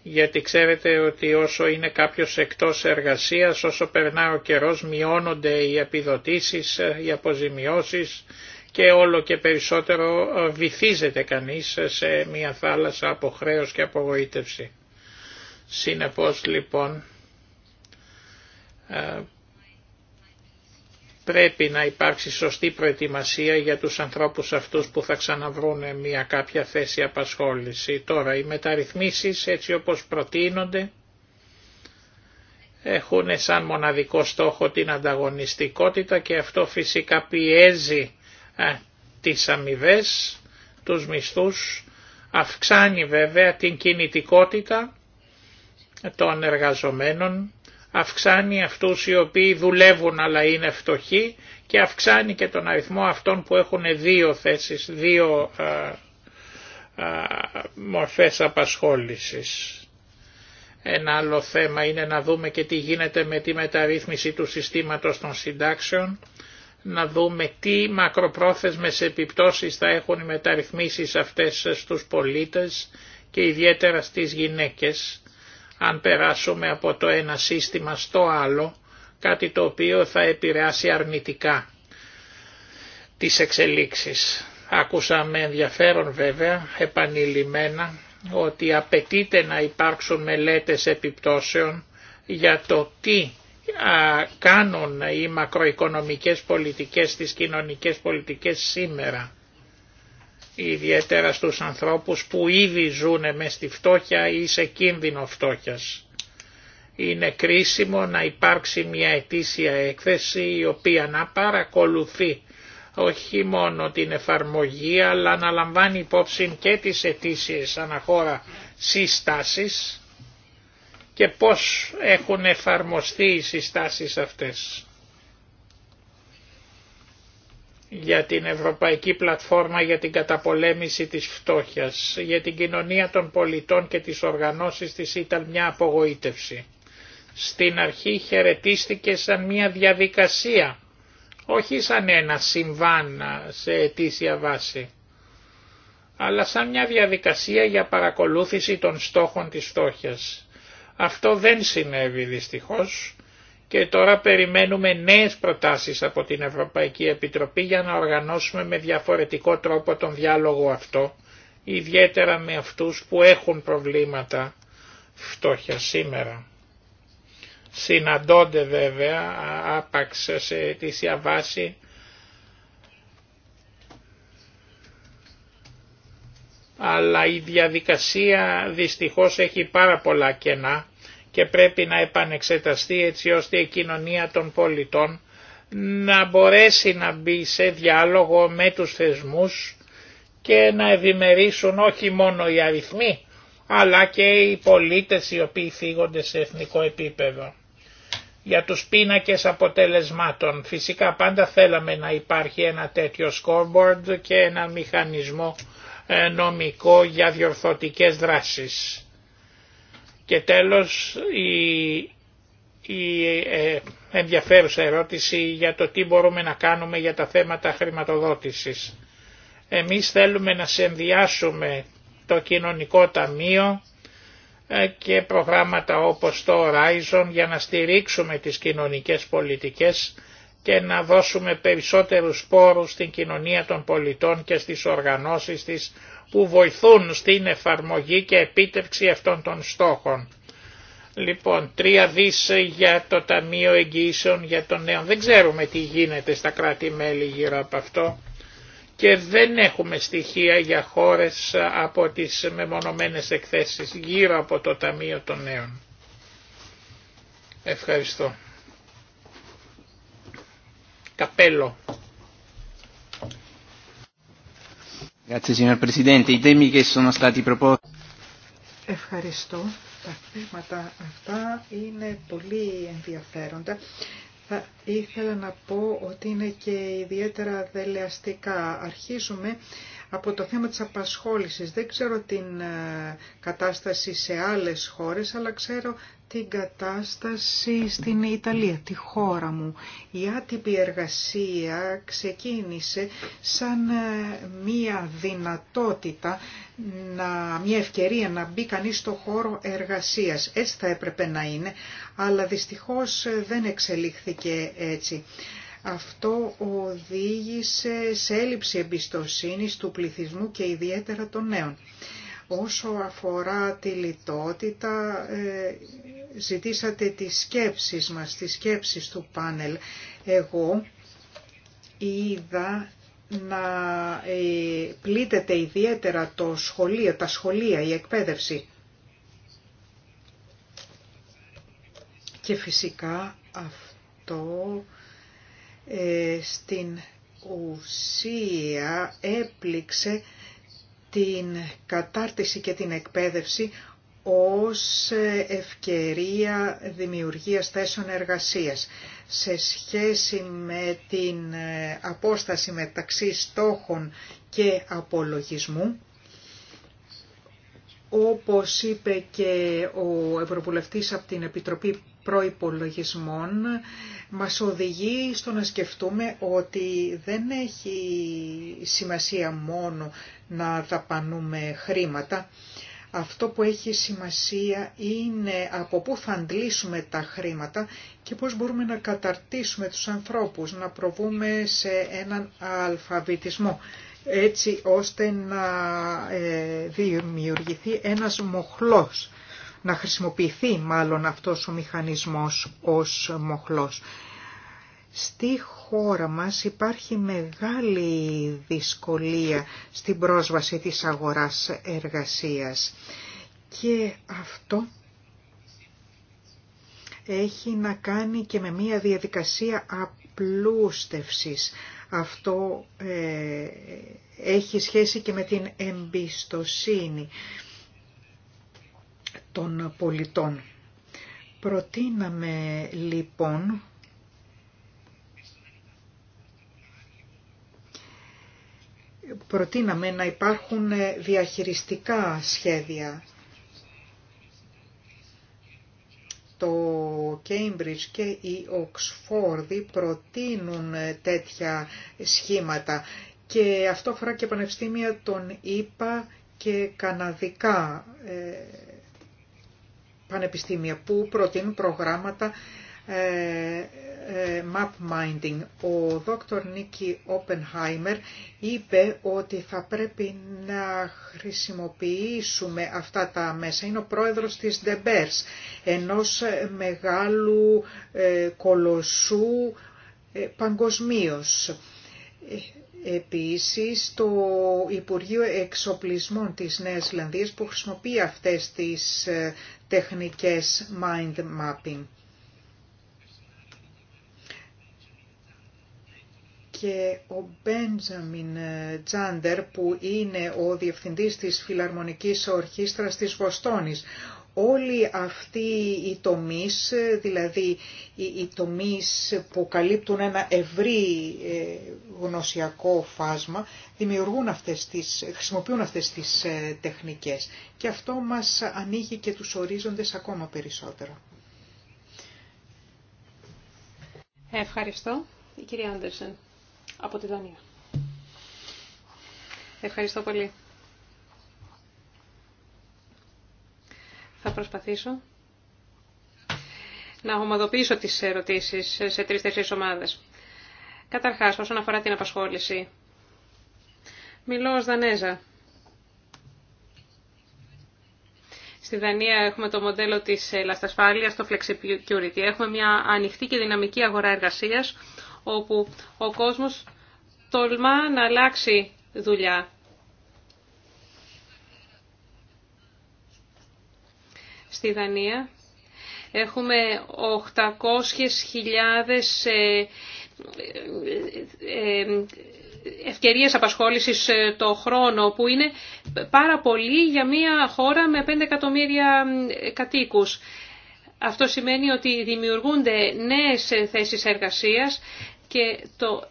γιατί ξέρετε ότι όσο είναι κάποιος εκτός εργασίας, όσο περνά ο καιρός μειώνονται οι επιδοτήσεις, οι αποζημιώσεις και όλο και περισσότερο ε, βυθίζεται κανείς σε μια θάλασσα από χρέος και απογοήτευση. Συνεπώς λοιπόν ε, πρέπει να υπάρξει σωστή προετοιμασία για τους ανθρώπους αυτούς που θα ξαναβρούν μια κάποια θέση απασχόληση. Τώρα οι μεταρρυθμίσεις έτσι όπως προτείνονται έχουν σαν μοναδικό στόχο την ανταγωνιστικότητα και αυτό φυσικά πιέζει α, ε, τις αμοιβέ, τους μισθούς, αυξάνει βέβαια την κινητικότητα των εργαζομένων αυξάνει αυτούς οι οποίοι δουλεύουν αλλά είναι φτωχοί και αυξάνει και τον αριθμό αυτών που έχουν δύο θέσεις, δύο α, μορφές απασχόλησης. Ένα άλλο θέμα είναι να δούμε και τι γίνεται με τη μεταρρύθμιση του συστήματος των συντάξεων, να δούμε τι μακροπρόθεσμες επιπτώσεις θα έχουν οι μεταρρυθμίσεις αυτές στους πολίτες και ιδιαίτερα στις γυναίκες αν περάσουμε από το ένα σύστημα στο άλλο, κάτι το οποίο θα επηρεάσει αρνητικά τις εξελίξεις. Άκουσα με ενδιαφέρον βέβαια επανειλημμένα ότι απαιτείται να υπάρξουν μελέτες επιπτώσεων για το τι κάνουν οι μακροοικονομικές πολιτικές, στις κοινωνικές πολιτικές σήμερα ιδιαίτερα στους ανθρώπους που ήδη ζουν με στη φτώχεια ή σε κίνδυνο φτώχειας. Είναι κρίσιμο να υπάρξει μια ετήσια έκθεση η οποία να παρακολουθεί όχι μόνο την εφαρμογή αλλά να λαμβάνει υπόψη και τις ετήσιες αναχώρα συστάσεις και πώς έχουν εφαρμοστεί οι συστάσεις αυτές για την Ευρωπαϊκή Πλατφόρμα για την Καταπολέμηση της Φτώχειας, για την κοινωνία των πολιτών και τις οργανώσεις της ήταν μια απογοήτευση. Στην αρχή χαιρετίστηκε σαν μια διαδικασία, όχι σαν ένα συμβάν σε αιτήσια βάση, αλλά σαν μια διαδικασία για παρακολούθηση των στόχων της φτώχειας. Αυτό δεν συνέβη δυστυχώς και τώρα περιμένουμε νέες προτάσεις από την Ευρωπαϊκή Επιτροπή για να οργανώσουμε με διαφορετικό τρόπο τον διάλογο αυτό, ιδιαίτερα με αυτούς που έχουν προβλήματα φτώχεια σήμερα. Συναντώνται βέβαια άπαξ σε αιτήσια βάση αλλά η διαδικασία δυστυχώς έχει πάρα πολλά κενά και πρέπει να επανεξεταστεί έτσι ώστε η κοινωνία των πολιτών να μπορέσει να μπει σε διάλογο με τους θεσμούς και να ευημερήσουν όχι μόνο οι αριθμοί αλλά και οι πολίτες οι οποίοι φύγονται σε εθνικό επίπεδο. Για τους πίνακες αποτελεσμάτων φυσικά πάντα θέλαμε να υπάρχει ένα τέτοιο scoreboard και ένα μηχανισμό ε, νομικό για διορθωτικές δράσεις. Και τέλος η, η ε, ενδιαφέρουσα ερώτηση για το τι μπορούμε να κάνουμε για τα θέματα χρηματοδότησης. Εμείς θέλουμε να συνδυάσουμε το κοινωνικό ταμείο ε, και προγράμματα όπως το Horizon για να στηρίξουμε τις κοινωνικές πολιτικές και να δώσουμε περισσότερους πόρους στην κοινωνία των πολιτών και στις οργανώσεις της που βοηθούν στην εφαρμογή και επίτευξη αυτών των στόχων. Λοιπόν, τρία δις για το Ταμείο Εγγυήσεων για τον Νέο. Δεν ξέρουμε τι γίνεται στα κράτη-μέλη γύρω από αυτό και δεν έχουμε στοιχεία για χώρες από τις μεμονωμένες εκθέσεις γύρω από το Ταμείο των Νέων. Ευχαριστώ. Καπέλο. Ευχαριστώ. Τα θέματα αυτά είναι πολύ ενδιαφέροντα. Θα ήθελα να πω ότι είναι και ιδιαίτερα δελεαστικά. Αρχίζουμε από το θέμα της απασχόλησης. Δεν ξέρω την ε, κατάσταση σε άλλες χώρες, αλλά ξέρω την κατάσταση στην Ιταλία, τη χώρα μου. Η άτυπη εργασία ξεκίνησε σαν ε, μία δυνατότητα, να, μία ευκαιρία να μπει κανείς στο χώρο εργασίας. Έτσι θα έπρεπε να είναι, αλλά δυστυχώς ε, δεν εξελίχθηκε έτσι. Αυτό οδήγησε σε έλλειψη εμπιστοσύνης του πληθυσμού και ιδιαίτερα των νέων. Όσο αφορά τη λιτότητα, ε, ζητήσατε τις σκέψεις μας, τις σκέψεις του πάνελ. Εγώ είδα να ε, πλήττεται ιδιαίτερα το σχολείο, τα σχολεία, η εκπαίδευση. Και φυσικά αυτό ε, στην ουσία έπληξε την κατάρτιση και την εκπαίδευση ως ευκαιρία δημιουργίας θέσεων εργασίας σε σχέση με την ε, απόσταση μεταξύ στόχων και απολογισμού. Όπως είπε και ο Ευρωβουλευτής από την Επιτροπή προϋπολογισμών μας οδηγεί στο να σκεφτούμε ότι δεν έχει σημασία μόνο να δαπανούμε χρήματα. Αυτό που έχει σημασία είναι από πού θα αντλήσουμε τα χρήματα και πώς μπορούμε να καταρτήσουμε τους ανθρώπους, να προβούμε σε έναν αλφαβητισμό έτσι ώστε να ε, δημιουργηθεί ένας μοχλός να χρησιμοποιηθεί μάλλον αυτός ο μηχανισμός ως μοχλός. Στη χώρα μας υπάρχει μεγάλη δυσκολία στην πρόσβαση της αγοράς εργασίας και αυτό έχει να κάνει και με μία διαδικασία απλούστευσης. Αυτό ε, έχει σχέση και με την εμπιστοσύνη των πολιτών. Προτείναμε λοιπόν προτείναμε να υπάρχουν διαχειριστικά σχέδια. Το Cambridge και η Oxford προτείνουν τέτοια σχήματα και αυτό αφορά και πανεπιστήμια των ΗΠΑ και καναδικά ε, πανεπιστήμια που προτείνουν προγράμματα ε, ε, map minding. Ο δόκτωρ Νίκη Όπενχάιμερ είπε ότι θα πρέπει να χρησιμοποιήσουμε αυτά τα μέσα. Είναι ο πρόεδρος της Debers, ενός μεγάλου ε, κολοσσού παγκοσμίως. Επίσης, το Υπουργείο Εξοπλισμών της Νέας Ζηλανδίας που χρησιμοποιεί αυτές τις ε, τεχνικές mind mapping. και ο Μπέντζαμιν ε, Τζάντερ που είναι ο διευθυντής της Φιλαρμονικής Ορχήστρας της Βοστόνης, όλοι αυτοί οι τομείς, δηλαδή οι τομείς που καλύπτουν ένα ευρύ ε, γνωσιακό φάσμα, δημιουργούν αυτές τις, χρησιμοποιούν αυτές τις ε, τεχνικές και αυτό μας ανοίγει και τους ορίζοντες ακόμα περισσότερο. Ευχαριστώ. Η κυρία Άντερσεν από τη Δανία. Ευχαριστώ πολύ. Θα προσπαθήσω να ομοδοποιήσω τις ερωτήσεις σε τρεις-τέσσερις ομάδες. Καταρχάς, όσον αφορά την απασχόληση. Μιλώ ως Δανέζα. Στη Δανία έχουμε το μοντέλο της ελαστασφάλειας, το flexibility. Έχουμε μια ανοιχτή και δυναμική αγορά εργασίας, όπου ο κόσμος τολμά να αλλάξει δουλειά. στη Δανία. Έχουμε 800.000 ε, ε, ε, ευκαιρίες απασχόλησης το χρόνο, που είναι πάρα πολύ για μια χώρα με 5 εκατομμύρια κατοίκους. Αυτό σημαίνει ότι δημιουργούνται νέες θέσεις εργασίας και το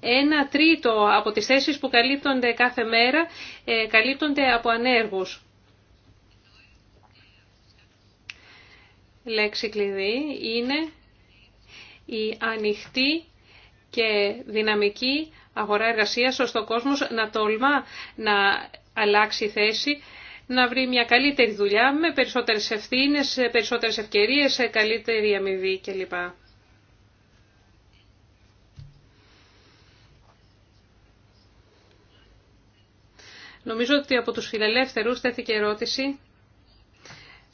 ένα τρίτο από τις θέσεις που καλύπτονται κάθε μέρα καλύπτονται από ανέργους. λέξη κλειδί είναι η ανοιχτή και δυναμική αγορά εργασίας, ώστε ο κόσμος να τολμά να αλλάξει θέση, να βρει μια καλύτερη δουλειά με περισσότερες ευθύνες, περισσότερες ευκαιρίες, καλύτερη αμοιβή κλπ. Νομίζω ότι από τους φιλελεύθερους τέθηκε ερώτηση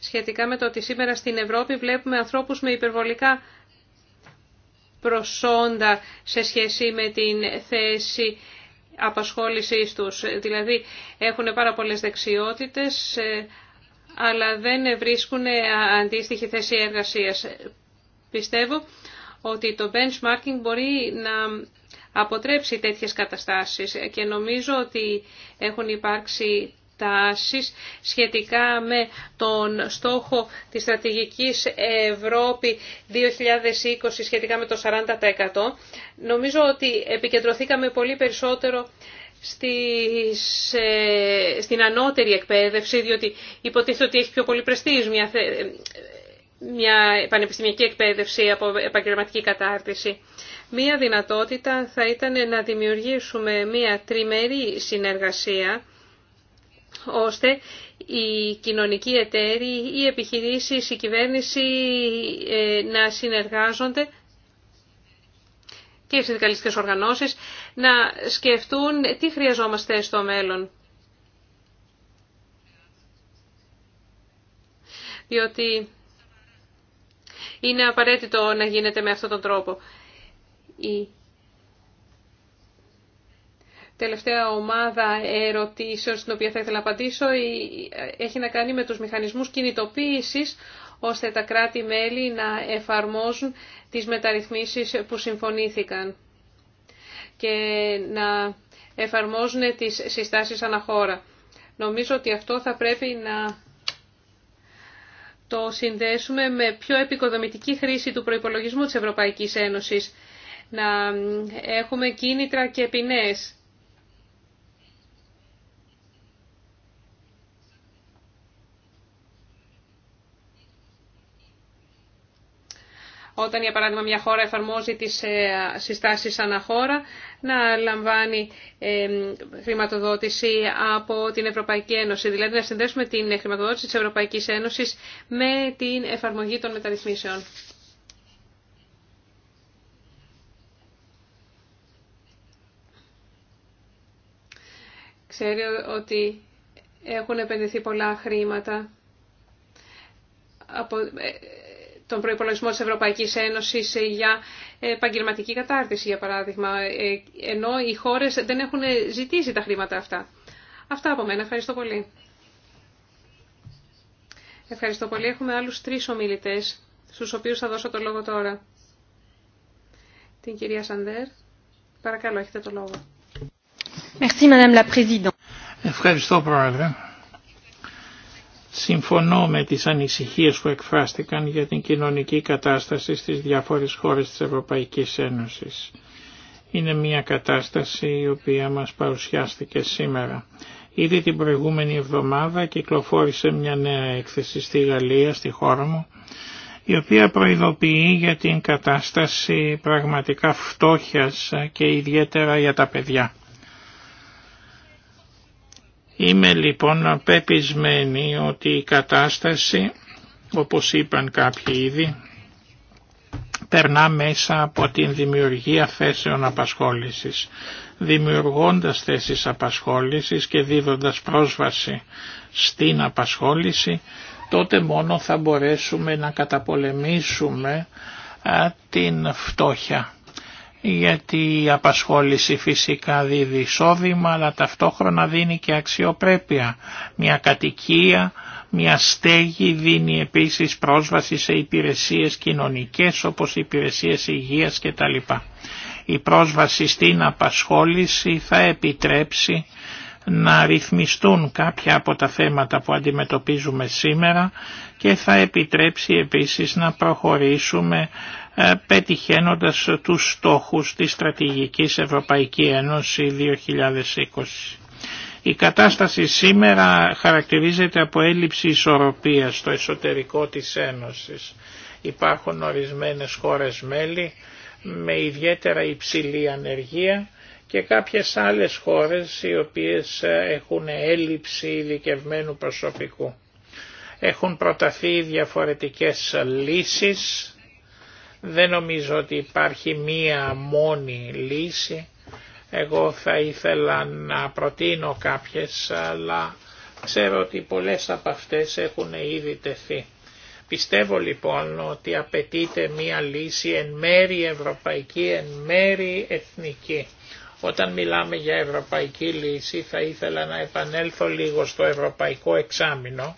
σχετικά με το ότι σήμερα στην Ευρώπη βλέπουμε ανθρώπους με υπερβολικά προσόντα σε σχέση με την θέση απασχόλησής τους. Δηλαδή έχουν πάρα πολλές δεξιότητες, ε, αλλά δεν βρίσκουν ε, αντίστοιχη θέση εργασίας. Πιστεύω ότι το benchmarking μπορεί να αποτρέψει τέτοιες καταστάσεις και νομίζω ότι έχουν υπάρξει τάσεις σχετικά με τον στόχο της στρατηγικής Ευρώπη 2020 σχετικά με το 40%. Νομίζω ότι επικεντρωθήκαμε πολύ περισσότερο στις, ε, στην ανώτερη εκπαίδευση, διότι υποτίθεται ότι έχει πιο πολύ πρεστής μια, μια πανεπιστημιακή εκπαίδευση από επαγγελματική κατάρτιση. Μία δυνατότητα θα ήταν να δημιουργήσουμε μία τριμερή συνεργασία ώστε οι κοινωνικοί εταίροι, οι επιχειρήσεις, η κυβέρνηση ε, να συνεργάζονται και οι συνδικαλιστικές οργανώσεις να σκεφτούν τι χρειαζόμαστε στο μέλλον. Διότι είναι απαραίτητο να γίνεται με αυτόν τον τρόπο τελευταία ομάδα ερωτήσεων στην οποία θα ήθελα να απαντήσω έχει να κάνει με τους μηχανισμούς κινητοποίησης ώστε τα κράτη-μέλη να εφαρμόζουν τις μεταρρυθμίσεις που συμφωνήθηκαν και να εφαρμόζουν τις συστάσεις αναχώρα. Νομίζω ότι αυτό θα πρέπει να το συνδέσουμε με πιο επικοδομητική χρήση του προϋπολογισμού της Ευρωπαϊκής Ένωσης. Να έχουμε κίνητρα και ποινές. όταν για παράδειγμα μια χώρα εφαρμόζει τις ε, συστάσεις αναχώρα να λαμβάνει ε, χρηματοδότηση από την Ευρωπαϊκή Ένωση. Δηλαδή να συνδέσουμε την χρηματοδότηση της Ευρωπαϊκής Ένωσης με την εφαρμογή των μεταρρυθμίσεων. Ξέρει ότι έχουν επενδυθεί πολλά χρήματα ε, τον προϋπολογισμό της Ευρωπαϊκής Ένωσης για επαγγελματική κατάρτιση, για παράδειγμα, ε, ενώ οι χώρες δεν έχουν ζητήσει τα χρήματα αυτά. Αυτά από μένα. Ευχαριστώ πολύ. Ευχαριστώ πολύ. Έχουμε άλλους τρεις ομιλητές, στους οποίους θα δώσω το λόγο τώρα. Την κυρία Σαντέρ. Παρακαλώ, έχετε το λόγο. Ευχαριστώ, Πρόεδρε. Συμφωνώ με τις ανησυχίες που εκφράστηκαν για την κοινωνική κατάσταση στις διάφορες χώρες της Ευρωπαϊκής Ένωσης. Είναι μια κατάσταση η οποία μας παρουσιάστηκε σήμερα. Ήδη την προηγούμενη εβδομάδα κυκλοφόρησε μια νέα έκθεση στη Γαλλία, στη χώρα μου, η οποία προειδοποιεί για την κατάσταση πραγματικά φτώχειας και ιδιαίτερα για τα παιδιά. Είμαι λοιπόν πεπισμένη ότι η κατάσταση, όπως είπαν κάποιοι ήδη, περνά μέσα από την δημιουργία θέσεων απασχόλησης, δημιουργώντας θέσεις απασχόλησης και δίδοντας πρόσβαση στην απασχόληση, τότε μόνο θα μπορέσουμε να καταπολεμήσουμε την φτώχεια γιατί η απασχόληση φυσικά δίδει εισόδημα αλλά ταυτόχρονα δίνει και αξιοπρέπεια. Μια κατοικία, μια στέγη δίνει επίσης πρόσβαση σε υπηρεσίες κοινωνικές όπως υπηρεσίες υγείας κτλ. Η πρόσβαση στην απασχόληση θα επιτρέψει να ρυθμιστούν κάποια από τα θέματα που αντιμετωπίζουμε σήμερα και θα επιτρέψει επίσης να προχωρήσουμε ε, πετυχαίνοντας τους στόχους της Στρατηγικής Ευρωπαϊκή Ένωση 2020. Η κατάσταση σήμερα χαρακτηρίζεται από έλλειψη ισορροπίας στο εσωτερικό της Ένωσης. Υπάρχουν ορισμένες χώρες μέλη με ιδιαίτερα υψηλή ανεργία και κάποιες άλλες χώρες οι οποίες έχουν έλλειψη ειδικευμένου προσωπικού. Έχουν προταθεί διαφορετικές λύσεις δεν νομίζω ότι υπάρχει μία μόνη λύση. Εγώ θα ήθελα να προτείνω κάποιες, αλλά ξέρω ότι πολλές από αυτές έχουν ήδη τεθεί. Πιστεύω λοιπόν ότι απαιτείται μία λύση εν μέρη ευρωπαϊκή, εν μέρη εθνική. Όταν μιλάμε για ευρωπαϊκή λύση θα ήθελα να επανέλθω λίγο στο ευρωπαϊκό εξάμεινο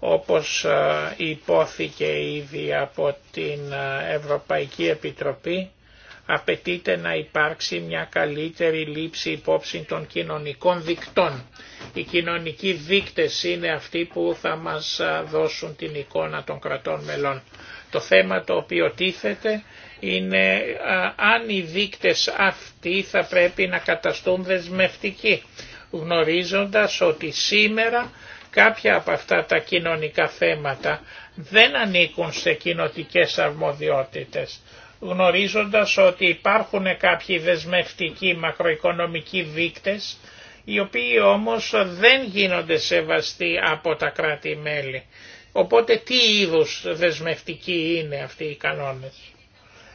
όπως ε, υπόθηκε ήδη από την ε, Ευρωπαϊκή Επιτροπή, απαιτείται να υπάρξει μια καλύτερη λήψη υπόψη των κοινωνικών δικτών. Οι κοινωνικοί δείκτες είναι αυτοί που θα μας ε, δώσουν την εικόνα των κρατών μελών. Το θέμα το οποίο τίθεται είναι αν οι δείκτες αυτοί θα πρέπει να καταστούν δεσμευτικοί, γνωρίζοντας ότι σήμερα Κάποια από αυτά τα κοινωνικά θέματα δεν ανήκουν σε κοινοτικές αρμοδιότητες, γνωρίζοντας ότι υπάρχουν κάποιοι δεσμευτικοί μακροοικονομικοί δείκτες, οι οποίοι όμως δεν γίνονται σεβαστοί από τα κράτη-μέλη. Οπότε τι είδους δεσμευτικοί είναι αυτοί οι κανόνες.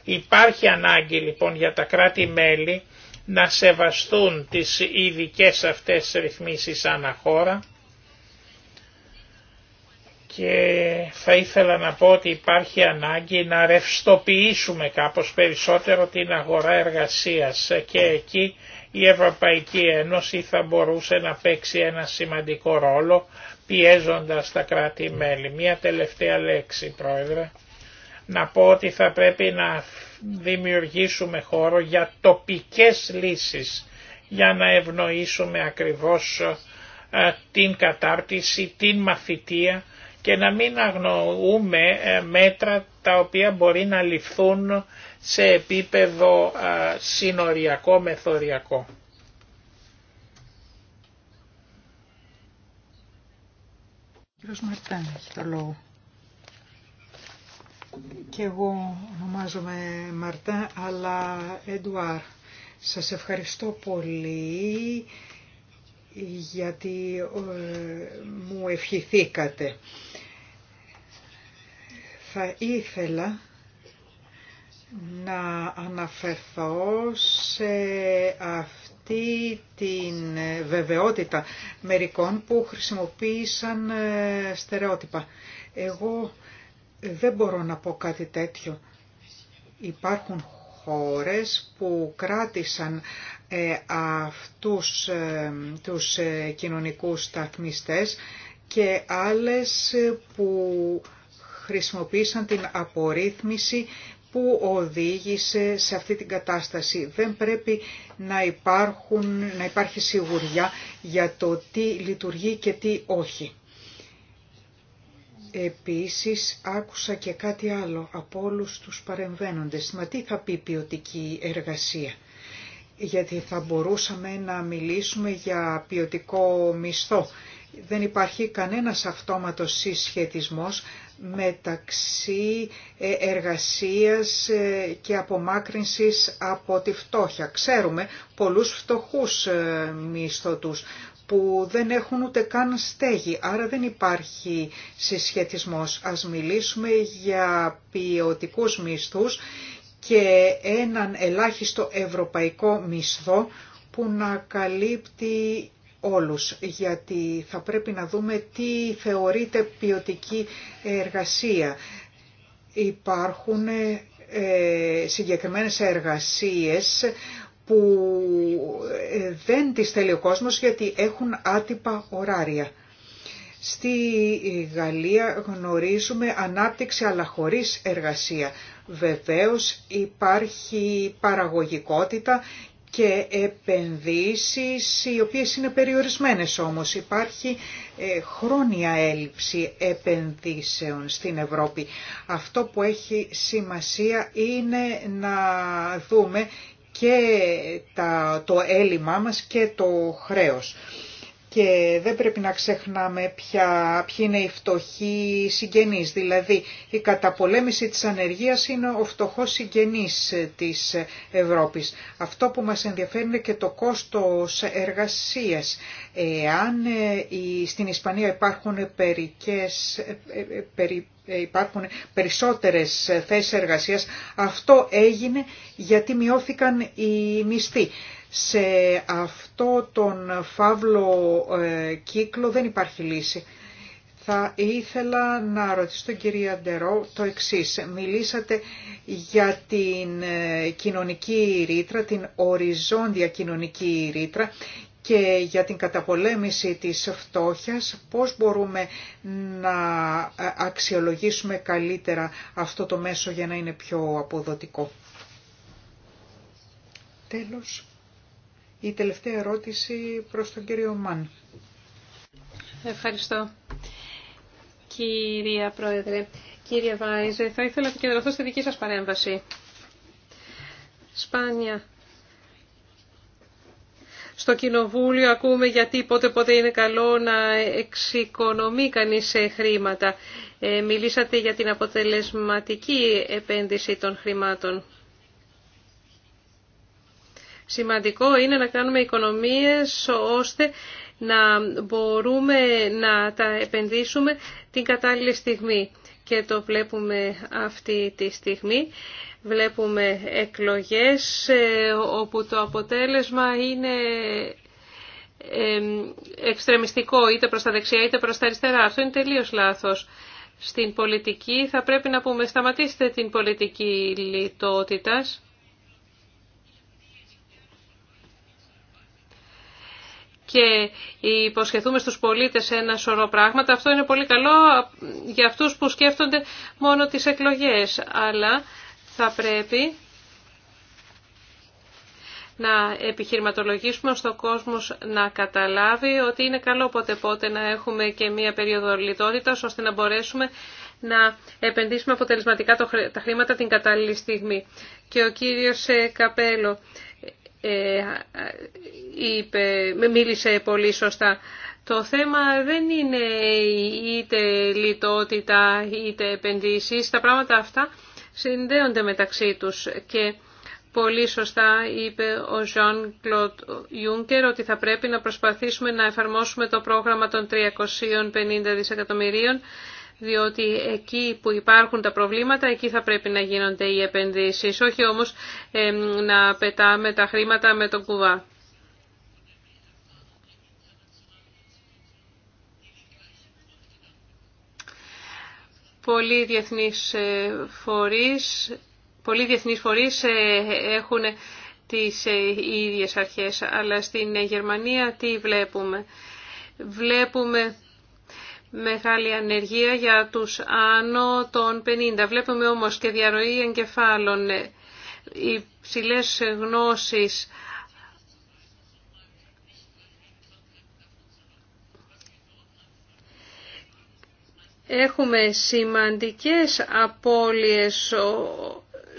Υπάρχει ανάγκη λοιπόν για τα κράτη-μέλη να σεβαστούν τις ειδικέ αυτές ρυθμίσεις χώρα και θα ήθελα να πω ότι υπάρχει ανάγκη να ρευστοποιήσουμε κάπως περισσότερο την αγορά εργασίας και εκεί η Ευρωπαϊκή Ένωση θα μπορούσε να παίξει ένα σημαντικό ρόλο πιέζοντας τα κράτη-μέλη. Μία τελευταία λέξη πρόεδρε. Να πω ότι θα πρέπει να δημιουργήσουμε χώρο για τοπικές λύσεις για να ευνοήσουμε ακριβώς ε, την κατάρτιση, την μαθητεία και να μην αγνοούμε ε, μέτρα τα οποία μπορεί να ληφθούν σε επίπεδο ε, συνοριακό μεθοριακό. Κύριος Μαρτάν έχει το λόγο. Και εγώ ονομάζομαι Μαρτάν, αλλά Εντουάρ. Σας ευχαριστώ πολύ γιατί ε, μου ευχηθήκατε. Θα ήθελα να αναφερθώ σε αυτή την βεβαιότητα μερικών που χρησιμοποίησαν ε, στερεότυπα. Εγώ δεν μπορώ να πω κάτι τέτοιο. Υπάρχουν χώρες που κράτησαν ε, αυτούς ε, τους ε, κοινωνικούς σταθμιστές και άλλες που χρησιμοποίησαν την απορρίθμιση που οδήγησε σε αυτή την κατάσταση. Δεν πρέπει να, υπάρχουν, να υπάρχει σιγουριά για το τι λειτουργεί και τι όχι. Επίσης άκουσα και κάτι άλλο από όλους τους παρεμβαίνοντες. Μα τι θα πει ποιοτική εργασία. Γιατί θα μπορούσαμε να μιλήσουμε για ποιοτικό μισθό. Δεν υπάρχει κανένας αυτόματος συσχετισμός μεταξύ ε, εργασίας ε, και απομάκρυνσης από τη φτώχεια. Ξέρουμε πολλούς φτωχούς ε, μισθωτούς που δεν έχουν ούτε καν στέγη, άρα δεν υπάρχει συσχετισμός. Ας μιλήσουμε για ποιοτικούς μισθούς και έναν ελάχιστο ευρωπαϊκό μισθό που να καλύπτει όλους, γιατί θα πρέπει να δούμε τι θεωρείται ποιοτική εργασία. Υπάρχουν ε, συγκεκριμένες εργασίες που ε, δεν τις θέλει ο κόσμος γιατί έχουν άτυπα ωράρια. Στη Γαλλία γνωρίζουμε ανάπτυξη αλλά χωρίς εργασία. Βεβαίως υπάρχει παραγωγικότητα και επενδύσεις οι οποίες είναι περιορισμένες όμως. Υπάρχει ε, χρόνια έλλειψη επενδύσεων στην Ευρώπη. Αυτό που έχει σημασία είναι να δούμε και τα, το έλλειμμά μας και το χρέος και δεν πρέπει να ξεχνάμε ποια, ποιοι είναι οι φτωχοί συγγενείς. Δηλαδή η καταπολέμηση της ανεργίας είναι ο φτωχός συγγενής της Ευρώπης. Αυτό που μας ενδιαφέρει είναι και το κόστος εργασίας. Εάν ε, στην Ισπανία υπάρχουν, περικές, ε, ε, περι, υπάρχουν περισσότερες θέσεις εργασίας, αυτό έγινε γιατί μειώθηκαν οι μισθοί σε αυτό τον φαύλο ε, κύκλο δεν υπάρχει λύση. Θα ήθελα να ρωτήσω τον κύριο Αντερό το εξής. Μιλήσατε για την ε, κοινωνική ρήτρα, την οριζόντια κοινωνική ρήτρα και για την καταπολέμηση της φτώχειας, πώς μπορούμε να ε, αξιολογήσουμε καλύτερα αυτό το μέσο για να είναι πιο αποδοτικό. Τέλος, η τελευταία ερώτηση προς τον κύριο Μαν. Ευχαριστώ. Κυρία Πρόεδρε, κύριε Βάιζε, θα ήθελα να επικεντρωθώ στη δική σας παρέμβαση. Σπάνια. Στο Κοινοβούλιο ακούμε γιατί πότε πότε είναι καλό να εξοικονομεί κανείς χρήματα. Ε, μιλήσατε για την αποτελεσματική επένδυση των χρημάτων. Σημαντικό είναι να κάνουμε οικονομίες ώστε να μπορούμε να τα επενδύσουμε την κατάλληλη στιγμή. Και το βλέπουμε αυτή τη στιγμή. Βλέπουμε εκλογές ε, όπου το αποτέλεσμα είναι ε, εξτρεμιστικό είτε προς τα δεξιά είτε προς τα αριστερά. Αυτό είναι τελείως λάθος. Στην πολιτική θα πρέπει να πούμε σταματήστε την πολιτική λιτότητας. και υποσχεθούμε στους πολίτες ένα σωρό πράγματα. Αυτό είναι πολύ καλό για αυτούς που σκέφτονται μόνο τις εκλογές, αλλά θα πρέπει να επιχειρηματολογήσουμε στο ο κόσμος να καταλάβει ότι είναι καλό πότε πότε να έχουμε και μία περίοδο λιτότητας ώστε να μπορέσουμε να επενδύσουμε αποτελεσματικά τα χρήματα την κατάλληλη στιγμή. Και ο κύριος ε, Καπέλο, ε, είπε, μίλησε πολύ σωστά. Το θέμα δεν είναι είτε λιτότητα είτε επενδύσεις. Τα πράγματα αυτά συνδέονται μεταξύ τους και πολύ σωστά είπε ο Ζων Κλοντ Ιούνκερ ότι θα πρέπει να προσπαθήσουμε να εφαρμόσουμε το πρόγραμμα των 350 δισεκατομμυρίων διότι εκεί που υπάρχουν τα προβλήματα, εκεί θα πρέπει να γίνονται οι επενδύσεις, όχι όμως να πετάμε τα χρήματα με τον κουβά. Πολλοί διεθνείς ε, φορείς, πολλοί διεθνείς φορείς ε, έχουν τις ε, ίδιες αρχές, αλλά στην Γερμανία τι βλέπουμε. Βλέπουμε μεγάλη ανεργία για τους άνω των 50. Βλέπουμε όμως και διαρροή εγκεφάλων, ψυλές γνώσεις, Έχουμε σημαντικές απώλειες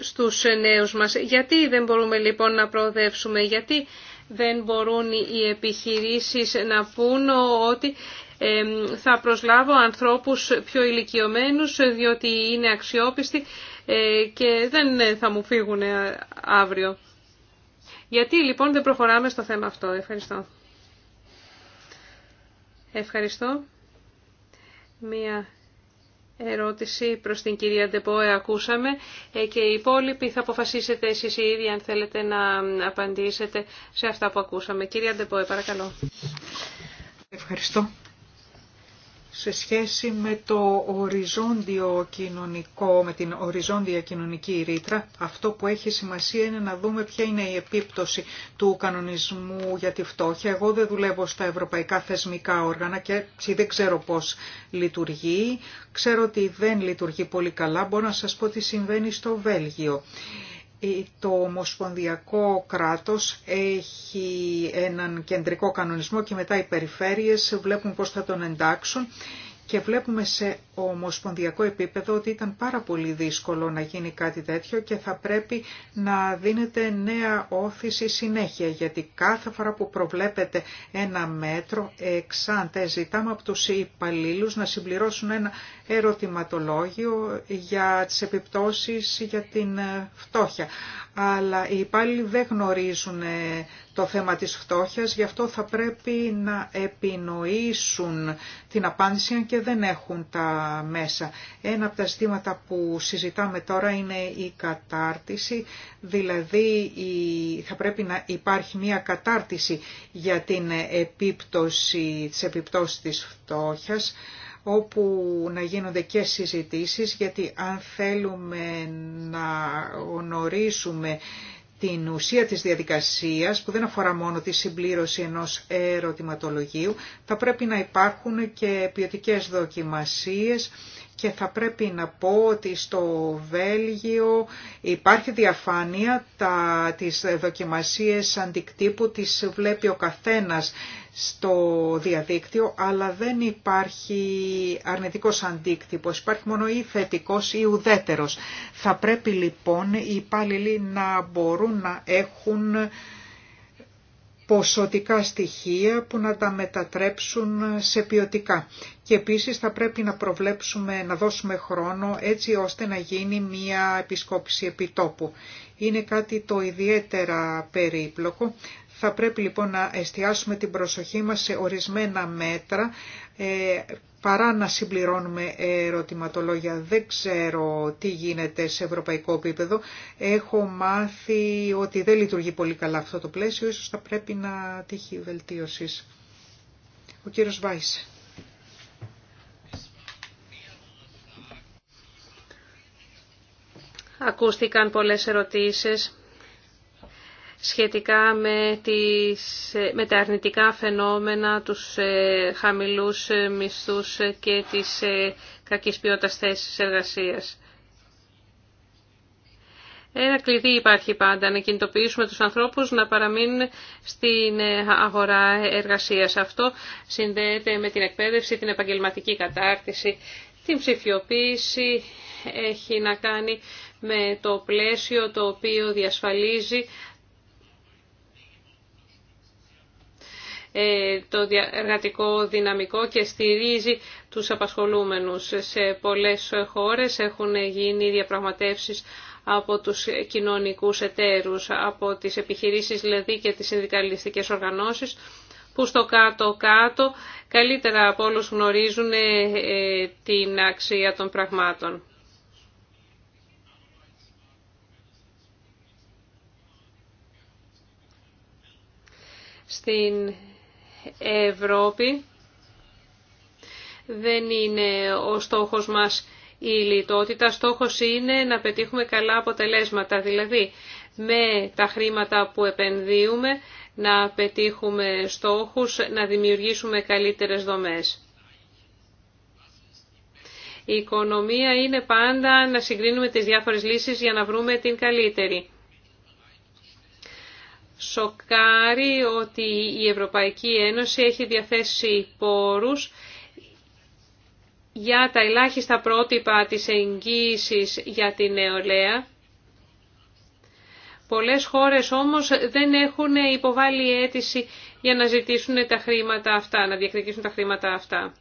στους νέους μας. Γιατί δεν μπορούμε λοιπόν να προοδεύσουμε, γιατί δεν μπορούν οι επιχειρήσεις να πούν ότι θα προσλάβω ανθρώπους πιο ηλικιωμένους διότι είναι αξιόπιστοι ε, και δεν θα μου φύγουν ε, αύριο. Γιατί λοιπόν δεν προχωράμε στο θέμα αυτό. Ευχαριστώ. Ευχαριστώ. Μία ερώτηση προς την κυρία Ντεπόε ακούσαμε ε, και οι υπόλοιποι θα αποφασίσετε εσείς οι ίδιοι αν θέλετε να απαντήσετε σε αυτά που ακούσαμε. Κυρία Ντεπόε παρακαλώ. Ευχαριστώ σε σχέση με το οριζόντιο κοινωνικό, με την οριζόντια κοινωνική ρήτρα, αυτό που έχει σημασία είναι να δούμε ποια είναι η επίπτωση του κανονισμού για τη φτώχεια. Εγώ δεν δουλεύω στα ευρωπαϊκά θεσμικά όργανα και δεν ξέρω πώς λειτουργεί. Ξέρω ότι δεν λειτουργεί πολύ καλά. Μπορώ να σας πω τι συμβαίνει στο Βέλγιο το Ομοσπονδιακό κράτος έχει έναν κεντρικό κανονισμό και μετά οι περιφέρειες βλέπουν πώς θα τον εντάξουν και βλέπουμε σε ομοσπονδιακό επίπεδο ότι ήταν πάρα πολύ δύσκολο να γίνει κάτι τέτοιο και θα πρέπει να δίνεται νέα όθηση συνέχεια γιατί κάθε φορά που προβλέπεται ένα μέτρο εξάντε ζητάμε από τους υπαλλήλου να συμπληρώσουν ένα ερωτηματολόγιο για τις επιπτώσεις για την ε, φτώχεια. Αλλά οι υπάλληλοι δεν γνωρίζουν ε, το θέμα της φτώχειας, γι' αυτό θα πρέπει να επινοήσουν την απάντηση αν και δεν έχουν τα μέσα. Ένα από τα ζητήματα που συζητάμε τώρα είναι η κατάρτιση, δηλαδή θα πρέπει να υπάρχει μια κατάρτιση για την επίπτωση, της επιπτώσεις της φτώχειας, όπου να γίνονται και συζητήσεις, γιατί αν θέλουμε να γνωρίσουμε την ουσία της διαδικασίας που δεν αφορά μόνο τη συμπλήρωση ενός ερωτηματολογίου, θα πρέπει να υπάρχουν και ποιοτικέ δοκιμασίες και θα πρέπει να πω ότι στο Βέλγιο υπάρχει διαφάνεια, τα, τις δοκιμασίες αντικτύπου τις βλέπει ο καθένας στο διαδίκτυο, αλλά δεν υπάρχει αρνητικός αντίκτυπος, υπάρχει μόνο ή θετικός ή ουδέτερος. Θα πρέπει λοιπόν οι υπάλληλοι να μπορούν να έχουν ποσοτικά στοιχεία που να τα μετατρέψουν σε ποιοτικά. Και επίσης θα πρέπει να προβλέψουμε, να δώσουμε χρόνο έτσι ώστε να γίνει μία επισκόπηση επιτόπου. Είναι κάτι το ιδιαίτερα περίπλοκο, θα πρέπει λοιπόν να εστιάσουμε την προσοχή μας σε ορισμένα μέτρα ε, παρά να συμπληρώνουμε ερωτηματολόγια. Δεν ξέρω τι γίνεται σε ευρωπαϊκό επίπεδο. Έχω μάθει ότι δεν λειτουργεί πολύ καλά αυτό το πλαίσιο. Ίσως θα πρέπει να τύχει βελτίωση. Ο κύριος Βάης. Ακούστηκαν πολλές ερωτήσεις σχετικά με, τις, με τα αρνητικά φαινόμενα, τους ε, χαμηλούς ε, μισθούς ε, και τις κακής ποιότητας θέσης εργασίας. Ένα κλειδί υπάρχει πάντα, να κινητοποιήσουμε τους ανθρώπους να παραμείνουν στην αγορά εργασίας. Αυτό συνδέεται με την εκπαίδευση, την επαγγελματική κατάρτιση, την ψηφιοποίηση, έχει να κάνει με το πλαίσιο το οποίο διασφαλίζει Ε, το εργατικό δυναμικό και στηρίζει τους απασχολούμενους. Σε πολλές χώρες έχουν γίνει διαπραγματεύσεις από τους κοινωνικούς εταίρους, από τις επιχειρήσεις δηλαδή και τις συνδικαλιστικές οργανώσεις, που στο κάτω-κάτω καλύτερα από όλους γνωρίζουν ε, ε, την αξία των πραγμάτων. Στην Ευρώπη δεν είναι ο στόχος μας η λιτότητα. Στόχος είναι να πετύχουμε καλά αποτελέσματα, δηλαδή με τα χρήματα που επενδύουμε να πετύχουμε στόχους, να δημιουργήσουμε καλύτερες δομές. Η οικονομία είναι πάντα να συγκρίνουμε τις διάφορες λύσεις για να βρούμε την καλύτερη σοκάρει ότι η Ευρωπαϊκή Ένωση έχει διαθέσει πόρους για τα ελάχιστα πρότυπα της εγγύησης για την νεολαία. Πολλές χώρες όμως δεν έχουν υποβάλει αίτηση για να ζητήσουν τα χρήματα αυτά, να διακριτήσουν τα χρήματα αυτά.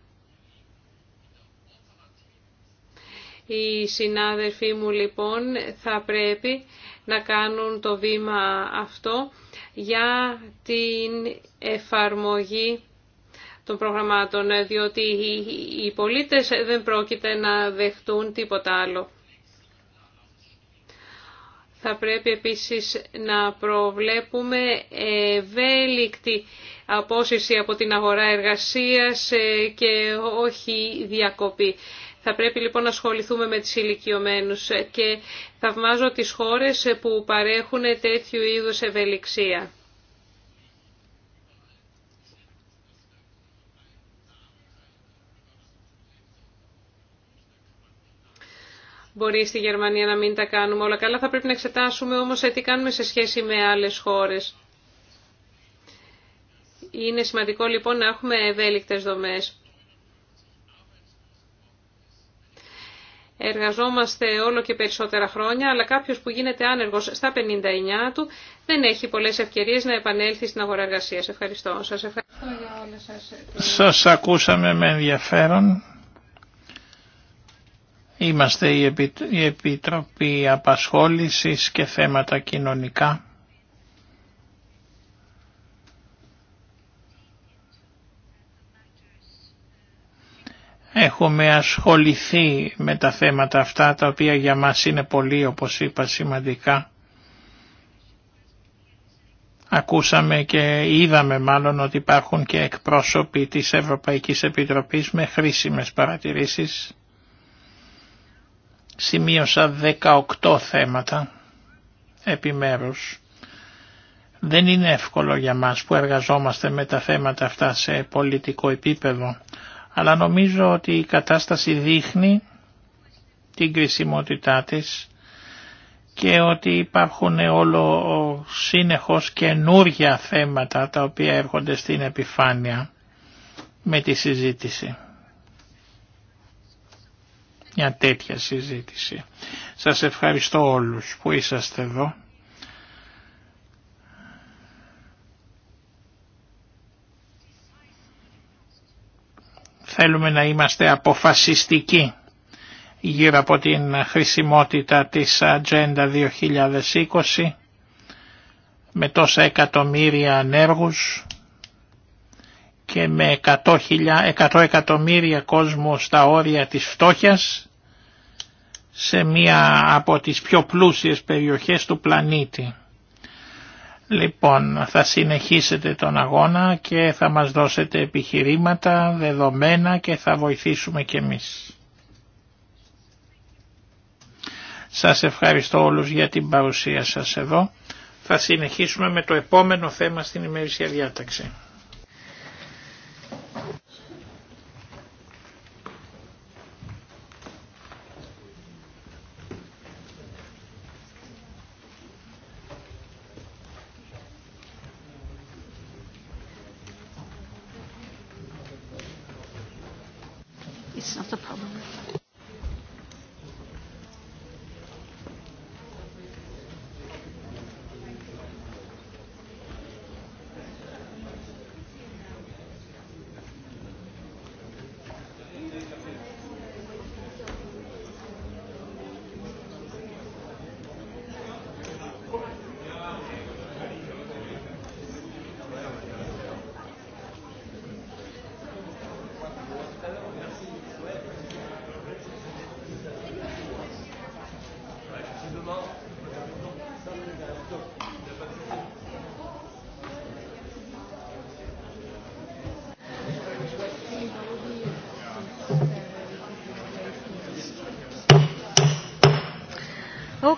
Οι συνάδελφοί μου λοιπόν θα πρέπει να κάνουν το βήμα αυτό για την εφαρμογή των προγραμμάτων, διότι οι πολίτες δεν πρόκειται να δεχτούν τίποτα άλλο. Θα πρέπει επίσης να προβλέπουμε ευέλικτη απόσυρση από την αγορά εργασίας ε, και όχι διακοπή. Θα πρέπει λοιπόν να ασχοληθούμε με τις ηλικιωμένου και θαυμάζω τις χώρες που παρέχουν τέτοιου είδους ευελιξία. Μπορεί στη Γερμανία να μην τα κάνουμε όλα καλά, θα πρέπει να εξετάσουμε όμως τι κάνουμε σε σχέση με άλλες χώρες. Είναι σημαντικό λοιπόν να έχουμε ευέλικτες δομές. εργαζόμαστε όλο και περισσότερα χρόνια, αλλά κάποιος που γίνεται άνεργος στα 59 του δεν έχει πολλές ευκαιρίες να επανέλθει στην αγορά εργασίας. Ευχαριστώ. Σας ευχαριστώ για σας. Σας ακούσαμε με ενδιαφέρον. Είμαστε η Επιτροπή Απασχόλησης και Θέματα Κοινωνικά. Έχουμε ασχοληθεί με τα θέματα αυτά τα οποία για μας είναι πολύ όπως είπα σημαντικά. Ακούσαμε και είδαμε μάλλον ότι υπάρχουν και εκπρόσωποι της Ευρωπαϊκής Επιτροπής με χρήσιμες παρατηρήσεις. Σημείωσα 18 θέματα επιμέρους. Δεν είναι εύκολο για μας που εργαζόμαστε με τα θέματα αυτά σε πολιτικό επίπεδο αλλά νομίζω ότι η κατάσταση δείχνει την κρισιμότητά της και ότι υπάρχουν όλο σύνεχος καινούργια θέματα τα οποία έρχονται στην επιφάνεια με τη συζήτηση. Μια τέτοια συζήτηση. Σας ευχαριστώ όλους που είσαστε εδώ. Θέλουμε να είμαστε αποφασιστικοί γύρω από την χρησιμότητα της Agenda 2020 με τόσα εκατομμύρια ανέργους και με 100, εκατομμύρια κόσμο στα όρια της φτώχειας σε μία από τις πιο πλούσιες περιοχές του πλανήτη. Λοιπόν, θα συνεχίσετε τον αγώνα και θα μας δώσετε επιχειρήματα, δεδομένα και θα βοηθήσουμε κι εμείς. Σας ευχαριστώ όλους για την παρουσία σας εδώ. Θα συνεχίσουμε με το επόμενο θέμα στην ημερήσια διάταξη. Σα ευχαριστώ.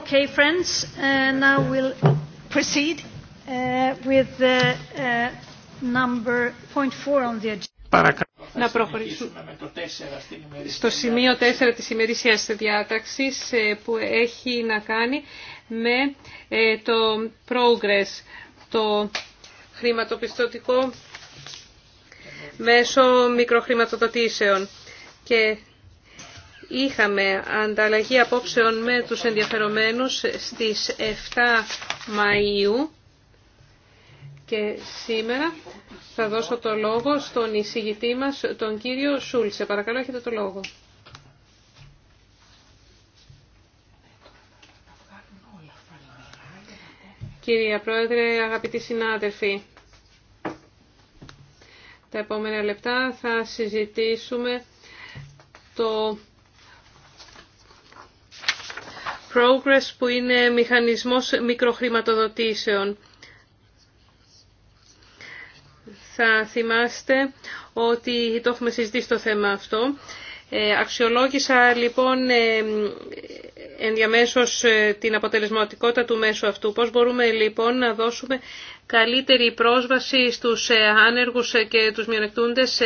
Okay, friends, uh, now we'll proceed uh, with the uh, number point four on the agenda. Να προχωρήσουμε στο σημείο 4 της ημερησίας διάταξης ε, που έχει να κάνει με ε, το progress, το χρηματοπιστωτικό μέσω μικροχρηματοδοτήσεων. Και Είχαμε ανταλλαγή απόψεων με τους ενδιαφερομένους στις 7 Μαΐου και σήμερα θα δώσω το λόγο στον εισηγητή μας, τον κύριο Σούλτσε. Παρακαλώ, έχετε το λόγο. Κυρία Πρόεδρε, αγαπητοί συνάδελφοι, τα επόμενα λεπτά θα συζητήσουμε το Progress που είναι μηχανισμός μικροχρηματοδοτήσεων. Θα θυμάστε ότι το έχουμε συζητήσει το θέμα αυτό. Ε, αξιολόγησα λοιπόν ε, ενδιαμέσως ε, την αποτελεσματικότητα του μέσου αυτού. Πώς μπορούμε λοιπόν να δώσουμε καλύτερη πρόσβαση στους άνεργους και τους μειονεκτούντες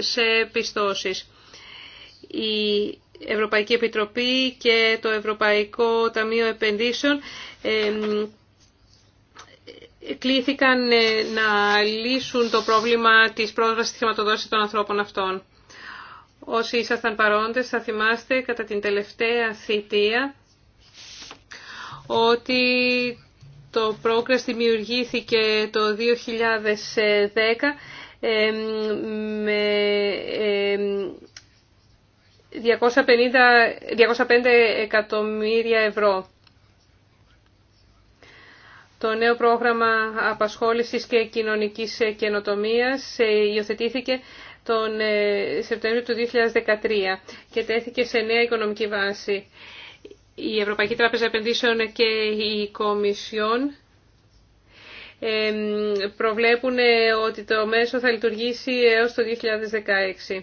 σε πιστώσεις. Η Ευρωπαϊκή Επιτροπή και το Ευρωπαϊκό Ταμείο Επενδύσεων κλήθηκαν ε, να λύσουν το πρόβλημα της πρόσβασης στη χρηματοδότησης των ανθρώπων αυτών. Όσοι ήσασταν παρόντες θα θυμάστε κατά την τελευταία θητεία ότι το πρόγραμμα δημιουργήθηκε το 2010 με 250, 205 εκατομμύρια ευρώ. Το νέο πρόγραμμα απασχόλησης και κοινωνικής καινοτομίας ε, υιοθετήθηκε τον ε, Σεπτέμβριο του 2013 και τέθηκε σε νέα οικονομική βάση. Η Ευρωπαϊκή Τράπεζα Επενδύσεων και η Κομισιόν ε, προβλέπουν ότι το μέσο θα λειτουργήσει έως το 2016.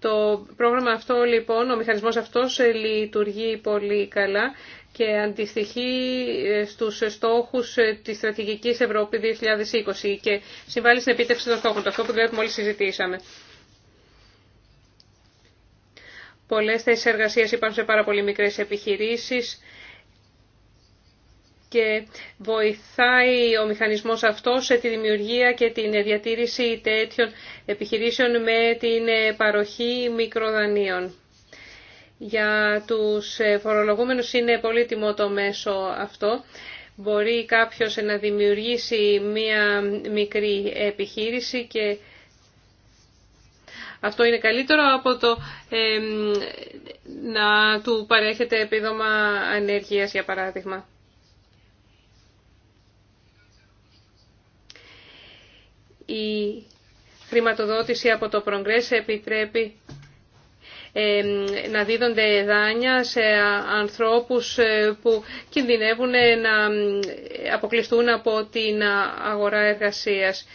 Το πρόγραμμα αυτό λοιπόν, ο μηχανισμός αυτός ε, λειτουργεί πολύ καλά και αντιστοιχεί ε, στους στόχους ε, της στρατηγικής Ευρώπη 2020 και συμβάλλει στην επίτευξη των στόχων, το αυτό που δηλαδή μόλις συζητήσαμε. Πολλές θέσεις εργασίας υπάρχουν σε πάρα πολύ μικρές επιχειρήσεις, και βοηθάει ο μηχανισμός αυτός σε τη δημιουργία και την διατήρηση τέτοιων επιχειρήσεων με την παροχή μικροδανείων. Για τους φορολογούμενους είναι πολύτιμο το μέσο αυτό. Μπορεί κάποιος να δημιουργήσει μία μικρή επιχείρηση και αυτό είναι καλύτερο από το να του παρέχεται επίδομα ανέργειας για παράδειγμα. Η χρηματοδότηση από το Προγκρέσ επιτρέπει να δίδονται δάνεια σε ανθρώπους ε, που κινδυνεύουν να ε, αποκλειστούν από την αγορά εργασίας.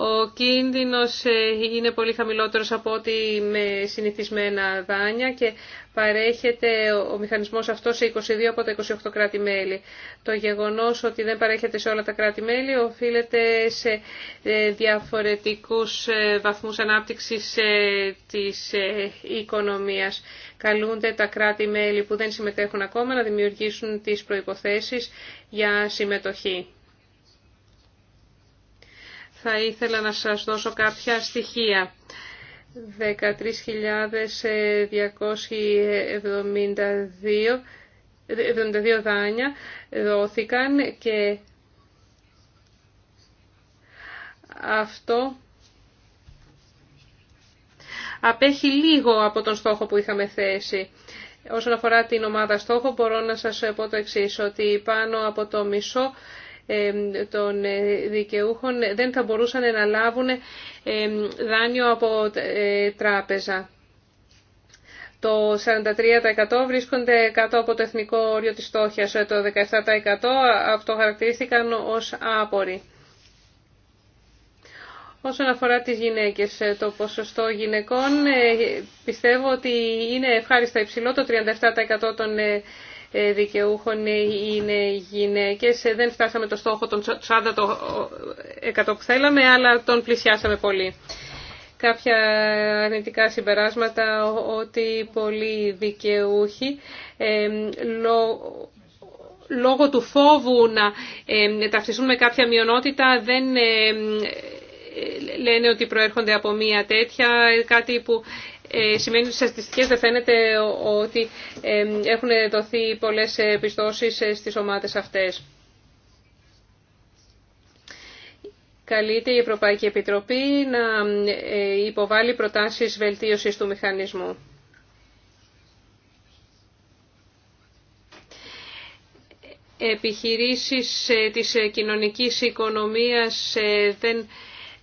Ο κίνδυνος ε, είναι πολύ χαμηλότερος από ό,τι με συνηθισμένα δάνεια και παρέχεται ο μηχανισμός αυτός σε 22 από τα 28 κράτη-μέλη. Το γεγονός ότι δεν παρέχεται σε όλα τα κράτη-μέλη οφείλεται σε ε, διαφορετικούς ε, βαθμούς ανάπτυξης της οικονομίας. Καλούνται τα κράτη-μέλη που δεν συμμετέχουν ακόμα να δημιουργήσουν τις προϋποθέσεις για συμμετοχή θα ήθελα να σας δώσω κάποια στοιχεία. 13.272 ε, δάνεια δόθηκαν και αυτό απέχει λίγο από τον στόχο που είχαμε θέσει. Όσον αφορά την ομάδα στόχο μπορώ να σας πω το εξής, ότι πάνω από το μισό των ε, δικαιούχων δεν θα μπορούσαν να λάβουν δάνειο από ε, τράπεζα. Το 43% βρίσκονται κάτω από το εθνικό όριο της στόχιας, ε, το 17% αυτοχαρακτηρίστηκαν χαρακτηρίστηκαν ως άποροι. Όσον αφορά τις γυναίκες, το ποσοστό γυναικών πιστεύω ότι είναι ευχάριστα υψηλό, το 37% των ε, δικαιούχων ε, είναι γυναίκες. Ε, δεν φτάσαμε το στόχο των 40% που θέλαμε, αλλά τον πλησιάσαμε πολύ. Κάποια αρνητικά συμπεράσματα ότι πολλοί δικαιούχοι λόγω του φόβου να ταυτιστούν με κάποια μειονότητα δεν λένε ότι προέρχονται από μία τέτοια, κάτι που ε, σημαίνει ότι στις στατιστικές δεν φαίνεται ότι ε, έχουν δοθεί πολλές επιστώσεις ε, στις ομάδες αυτές. Καλείται η Ευρωπαϊκή Επιτροπή να υποβάλει προτάσεις βελτίωσης του μηχανισμού. Επιχειρήσεις της κοινωνικής οικονομίας δεν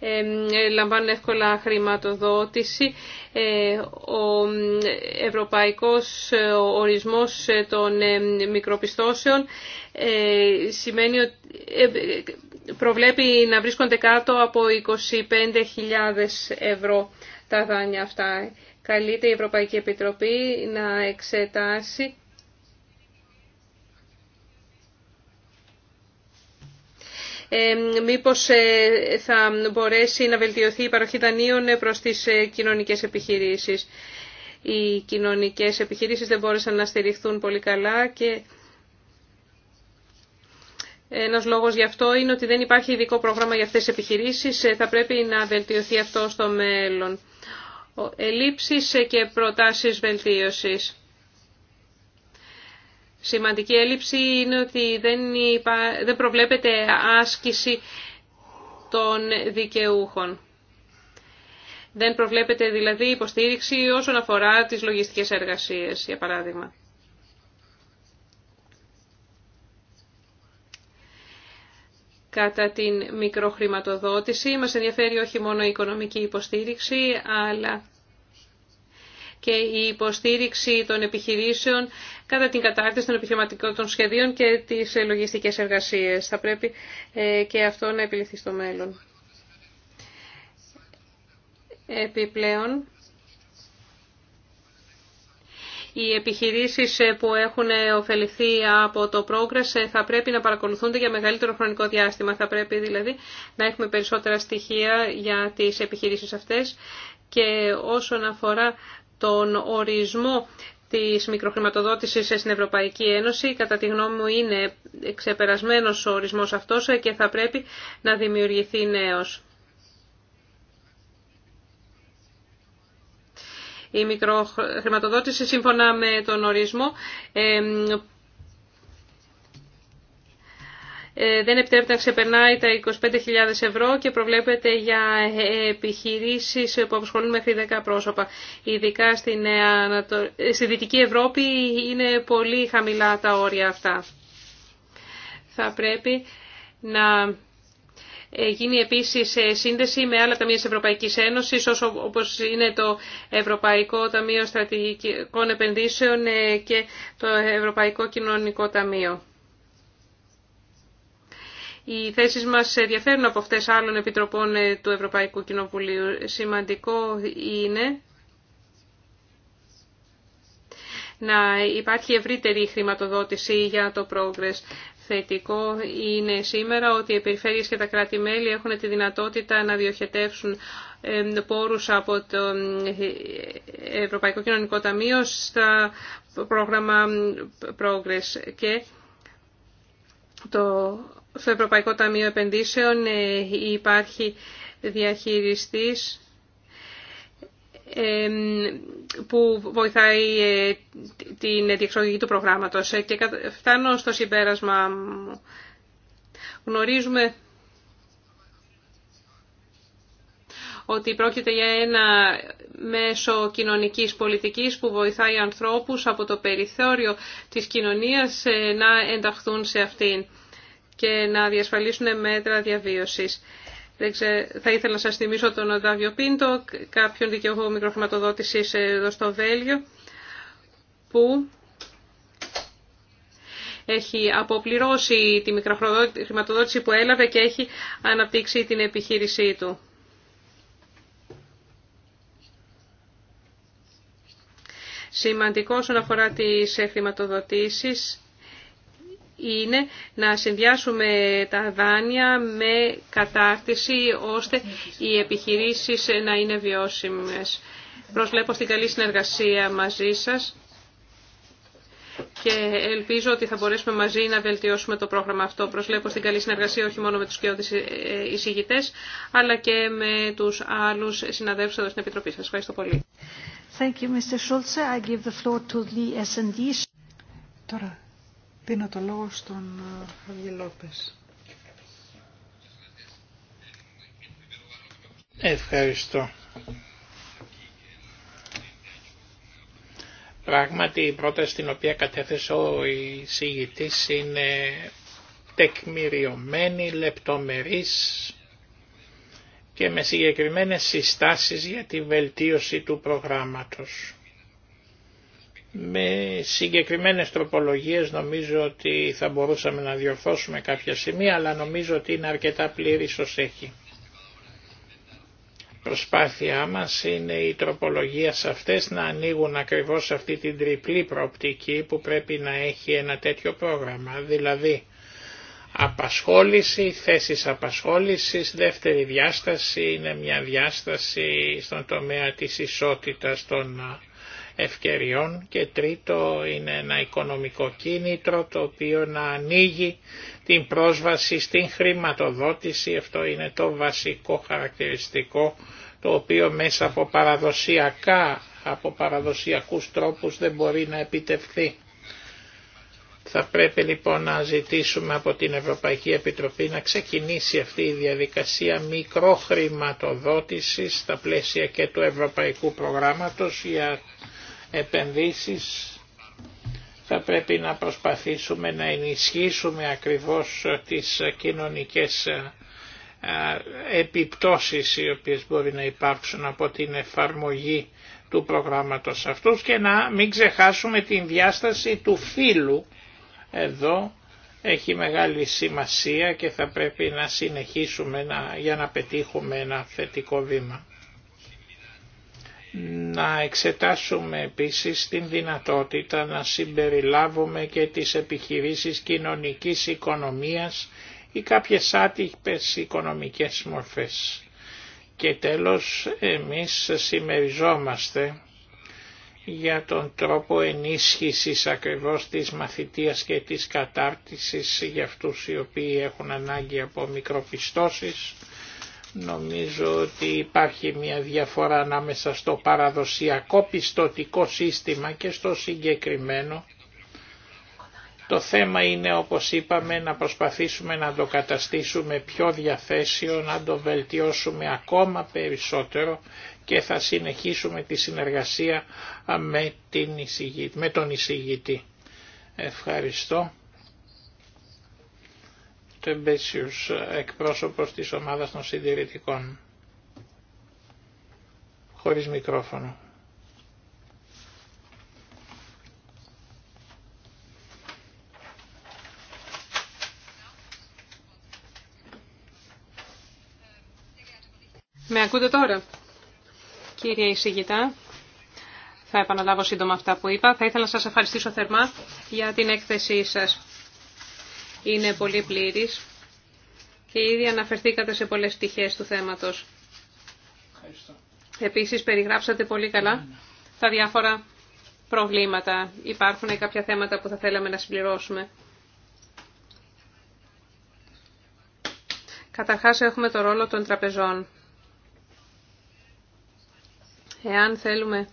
ε, λαμβάνουν εύκολα χρηματοδότηση. Ε, ο ε, ευρωπαϊκός ορισμός των μικροπιστώσεων σημαίνει ότι προβλέπει να βρίσκονται κάτω από 25.000 ευρώ τα δάνεια αυτά. Καλείται η Ευρωπαϊκή Επιτροπή να εξετάσει Ε, μήπως ε, θα μπορέσει να βελτιωθεί η παροχή δανείων ε, προς τις κοινωνικές επιχειρήσεις. Οι κοινωνικές επιχειρήσεις δεν μπόρεσαν να στηριχθούν πολύ καλά και ένας λόγος γι' αυτό είναι ότι δεν υπάρχει ειδικό πρόγραμμα για αυτές τις επιχειρήσεις. Θα πρέπει να βελτιωθεί αυτό στο μέλλον. Ελλείψεις και προτάσεις βελτίωσης. Σημαντική έλλειψη είναι ότι δεν, δεν προβλέπεται άσκηση των δικαιούχων. Δεν προβλέπεται δηλαδή υποστήριξη όσον αφορά τις λογιστικές εργασίες, για παράδειγμα. Κατά την μικροχρηματοδότηση μας ενδιαφέρει όχι μόνο η οικονομική υποστήριξη, αλλά και η υποστήριξη των επιχειρήσεων κατά την κατάρτιση των επιχειρηματικών σχεδίων και τις ε, λογιστικές εργασίες. Θα πρέπει ε, και αυτό να επιληθεί στο μέλλον. Επιπλέον, οι επιχειρήσεις ε, που έχουν ωφεληθεί από το Progress θα πρέπει να παρακολουθούνται για μεγαλύτερο χρονικό διάστημα. Θα πρέπει δηλαδή να έχουμε περισσότερα στοιχεία για τις επιχειρήσεις αυτές και όσον αφορά τον ορισμό της μικροχρηματοδότησης στην Ευρωπαϊκή Ένωση. Κατά τη γνώμη μου είναι ξεπερασμένος ο ορισμός αυτός και θα πρέπει να δημιουργηθεί νέος. Η μικροχρηματοδότηση σύμφωνα με τον ορισμό ε, δεν επιτρέπεται να ξεπερνάει τα 25.000 ευρώ και προβλέπεται για ε, επιχειρήσεις που απασχολούν μέχρι 10 πρόσωπα. Ειδικά στην, ε, στη Δυτική Ευρώπη είναι πολύ χαμηλά τα όρια αυτά. Θα πρέπει να γίνει επίσης σύνδεση με άλλα ταμεία της Ευρωπαϊκής Ένωσης, όσο, όπως είναι το Ευρωπαϊκό Ταμείο Στρατηγικών Επενδύσεων και το Ευρωπαϊκό Κοινωνικό Ταμείο. Οι θέσεις μας διαφέρουν από αυτές άλλων επιτροπών ε, του Ευρωπαϊκού Κοινοβουλίου. Σημαντικό είναι να υπάρχει ευρύτερη χρηματοδότηση για το Progress. Θετικό είναι σήμερα ότι οι περιφέρειες και τα κράτη-μέλη έχουν τη δυνατότητα να διοχετεύσουν πόρους από το Ευρωπαϊκό Κοινωνικό Ταμείο στα πρόγραμμα Progress και το στο Ευρωπαϊκό Ταμείο Επενδύσεων ε, υπάρχει διαχειριστής ε, που βοηθάει ε, την διεξοδική του προγράμματος. Και φτάνω στο συμπέρασμα μου. Γνωρίζουμε ότι πρόκειται για ένα μέσο κοινωνικής πολιτικής που βοηθάει ανθρώπους από το περιθώριο της κοινωνίας να ενταχθούν σε αυτήν και να διασφαλίσουν μέτρα διαβίωσης. Θα ήθελα να σας θυμίσω τον Οντάβιο Πίντο, κάποιον δικαιωγό μικροχρηματοδότησης εδώ στο Βέλγιο, που έχει αποπληρώσει τη μικροχρηματοδότηση που έλαβε και έχει αναπτύξει την επιχείρησή του. Σημαντικό όσον αφορά τις χρηματοδοτήσεις είναι να συνδυάσουμε τα δάνεια με κατάρτιση ώστε οι επιχειρήσεις να είναι βιώσιμες. Προσλέπω στην καλή συνεργασία μαζί σας και ελπίζω ότι θα μπορέσουμε μαζί να βελτιώσουμε το πρόγραμμα αυτό. Προσλέπω στην καλή συνεργασία όχι μόνο με τους κοιόδης ε, εισηγητές, αλλά και με τους άλλους συναδέλφους εδώ στην Επιτροπή. Σας ευχαριστώ πολύ. Δίνω το λόγο στον ε, Χαβιέ Ευχαριστώ. Πράγματι η πρόταση την οποία κατέθεσε ο εισηγητής είναι τεκμηριωμένη, λεπτομερής και με συγκεκριμένες συστάσεις για τη βελτίωση του προγράμματος. Με συγκεκριμένες τροπολογίες νομίζω ότι θα μπορούσαμε να διορθώσουμε κάποια σημεία, αλλά νομίζω ότι είναι αρκετά πλήρης ως έχει. Η προσπάθειά μας είναι οι τροπολογίες αυτές να ανοίγουν ακριβώς αυτή την τριπλή προοπτική που πρέπει να έχει ένα τέτοιο πρόγραμμα, δηλαδή απασχόληση, θέσεις απασχόλησης, δεύτερη διάσταση είναι μια διάσταση στον τομέα της ισότητας των ευκαιριών και τρίτο είναι ένα οικονομικό κίνητρο το οποίο να ανοίγει την πρόσβαση στην χρηματοδότηση. Αυτό είναι το βασικό χαρακτηριστικό το οποίο μέσα από παραδοσιακά, από παραδοσιακούς τρόπους δεν μπορεί να επιτευχθεί. Θα πρέπει λοιπόν να ζητήσουμε από την Ευρωπαϊκή Επιτροπή να ξεκινήσει αυτή η διαδικασία μικροχρηματοδότησης στα πλαίσια και του Ευρωπαϊκού Προγράμματος για επενδύσεις θα πρέπει να προσπαθήσουμε να ενισχύσουμε ακριβώς τις κοινωνικές ε, ε, επιπτώσεις οι οποίες μπορεί να υπάρξουν από την εφαρμογή του προγράμματος αυτούς και να μην ξεχάσουμε την διάσταση του φύλου εδώ έχει μεγάλη σημασία και θα πρέπει να συνεχίσουμε να, για να πετύχουμε ένα θετικό βήμα. Να εξετάσουμε επίσης την δυνατότητα να συμπεριλάβουμε και τις επιχειρήσεις κοινωνικής οικονομίας ή κάποιες άτυπες οικονομικές μορφές. Και τέλος εμείς συμμεριζόμαστε για τον τρόπο ενίσχυσης ακριβώς της μαθητείας και της κατάρτισης για αυτούς οι οποίοι έχουν ανάγκη από μικροπιστώσεις Νομίζω ότι υπάρχει μια διαφορά ανάμεσα στο παραδοσιακό πιστοτικό σύστημα και στο συγκεκριμένο. Το θέμα είναι όπως είπαμε να προσπαθήσουμε να το καταστήσουμε πιο διαθέσιο, να το βελτιώσουμε ακόμα περισσότερο και θα συνεχίσουμε τη συνεργασία με, με τον εισηγητή. Ευχαριστώ. Τεμπέσιους, εκπρόσωπος της ομάδας των συντηρητικών. Χωρίς μικρόφωνο. Με ακούτε τώρα. Κύριε εισηγητά θα επαναλάβω σύντομα αυτά που είπα. Θα ήθελα να σας ευχαριστήσω θερμά για την έκθεσή σας είναι πολύ πλήρης και ήδη αναφερθήκατε σε πολλές στοιχείες του θέματος. Ευχαριστώ. Επίσης περιγράψατε πολύ καλά τα διάφορα προβλήματα. Υπάρχουν κάποια θέματα που θα θέλαμε να συμπληρώσουμε. Καταρχάς έχουμε το ρόλο των τραπεζών. Εάν θέλουμε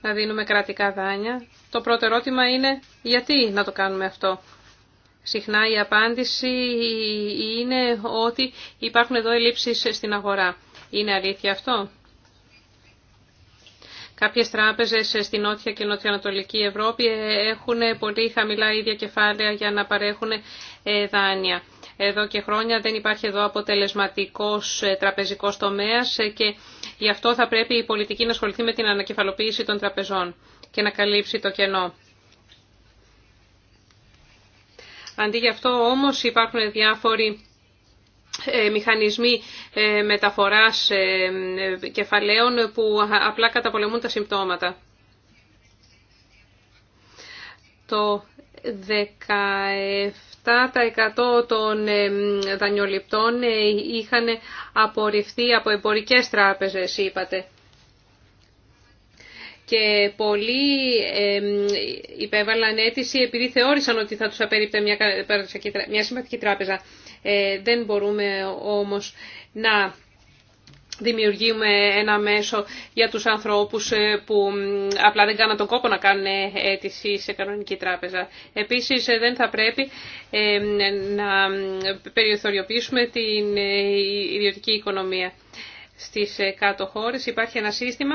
να δίνουμε κρατικά δάνεια, το πρώτο ερώτημα είναι γιατί να το κάνουμε αυτό. Συχνά η απάντηση είναι ότι υπάρχουν εδώ ελλείψεις στην αγορά. Είναι αλήθεια αυτό. Κάποιες τράπεζες στη Νότια και Νοτιοανατολική Ευρώπη έχουν πολύ χαμηλά ίδια κεφάλαια για να παρέχουν ε, δάνεια. Εδώ και χρόνια δεν υπάρχει εδώ αποτελεσματικός ε, τραπεζικός τομέας ε, και γι' αυτό θα πρέπει η πολιτική να ασχοληθεί με την ανακεφαλοποίηση των τραπεζών και να καλύψει το κενό. Αντί γι' αυτό όμως υπάρχουν διάφοροι ε, μηχανισμοί ε, μεταφοράς ε, κεφαλαίων που απλά καταπολεμούν τα συμπτώματα. Το 17% των δανειοληπτών είχαν απορριφθεί από εμπορικές τράπεζες, είπατε και πολλοί υπέβαλαν αίτηση επειδή θεώρησαν ότι θα τους απέριπτε μια, μια τράπεζα. Ε, δεν μπορούμε όμως να δημιουργούμε ένα μέσο για τους ανθρώπους ε, που απλά δεν κάναν τον κόπο να κάνουν ε, αίτηση σε κανονική τράπεζα. Επίσης δεν θα πρέπει να περιοθωριοποιήσουμε την ιδιωτική οικονομία. Στις κάτω χώρες υπάρχει ένα σύστημα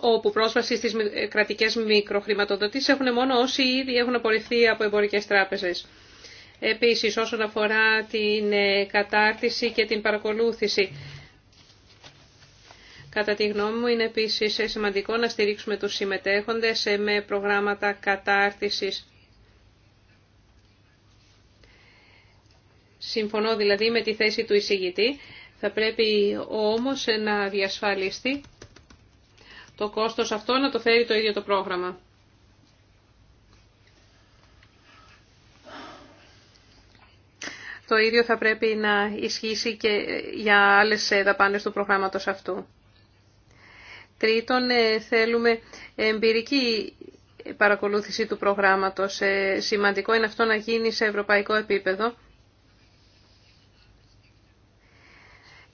όπου πρόσβαση στις κρατικές μικροχρηματοδοτήσεις έχουν μόνο όσοι ήδη έχουν απορριφθεί από εμπορικές τράπεζες. Επίσης, όσον αφορά την ε, κατάρτιση και την παρακολούθηση, κατά τη γνώμη μου είναι επίσης ε, σημαντικό να στηρίξουμε τους συμμετέχοντες ε, με προγράμματα κατάρτισης. Συμφωνώ δηλαδή με τη θέση του εισηγητή, θα πρέπει όμως να διασφαλιστεί το κόστος αυτό να το φέρει το ίδιο το πρόγραμμα. Το ίδιο θα πρέπει να ισχύσει και για άλλες ε, δαπάνες του προγράμματος αυτού. Τρίτον, ε, θέλουμε εμπειρική παρακολούθηση του προγράμματος. Ε, σημαντικό είναι αυτό να γίνει σε ευρωπαϊκό επίπεδο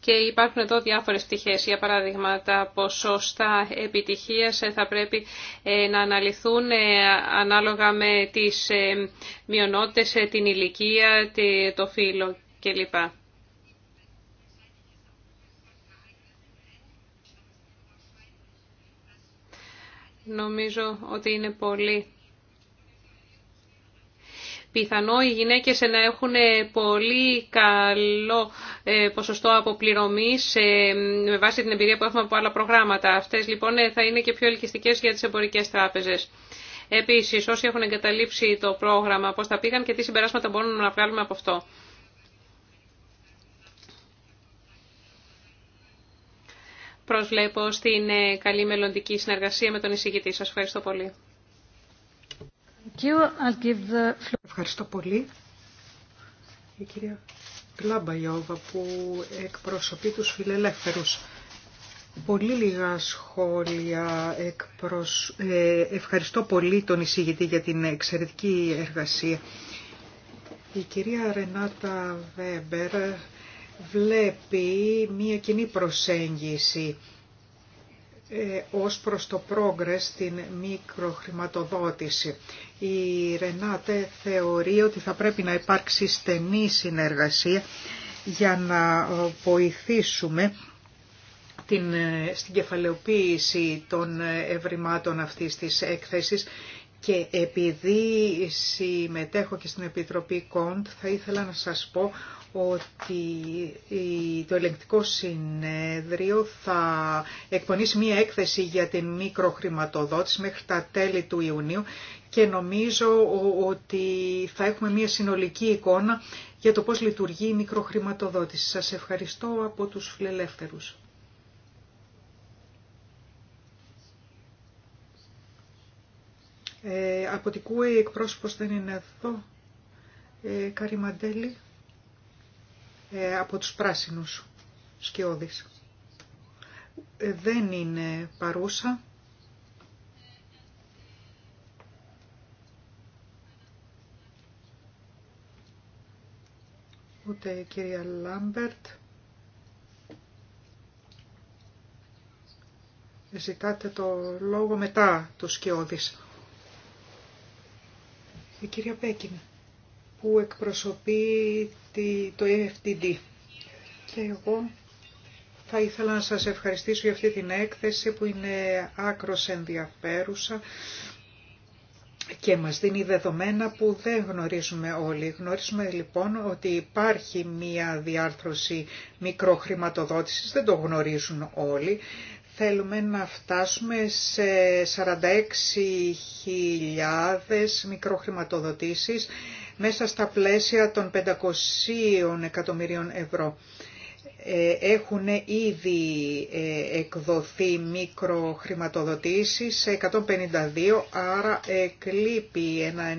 και υπάρχουν εδώ διάφορες πτυχές. Για παράδειγμα, τα ποσοστά επιτυχίας ε, θα πρέπει ε, να αναλυθούν ε, ανάλογα με τις μειονότητες, την ηλικία, το φύλλο κλπ. Νομίζω ότι είναι πολύ πιθανό οι γυναίκες να έχουν πολύ καλό ε, ποσοστό αποπληρωμής ε, με βάση την εμπειρία που έχουμε από άλλα προγράμματα. Αυτές λοιπόν ε, θα είναι και πιο ελκυστικές για τις εμπορικές τράπεζες. Επίσης, όσοι έχουν εγκαταλείψει το πρόγραμμα, πώς τα πήγαν και τι συμπεράσματα μπορούμε να βγάλουμε από αυτό. Προσβλέπω στην καλή μελλοντική συνεργασία με τον εισηγητή. Σας ευχαριστώ πολύ. Ευχαριστώ πολύ. Η κυρία Ιωβα, που εκπροσωπεί τους φιλελεύθερους. Πολύ λίγα σχόλια. Ε, ευχαριστώ πολύ τον εισηγητή για την εξαιρετική εργασία. Η κυρία Ρενάτα Βέμπερ βλέπει μία κοινή προσέγγιση ε, ως προς το πρόγκρες στην μικροχρηματοδότηση. Η Ρενάτε θεωρεί ότι θα πρέπει να υπάρξει στενή συνεργασία για να ε, βοηθήσουμε την, ε, στην κεφαλαιοποίηση των ευρημάτων αυτής της έκθεσης και επειδή συμμετέχω και στην Επιτροπή Κοντ θα ήθελα να σας πω ότι το ελεγκτικό συνέδριο θα εκπονήσει μία έκθεση για την μικροχρηματοδότηση μέχρι τα τέλη του Ιουνίου και νομίζω ότι θα έχουμε μία συνολική εικόνα για το πώς λειτουργεί η μικροχρηματοδότηση. Σας ευχαριστώ από τους φιλελεύθερους. Ε, από την εκπρόσωπος δεν είναι εδώ. Ε, ε, από τους πράσινους σκιώδης. Ε, δεν είναι παρούσα. Ούτε η κυρία Λάμπερτ. Ε, ζητάτε το λόγο μετά τους σκιώδης. Η κυρία Πέκκινη που εκπροσωπεί το FTD. Και εγώ θα ήθελα να σας ευχαριστήσω για αυτή την έκθεση που είναι άκρος ενδιαφέρουσα και μας δίνει δεδομένα που δεν γνωρίζουμε όλοι. Γνωρίζουμε λοιπόν ότι υπάρχει μία διάρθρωση μικροχρηματοδότησης, δεν το γνωρίζουν όλοι. Θέλουμε να φτάσουμε σε 46.000 μικροχρηματοδοτήσεις μέσα στα πλαίσια των 500 εκατομμυρίων ευρώ. Ε, έχουν ήδη ε, εκδοθεί μικροχρηματοδοτήσεις σε 152, άρα εκλείπει ένα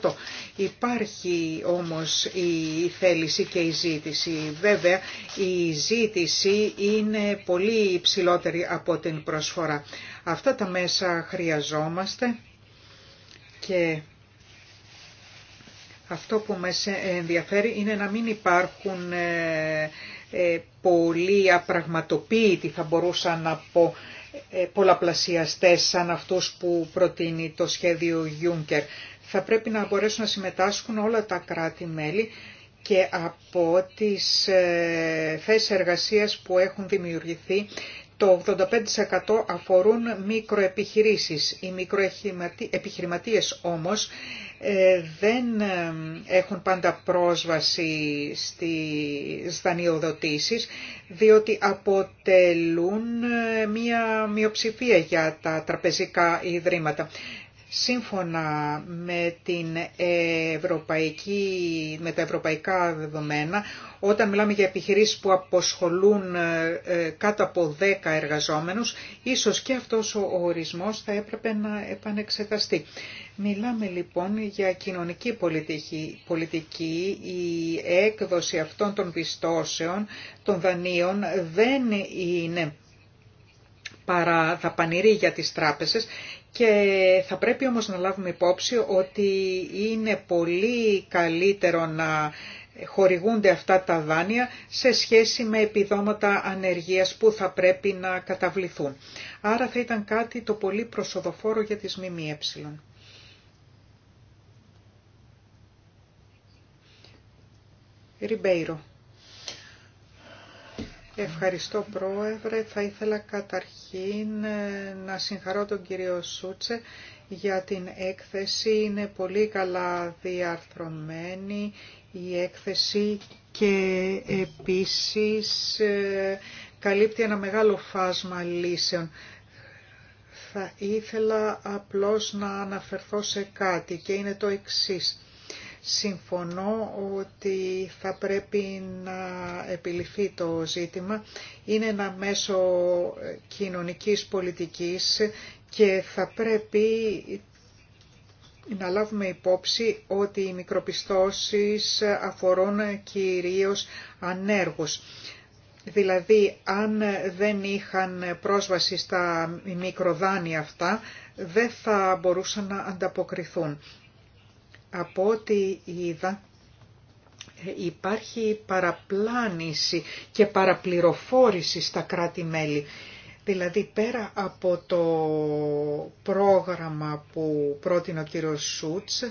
95%. Υπάρχει όμως η θέληση και η ζήτηση. Βέβαια, η ζήτηση είναι πολύ υψηλότερη από την προσφορά. Αυτά τα μέσα χρειαζόμαστε και αυτό που με ενδιαφέρει είναι να μην υπάρχουν ε, ε, πολλοί απραγματοποιητοί, θα μπορούσαν να πω, ε, πολλαπλασιαστές σαν αυτούς που προτείνει το σχέδιο Juncker. Θα πρέπει να μπορέσουν να συμμετάσχουν όλα τα κράτη-μέλη και από τις θέσεις εργασίας που έχουν δημιουργηθεί το 85% αφορούν μικροεπιχειρήσεις. Οι μικροεπιχειρηματίες όμως ε, δεν ε, έχουν πάντα πρόσβαση στις δανειοδοτήσεις, διότι αποτελούν ε, μία μειοψηφία για τα τραπεζικά ιδρύματα. Σύμφωνα με, την ευρωπαϊκή, με τα ευρωπαϊκά δεδομένα, όταν μιλάμε για επιχειρήσεις που αποσχολούν κάτω από 10 εργαζόμενους, ίσως και αυτός ο ορισμός θα έπρεπε να επανεξεταστεί. Μιλάμε λοιπόν για κοινωνική πολιτική, πολιτική. Η έκδοση αυτών των πιστώσεων, των δανείων δεν είναι παρά δαπανηρή για τις τράπεζες και θα πρέπει όμως να λάβουμε υπόψη ότι είναι πολύ καλύτερο να χορηγούνται αυτά τα δάνεια σε σχέση με επιδόματα ανεργίας που θα πρέπει να καταβληθούν. Άρα θα ήταν κάτι το πολύ προσοδοφόρο για τις ΜΜΕ. Ριμπέιρο. Ευχαριστώ Πρόεδρε. Θα ήθελα καταρχήν ε, να συγχαρώ τον κύριο Σούτσε για την έκθεση. Είναι πολύ καλά διαρθρωμένη η έκθεση και επίσης ε, καλύπτει ένα μεγάλο φάσμα λύσεων. Θα ήθελα απλώς να αναφερθώ σε κάτι και είναι το εξής. Συμφωνώ ότι θα πρέπει να επιληθεί το ζήτημα. Είναι ένα μέσο κοινωνικής πολιτικής και θα πρέπει να λάβουμε υπόψη ότι οι μικροπιστώσεις αφορούν κυρίως ανέργους. Δηλαδή, αν δεν είχαν πρόσβαση στα μικροδάνεια αυτά, δεν θα μπορούσαν να ανταποκριθούν. Από ό,τι είδα ε, υπάρχει παραπλάνηση και παραπληροφόρηση στα κράτη-μέλη. Δηλαδή πέρα από το πρόγραμμα που πρότεινε ο κύριος Σούτς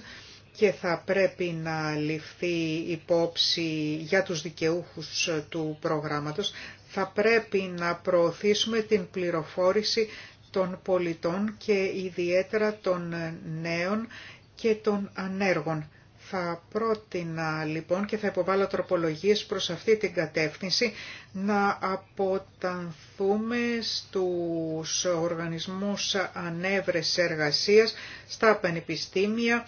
και θα πρέπει να ληφθεί υπόψη για τους δικαιούχους του προγράμματος, θα πρέπει να προωθήσουμε την πληροφόρηση των πολιτών και ιδιαίτερα των νέων και των ανέργων. Θα πρότεινα λοιπόν και θα υποβάλω τροπολογίες προς αυτή την κατεύθυνση να αποτανθούμε στους οργανισμούς ανέβρες εργασίας, στα πανεπιστήμια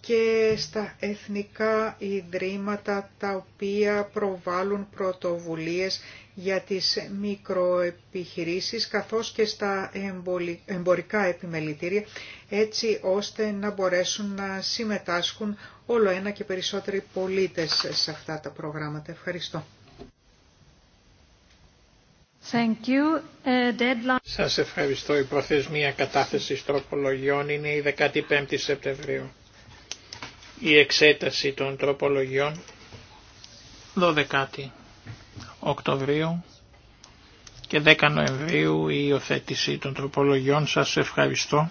και στα εθνικά ιδρύματα τα οποία προβάλλουν πρωτοβουλίες για τις μικροεπιχειρήσεις καθώς και στα εμπορικά επιμελητήρια έτσι ώστε να μπορέσουν να συμμετάσχουν όλο ένα και περισσότεροι πολίτες σε αυτά τα προγράμματα. Ευχαριστώ. Thank you. Ε, deadline. Σας ευχαριστώ. Η προθεσμία κατάθεσης τροπολογιών είναι η 15η Σεπτεμβρίου η εξέταση των τροπολογιών 12 Οκτωβρίου και 10 Νοεμβρίου η υιοθέτηση των τροπολογιών. Σας ευχαριστώ.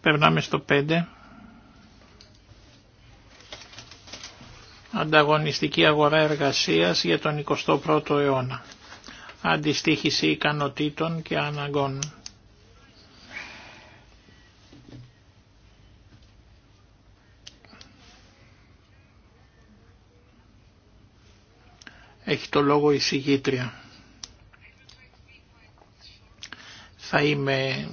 Περνάμε στο 5. Ανταγωνιστική αγορά εργασίας για τον 21ο αιώνα. Αντιστήχηση ικανοτήτων και αναγκών. Έχει το λόγο η συγγήτρια. Θα είμαι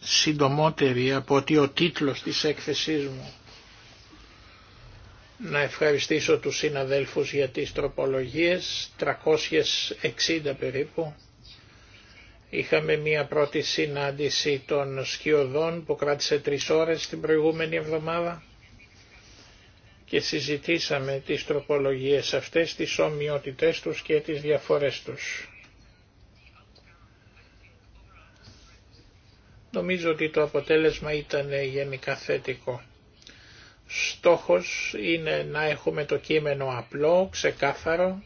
συντομότερη από ότι ο τίτλος της έκθεσής μου. Να ευχαριστήσω τους συναδέλφους για τις τροπολογίες, 360 περίπου. Είχαμε μία πρώτη συνάντηση των σκιωδών που κράτησε τρεις ώρες την προηγούμενη εβδομάδα και συζητήσαμε τις τροπολογίες αυτές, τις ομοιότητές τους και τις διαφορές τους. Νομίζω ότι το αποτέλεσμα ήταν γενικά θετικό. Στόχος είναι να έχουμε το κείμενο απλό, ξεκάθαρο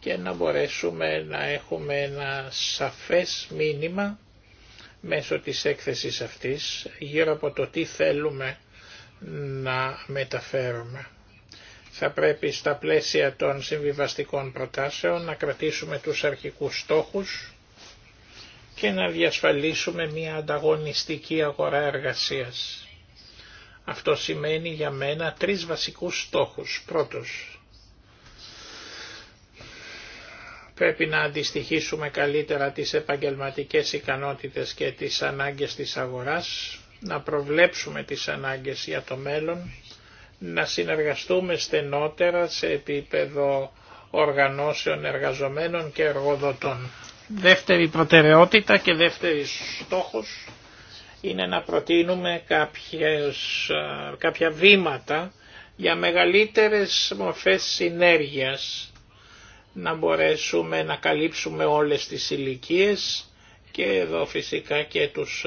και να μπορέσουμε να έχουμε ένα σαφές μήνυμα μέσω της έκθεσης αυτής γύρω από το τι θέλουμε να μεταφέρουμε. Θα πρέπει στα πλαίσια των συμβιβαστικών προτάσεων να κρατήσουμε τους αρχικούς στόχους και να διασφαλίσουμε μια ανταγωνιστική αγορά εργασίας. Αυτό σημαίνει για μένα τρεις βασικούς στόχους. Πρώτος, πρέπει να αντιστοιχίσουμε καλύτερα τις επαγγελματικές ικανότητες και τις ανάγκες της αγοράς να προβλέψουμε τις ανάγκες για το μέλλον, να συνεργαστούμε στενότερα σε επίπεδο οργανώσεων εργαζομένων και εργοδοτών. Δεύτερη προτεραιότητα και δεύτερη στόχος είναι να προτείνουμε κάποιες, κάποια βήματα για μεγαλύτερες μορφές συνέργειας, να μπορέσουμε να καλύψουμε όλες τις ηλικίες, και εδώ φυσικά και τους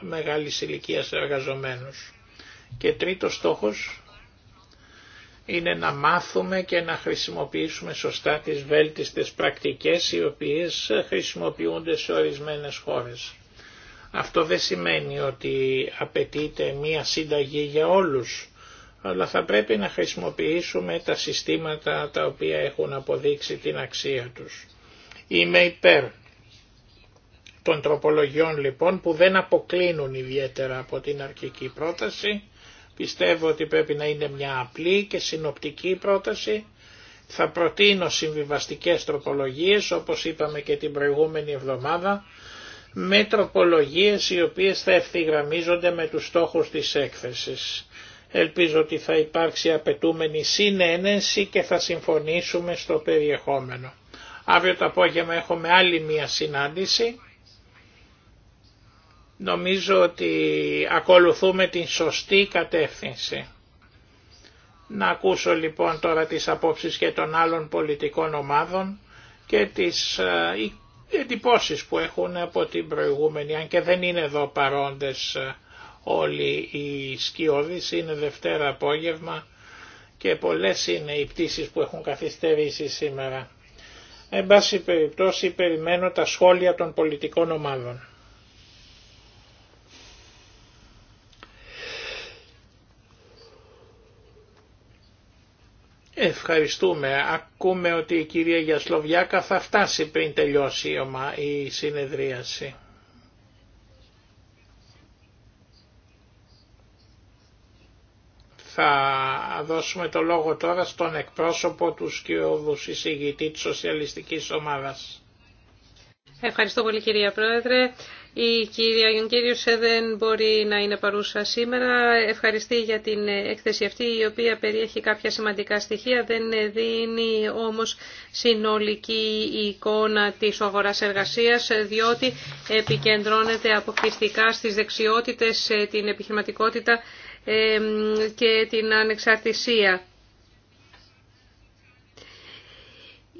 μεγάλης ηλικίας εργαζομένους. Και τρίτος στόχος είναι να μάθουμε και να χρησιμοποιήσουμε σωστά τις βέλτιστες πρακτικές οι οποίες χρησιμοποιούνται σε ορισμένες χώρες. Αυτό δεν σημαίνει ότι απαιτείται μία συνταγή για όλους, αλλά θα πρέπει να χρησιμοποιήσουμε τα συστήματα τα οποία έχουν αποδείξει την αξία τους. Είμαι υπέρ των τροπολογιών λοιπόν που δεν αποκλίνουν ιδιαίτερα από την αρχική πρόταση. Πιστεύω ότι πρέπει να είναι μια απλή και συνοπτική πρόταση. Θα προτείνω συμβιβαστικές τροπολογίες όπως είπαμε και την προηγούμενη εβδομάδα με τροπολογίες οι οποίες θα ευθυγραμμίζονται με τους στόχους της έκθεσης. Ελπίζω ότι θα υπάρξει απαιτούμενη συνένεση και θα συμφωνήσουμε στο περιεχόμενο. Αύριο το απόγευμα έχουμε άλλη μία συνάντηση Νομίζω ότι ακολουθούμε την σωστή κατεύθυνση. Να ακούσω λοιπόν τώρα τις απόψεις και των άλλων πολιτικών ομάδων και τις ε, εντυπώσεις που έχουν από την προηγούμενη, αν και δεν είναι εδώ παρόντες ε, όλοι οι σκιώδεις, είναι Δευτέρα απόγευμα και πολλές είναι οι πτήσεις που έχουν καθυστερήσει σήμερα. Εν πάση περιπτώσει περιμένω τα σχόλια των πολιτικών ομάδων. Ευχαριστούμε. Ακούμε ότι η κυρία Γιασλοβιάκα θα φτάσει πριν τελειώσει η συνεδρίαση. Θα δώσουμε το λόγο τώρα στον εκπρόσωπο του σκιώδους εισηγητή της Σοσιαλιστικής Ομάδας. Ευχαριστώ πολύ κυρία Πρόεδρε. Η κυρία Γιονκύριος δεν μπορεί να είναι παρούσα σήμερα. Ευχαριστεί για την έκθεση αυτή η οποία περιέχει κάποια σημαντικά στοιχεία. Δεν δίνει όμως συνολική εικόνα της αγοράς εργασίας διότι επικεντρώνεται αποκλειστικά στις δεξιότητες, την επιχειρηματικότητα και την ανεξαρτησία.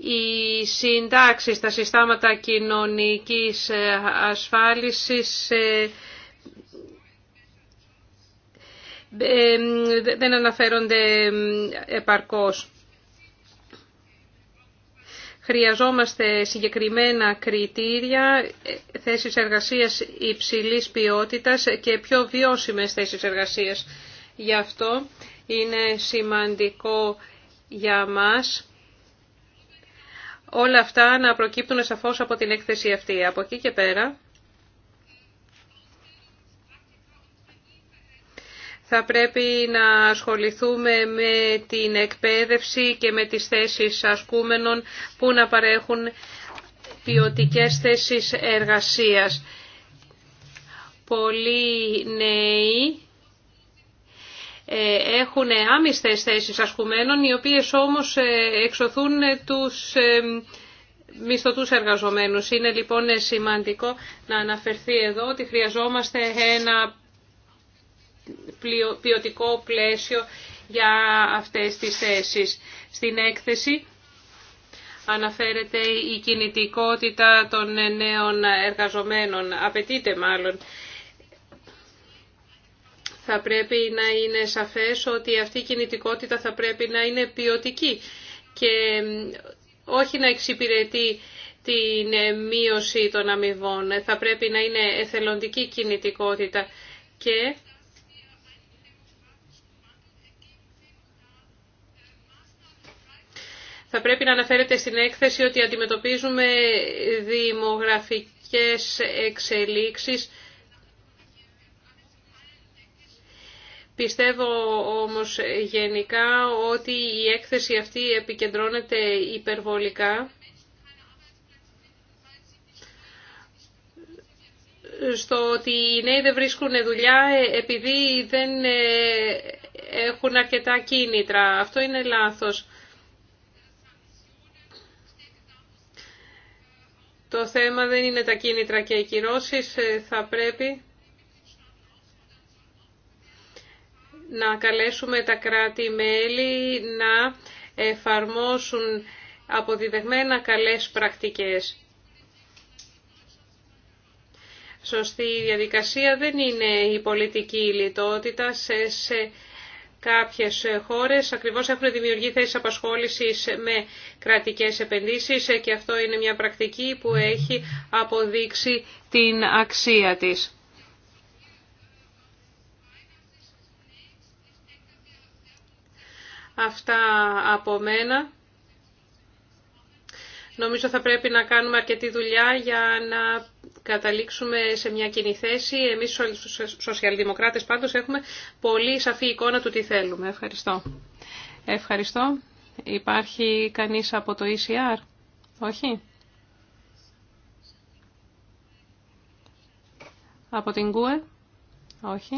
οι συντάξει, τα συστάματα κοινωνικής ε, ασφάλισης ε, ε, δεν αναφέρονται επαρκώς. Χρειαζόμαστε συγκεκριμένα κριτήρια, θέσεις εργασίας υψηλής ποιότητας και πιο βιώσιμες θέσεις εργασίας. Γι' αυτό είναι σημαντικό για μας όλα αυτά να προκύπτουν σαφώς από την έκθεση αυτή. Από εκεί και πέρα θα πρέπει να ασχοληθούμε με την εκπαίδευση και με τις θέσεις ασκούμενων που να παρέχουν ποιοτικέ θέσεις εργασίας. Πολλοί νέοι ε, έχουν άμυστες θέσεις ασκουμένων, οι οποίες όμως ε, εξωθούν ε, τους μισθωτούς εργαζομένους. Είναι λοιπόν σημαντικό να αναφερθεί εδώ ότι χρειαζόμαστε ένα ποιοτικό πλαίσιο για αυτές τις θέσεις. Στην έκθεση αναφέρεται η κινητικότητα των νέων εργαζομένων, απαιτείται μάλλον θα πρέπει να είναι σαφές ότι αυτή η κινητικότητα θα πρέπει να είναι ποιοτική και όχι να εξυπηρετεί την μείωση των αμοιβών. Θα πρέπει να είναι εθελοντική κινητικότητα και θα πρέπει να αναφέρεται στην έκθεση ότι αντιμετωπίζουμε δημογραφικές εξελίξεις Πιστεύω όμως γενικά ότι η έκθεση αυτή επικεντρώνεται υπερβολικά στο ότι οι νέοι δεν βρίσκουν δουλειά ε, επειδή δεν ε, έχουν αρκετά κίνητρα. Αυτό είναι λάθος. Το θέμα δεν είναι τα κίνητρα και οι κυρώσεις. Ε, θα πρέπει να καλέσουμε τα κράτη-μέλη να εφαρμόσουν αποδιδεγμένα καλές πρακτικές. Σωστή διαδικασία δεν είναι η πολιτική λιτότητα σε, σε κάποιες χώρες. Ακριβώς έχουν δημιουργεί θέσεις απασχόλησης με κρατικές επενδύσεις και αυτό είναι μια πρακτική που έχει αποδείξει την αξία της. Αυτά από μένα. Νομίζω θα πρέπει να κάνουμε αρκετή δουλειά για να καταλήξουμε σε μια κοινή θέση. Εμείς οι σοσιαλδημοκράτες πάντως έχουμε πολύ σαφή εικόνα του τι θέλουμε. Ευχαριστώ. Ευχαριστώ. Υπάρχει κανείς από το ECR? Όχι. Από την ΚΟΕ? E? Όχι.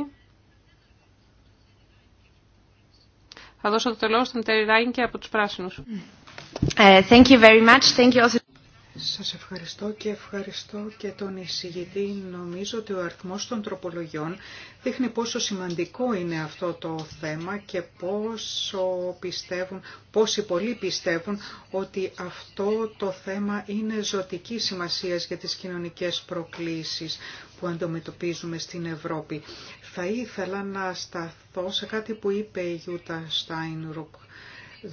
Θα δώσω το λόγο στον Τέρι και από τους Πράσινους. Ε, thank also. Σας ευχαριστώ και ευχαριστώ και τον εισηγητή. Νομίζω ότι ο αριθμός των τροπολογιών δείχνει πόσο σημαντικό είναι αυτό το θέμα και πόσο πιστεύουν, πόσοι πολλοί πιστεύουν ότι αυτό το θέμα είναι ζωτική σημασίας για τις κοινωνικές προκλήσεις που αντιμετωπίζουμε στην Ευρώπη. Θα ήθελα να σταθώ σε κάτι που είπε η Γιούτα Στάινρουκ.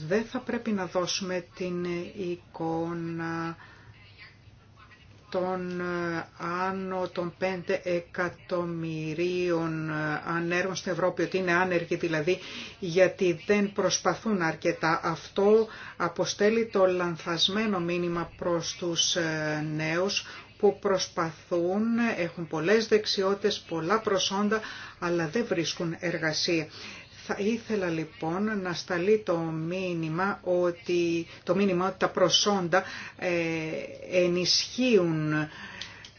Δεν θα πρέπει να δώσουμε την εικόνα των ε, άνω των 5 εκατομμυρίων ε, ανέργων στην Ευρώπη, ότι είναι άνεργοι δηλαδή, γιατί δεν προσπαθούν αρκετά. Αυτό αποστέλει το λανθασμένο μήνυμα προς τους ε, νέους, που προσπαθούν, έχουν πολλές δεξιότητες, πολλά προσόντα, αλλά δεν βρίσκουν εργασία. Θα ήθελα λοιπόν να σταλεί το μήνυμα ότι, το μήνυμα ότι τα προσόντα ε, ενισχύουν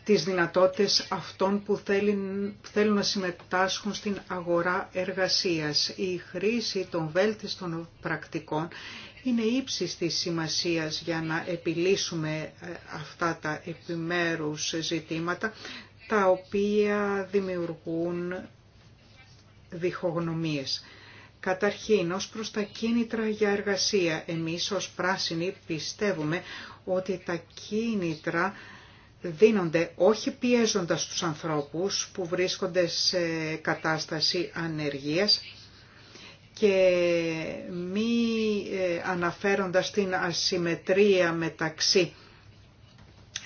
τις δυνατότητες αυτών που θέλουν, θέλουν να συμμετάσχουν στην αγορά εργασίας. Η χρήση των βέλτιστων πρακτικών είναι ύψης της σημασίας για να επιλύσουμε ε, αυτά τα επιμέρους ζητήματα τα οποία δημιουργούν διχογνωμίες. Καταρχήν, ως προς τα κίνητρα για εργασία, εμείς ως πράσινοι πιστεύουμε ότι τα κίνητρα δίνονται όχι πιέζοντας τους ανθρώπους που βρίσκονται σε κατάσταση ανεργίας, και μη ε, αναφέροντας την ασυμετρία μεταξύ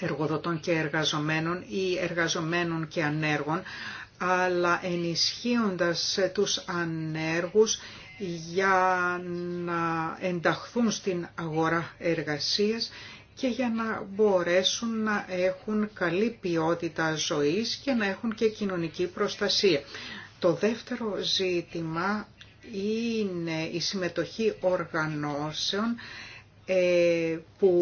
εργοδοτών και εργαζομένων ή εργαζομένων και ανέργων, αλλά ενισχύοντας τους ανέργους για να ενταχθούν στην αγορά εργασίας και για να μπορέσουν να έχουν καλή ποιότητα ζωής και να έχουν και κοινωνική προστασία. Το δεύτερο ζήτημα είναι η συμμετοχή οργανώσεων ε, που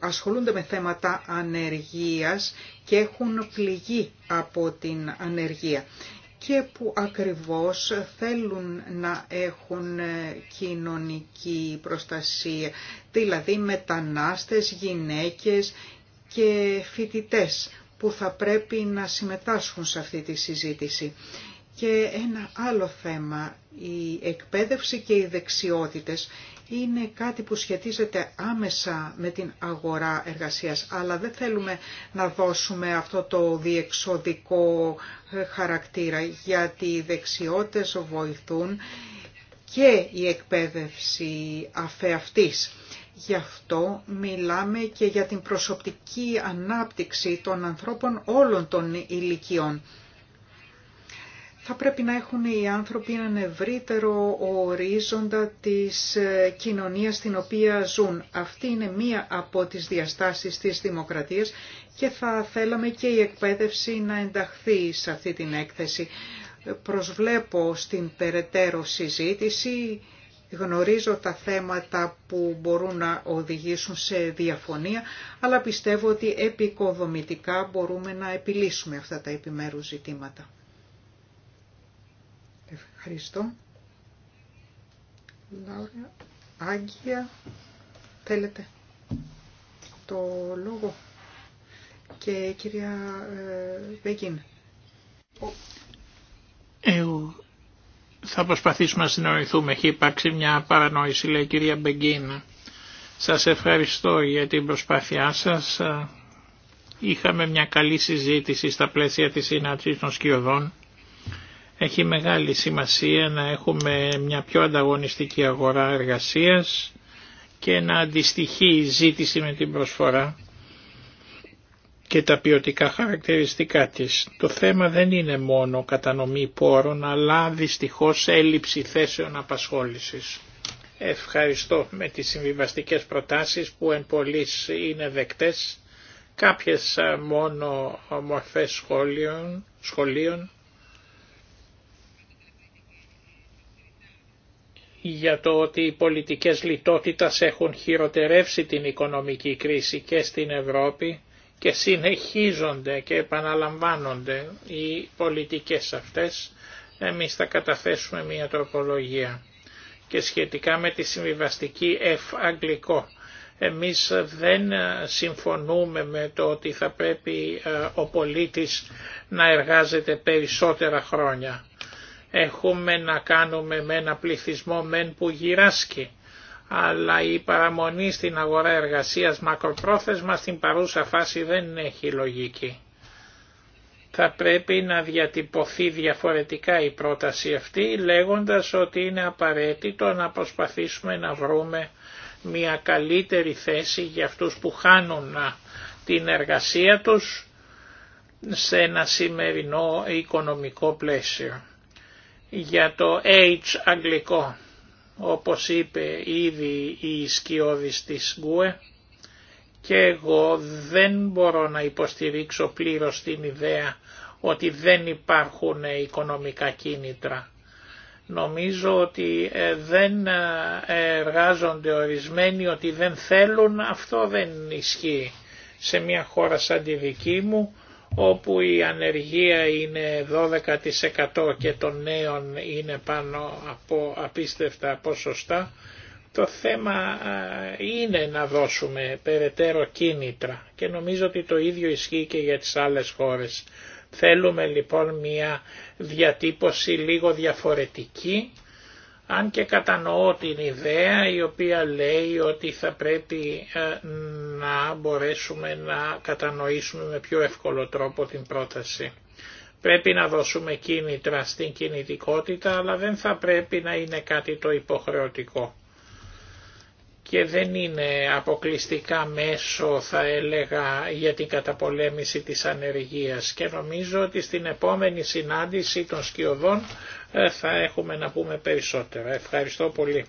ασχολούνται με θέματα ανεργίας και έχουν πληγεί από την ανεργία και που ακριβώς θέλουν να έχουν ε, κοινωνική προστασία, δηλαδή μετανάστες, γυναίκες και φοιτητές που θα πρέπει να συμμετάσχουν σε αυτή τη συζήτηση. Και ένα άλλο θέμα, η εκπαίδευση και οι δεξιότητες είναι κάτι που σχετίζεται άμεσα με την αγορά εργασίας, αλλά δεν θέλουμε να δώσουμε αυτό το διεξοδικό ε, χαρακτήρα, γιατί οι δεξιότητες βοηθούν και η εκπαίδευση αφεαυτής. Γι' αυτό μιλάμε και για την προσωπική ανάπτυξη των ανθρώπων όλων των ηλικιών θα πρέπει να έχουν οι άνθρωποι έναν ευρύτερο ορίζοντα της ε, κοινωνίας στην οποία ζουν. Αυτή είναι μία από τις διαστάσεις της δημοκρατίας και θα θέλαμε και η εκπαίδευση να ενταχθεί σε αυτή την έκθεση. Προσβλέπω στην περαιτέρω συζήτηση, γνωρίζω τα θέματα που μπορούν να οδηγήσουν σε διαφωνία, αλλά πιστεύω ότι επικοδομητικά μπορούμε να επιλύσουμε αυτά τα επιμέρους ζητήματα. Ευχαριστώ. Λάουρα, Άγγια, θέλετε το λόγο και κυρία ε, Μπέγκιν. Εγώ θα προσπαθήσουμε να συνοηθούμε. Έχει υπάρξει μια παρανόηση, λέει η κυρία Μπεγκίν. Σας ευχαριστώ για την προσπάθειά σας. Είχαμε μια καλή συζήτηση στα πλαίσια της συνάντησης των σκιωδών έχει μεγάλη σημασία να έχουμε μια πιο ανταγωνιστική αγορά εργασίας και να αντιστοιχεί η ζήτηση με την προσφορά και τα ποιοτικά χαρακτηριστικά της. Το θέμα δεν είναι μόνο κατανομή πόρων, αλλά δυστυχώς έλλειψη θέσεων απασχόλησης. Ευχαριστώ με τις συμβιβαστικές προτάσεις που εν πολλής είναι δεκτές, κάποιες μόνο μορφές σχολείων, σχολείων για το ότι οι πολιτικές λιτότητας έχουν χειροτερεύσει την οικονομική κρίση και στην Ευρώπη και συνεχίζονται και επαναλαμβάνονται οι πολιτικές αυτές, εμείς θα καταθέσουμε μια τροπολογία. Και σχετικά με τη συμβιβαστική F αγγλικό, εμείς δεν συμφωνούμε με το ότι θα πρέπει ε, ο πολίτης να εργάζεται περισσότερα χρόνια. Έχουμε να κάνουμε με ένα πληθυσμό μεν που γυράσκει, αλλά η παραμονή στην αγορά εργασίας μακροπρόθεσμα στην παρούσα φάση δεν έχει λογική. Θα πρέπει να διατυπωθεί διαφορετικά η πρόταση αυτή λέγοντας ότι είναι απαραίτητο να προσπαθήσουμε να βρούμε μια καλύτερη θέση για αυτούς που χάνουν την εργασία τους σε ένα σημερινό οικονομικό πλαίσιο για το H αγγλικό. Όπως είπε ήδη η σκιώδης της Γκουε και εγώ δεν μπορώ να υποστηρίξω πλήρως την ιδέα ότι δεν υπάρχουν οικονομικά κίνητρα. Νομίζω ότι ε, δεν ε, εργάζονται ορισμένοι ότι δεν θέλουν, αυτό δεν ισχύει. Σε μια χώρα σαν τη δική μου όπου η ανεργία είναι 12% και των νέων είναι πάνω από απίστευτα ποσοστά, το θέμα είναι να δώσουμε περαιτέρω κίνητρα και νομίζω ότι το ίδιο ισχύει και για τις άλλες χώρες. Θέλουμε λοιπόν μια διατύπωση λίγο διαφορετική αν και κατανοώ την ιδέα η οποία λέει ότι θα πρέπει ε, να μπορέσουμε να κατανοήσουμε με πιο εύκολο τρόπο την πρόταση. Πρέπει να δώσουμε κίνητρα στην κινητικότητα αλλά δεν θα πρέπει να είναι κάτι το υποχρεωτικό και δεν είναι αποκλειστικά μέσο θα έλεγα για την καταπολέμηση της ανεργίας και νομίζω ότι στην επόμενη συνάντηση των σκιωδών ε, θα έχουμε να πούμε περισσότερα. Ευχαριστώ πολύ.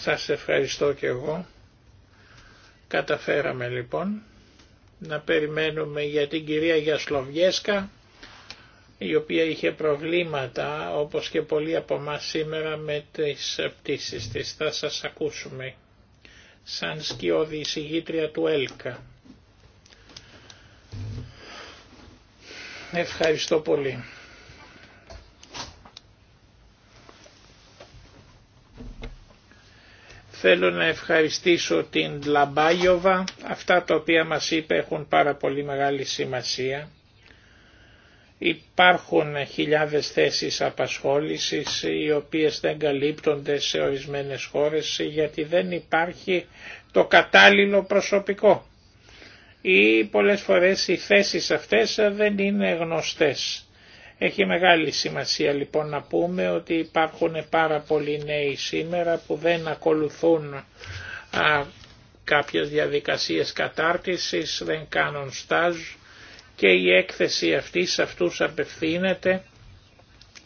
Σας ευχαριστώ και εγώ. Καταφέραμε λοιπόν να περιμένουμε για την κυρία Γιασλοβιέσκα η οποία είχε προβλήματα όπως και πολλοί από εμά σήμερα με τις πτήσεις της. Θα σας ακούσουμε σαν σκιώδη εισηγήτρια του ΕΛΚΑ. Ευχαριστώ πολύ. Θέλω να ευχαριστήσω την Λαμπάγιοβα. Αυτά τα οποία μας είπε έχουν πάρα πολύ μεγάλη σημασία. Υπάρχουν χιλιάδες θέσεις απασχόλησης οι οποίες δεν καλύπτονται σε ορισμένες χώρες γιατί δεν υπάρχει το κατάλληλο προσωπικό. Ή πολλές φορές οι θέσεις αυτές δεν είναι γνωστές. Έχει μεγάλη σημασία λοιπόν να πούμε ότι υπάρχουν πάρα πολλοί νέοι σήμερα που δεν ακολουθούν α, κάποιες διαδικασίες κατάρτισης, δεν κάνουν στάζ και η έκθεση αυτή σε αυτούς απευθύνεται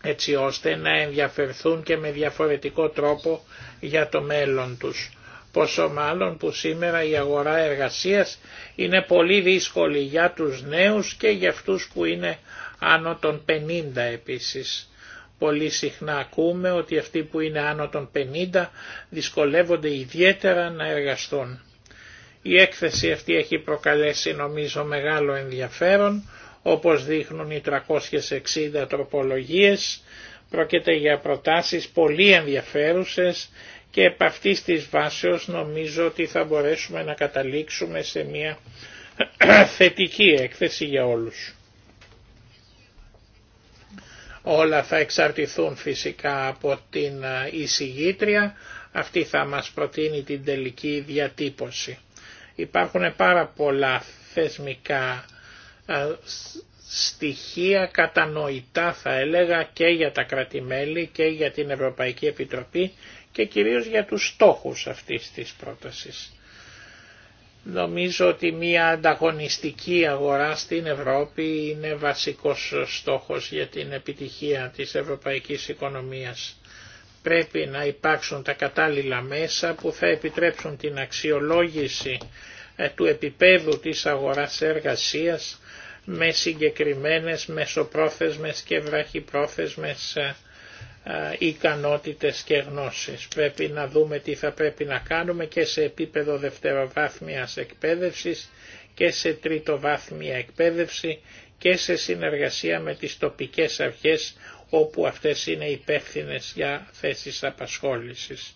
έτσι ώστε να ενδιαφερθούν και με διαφορετικό τρόπο για το μέλλον τους. Πόσο μάλλον που σήμερα η αγορά εργασίας είναι πολύ δύσκολη για τους νέους και για αυτούς που είναι άνω των 50 επίσης. Πολύ συχνά ακούμε ότι αυτοί που είναι άνω των 50 δυσκολεύονται ιδιαίτερα να εργαστούν. Η έκθεση αυτή έχει προκαλέσει νομίζω μεγάλο ενδιαφέρον, όπως δείχνουν οι 360 τροπολογίες, πρόκειται για προτάσεις πολύ ενδιαφέρουσες και επ' αυτής της βάσεως νομίζω ότι θα μπορέσουμε να καταλήξουμε σε μια [clears throat] θετική έκθεση για όλους. Όλα θα εξαρτηθούν φυσικά από την ε, εισηγήτρια, αυτή θα μας προτείνει την τελική διατύπωση. Υπάρχουν πάρα πολλά θεσμικά ε, στοιχεία κατανοητά θα έλεγα και για τα κρατημέλη και για την Ευρωπαϊκή Επιτροπή και κυρίως για τους στόχους αυτής της πρότασης. Νομίζω ότι μια ανταγωνιστική αγορά στην Ευρώπη είναι βασικός στόχος για την επιτυχία της ευρωπαϊκής οικονομίας. Πρέπει να υπάρξουν τα κατάλληλα μέσα που θα επιτρέψουν την αξιολόγηση ε, του επίπεδου της αγοράς εργασίας με συγκεκριμένες μεσοπρόθεσμες και βραχυπρόθεσμες ε, ικανότητες και γνώσεις. Πρέπει να δούμε τι θα πρέπει να κάνουμε και σε επίπεδο δευτεροβάθμιας εκπαίδευσης και σε τριτοβάθμια εκπαίδευση και σε συνεργασία με τις τοπικές αρχές όπου αυτές είναι υπεύθυνε για θέσεις απασχόλησης.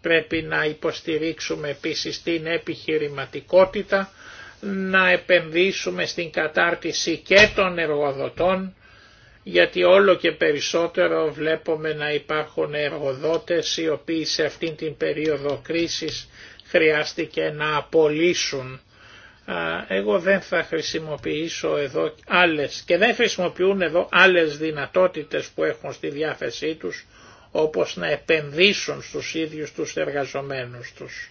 Πρέπει να υποστηρίξουμε επίσης την επιχειρηματικότητα, να επενδύσουμε στην κατάρτιση και των εργοδοτών γιατί όλο και περισσότερο βλέπουμε να υπάρχουν εργοδότες οι οποίοι σε αυτήν την περίοδο κρίσης χρειάστηκε να απολύσουν. Εγώ δεν θα χρησιμοποιήσω εδώ άλλες και δεν χρησιμοποιούν εδώ άλλες δυνατότητες που έχουν στη διάθεσή τους όπως να επενδύσουν στους ίδιους τους εργαζομένους τους.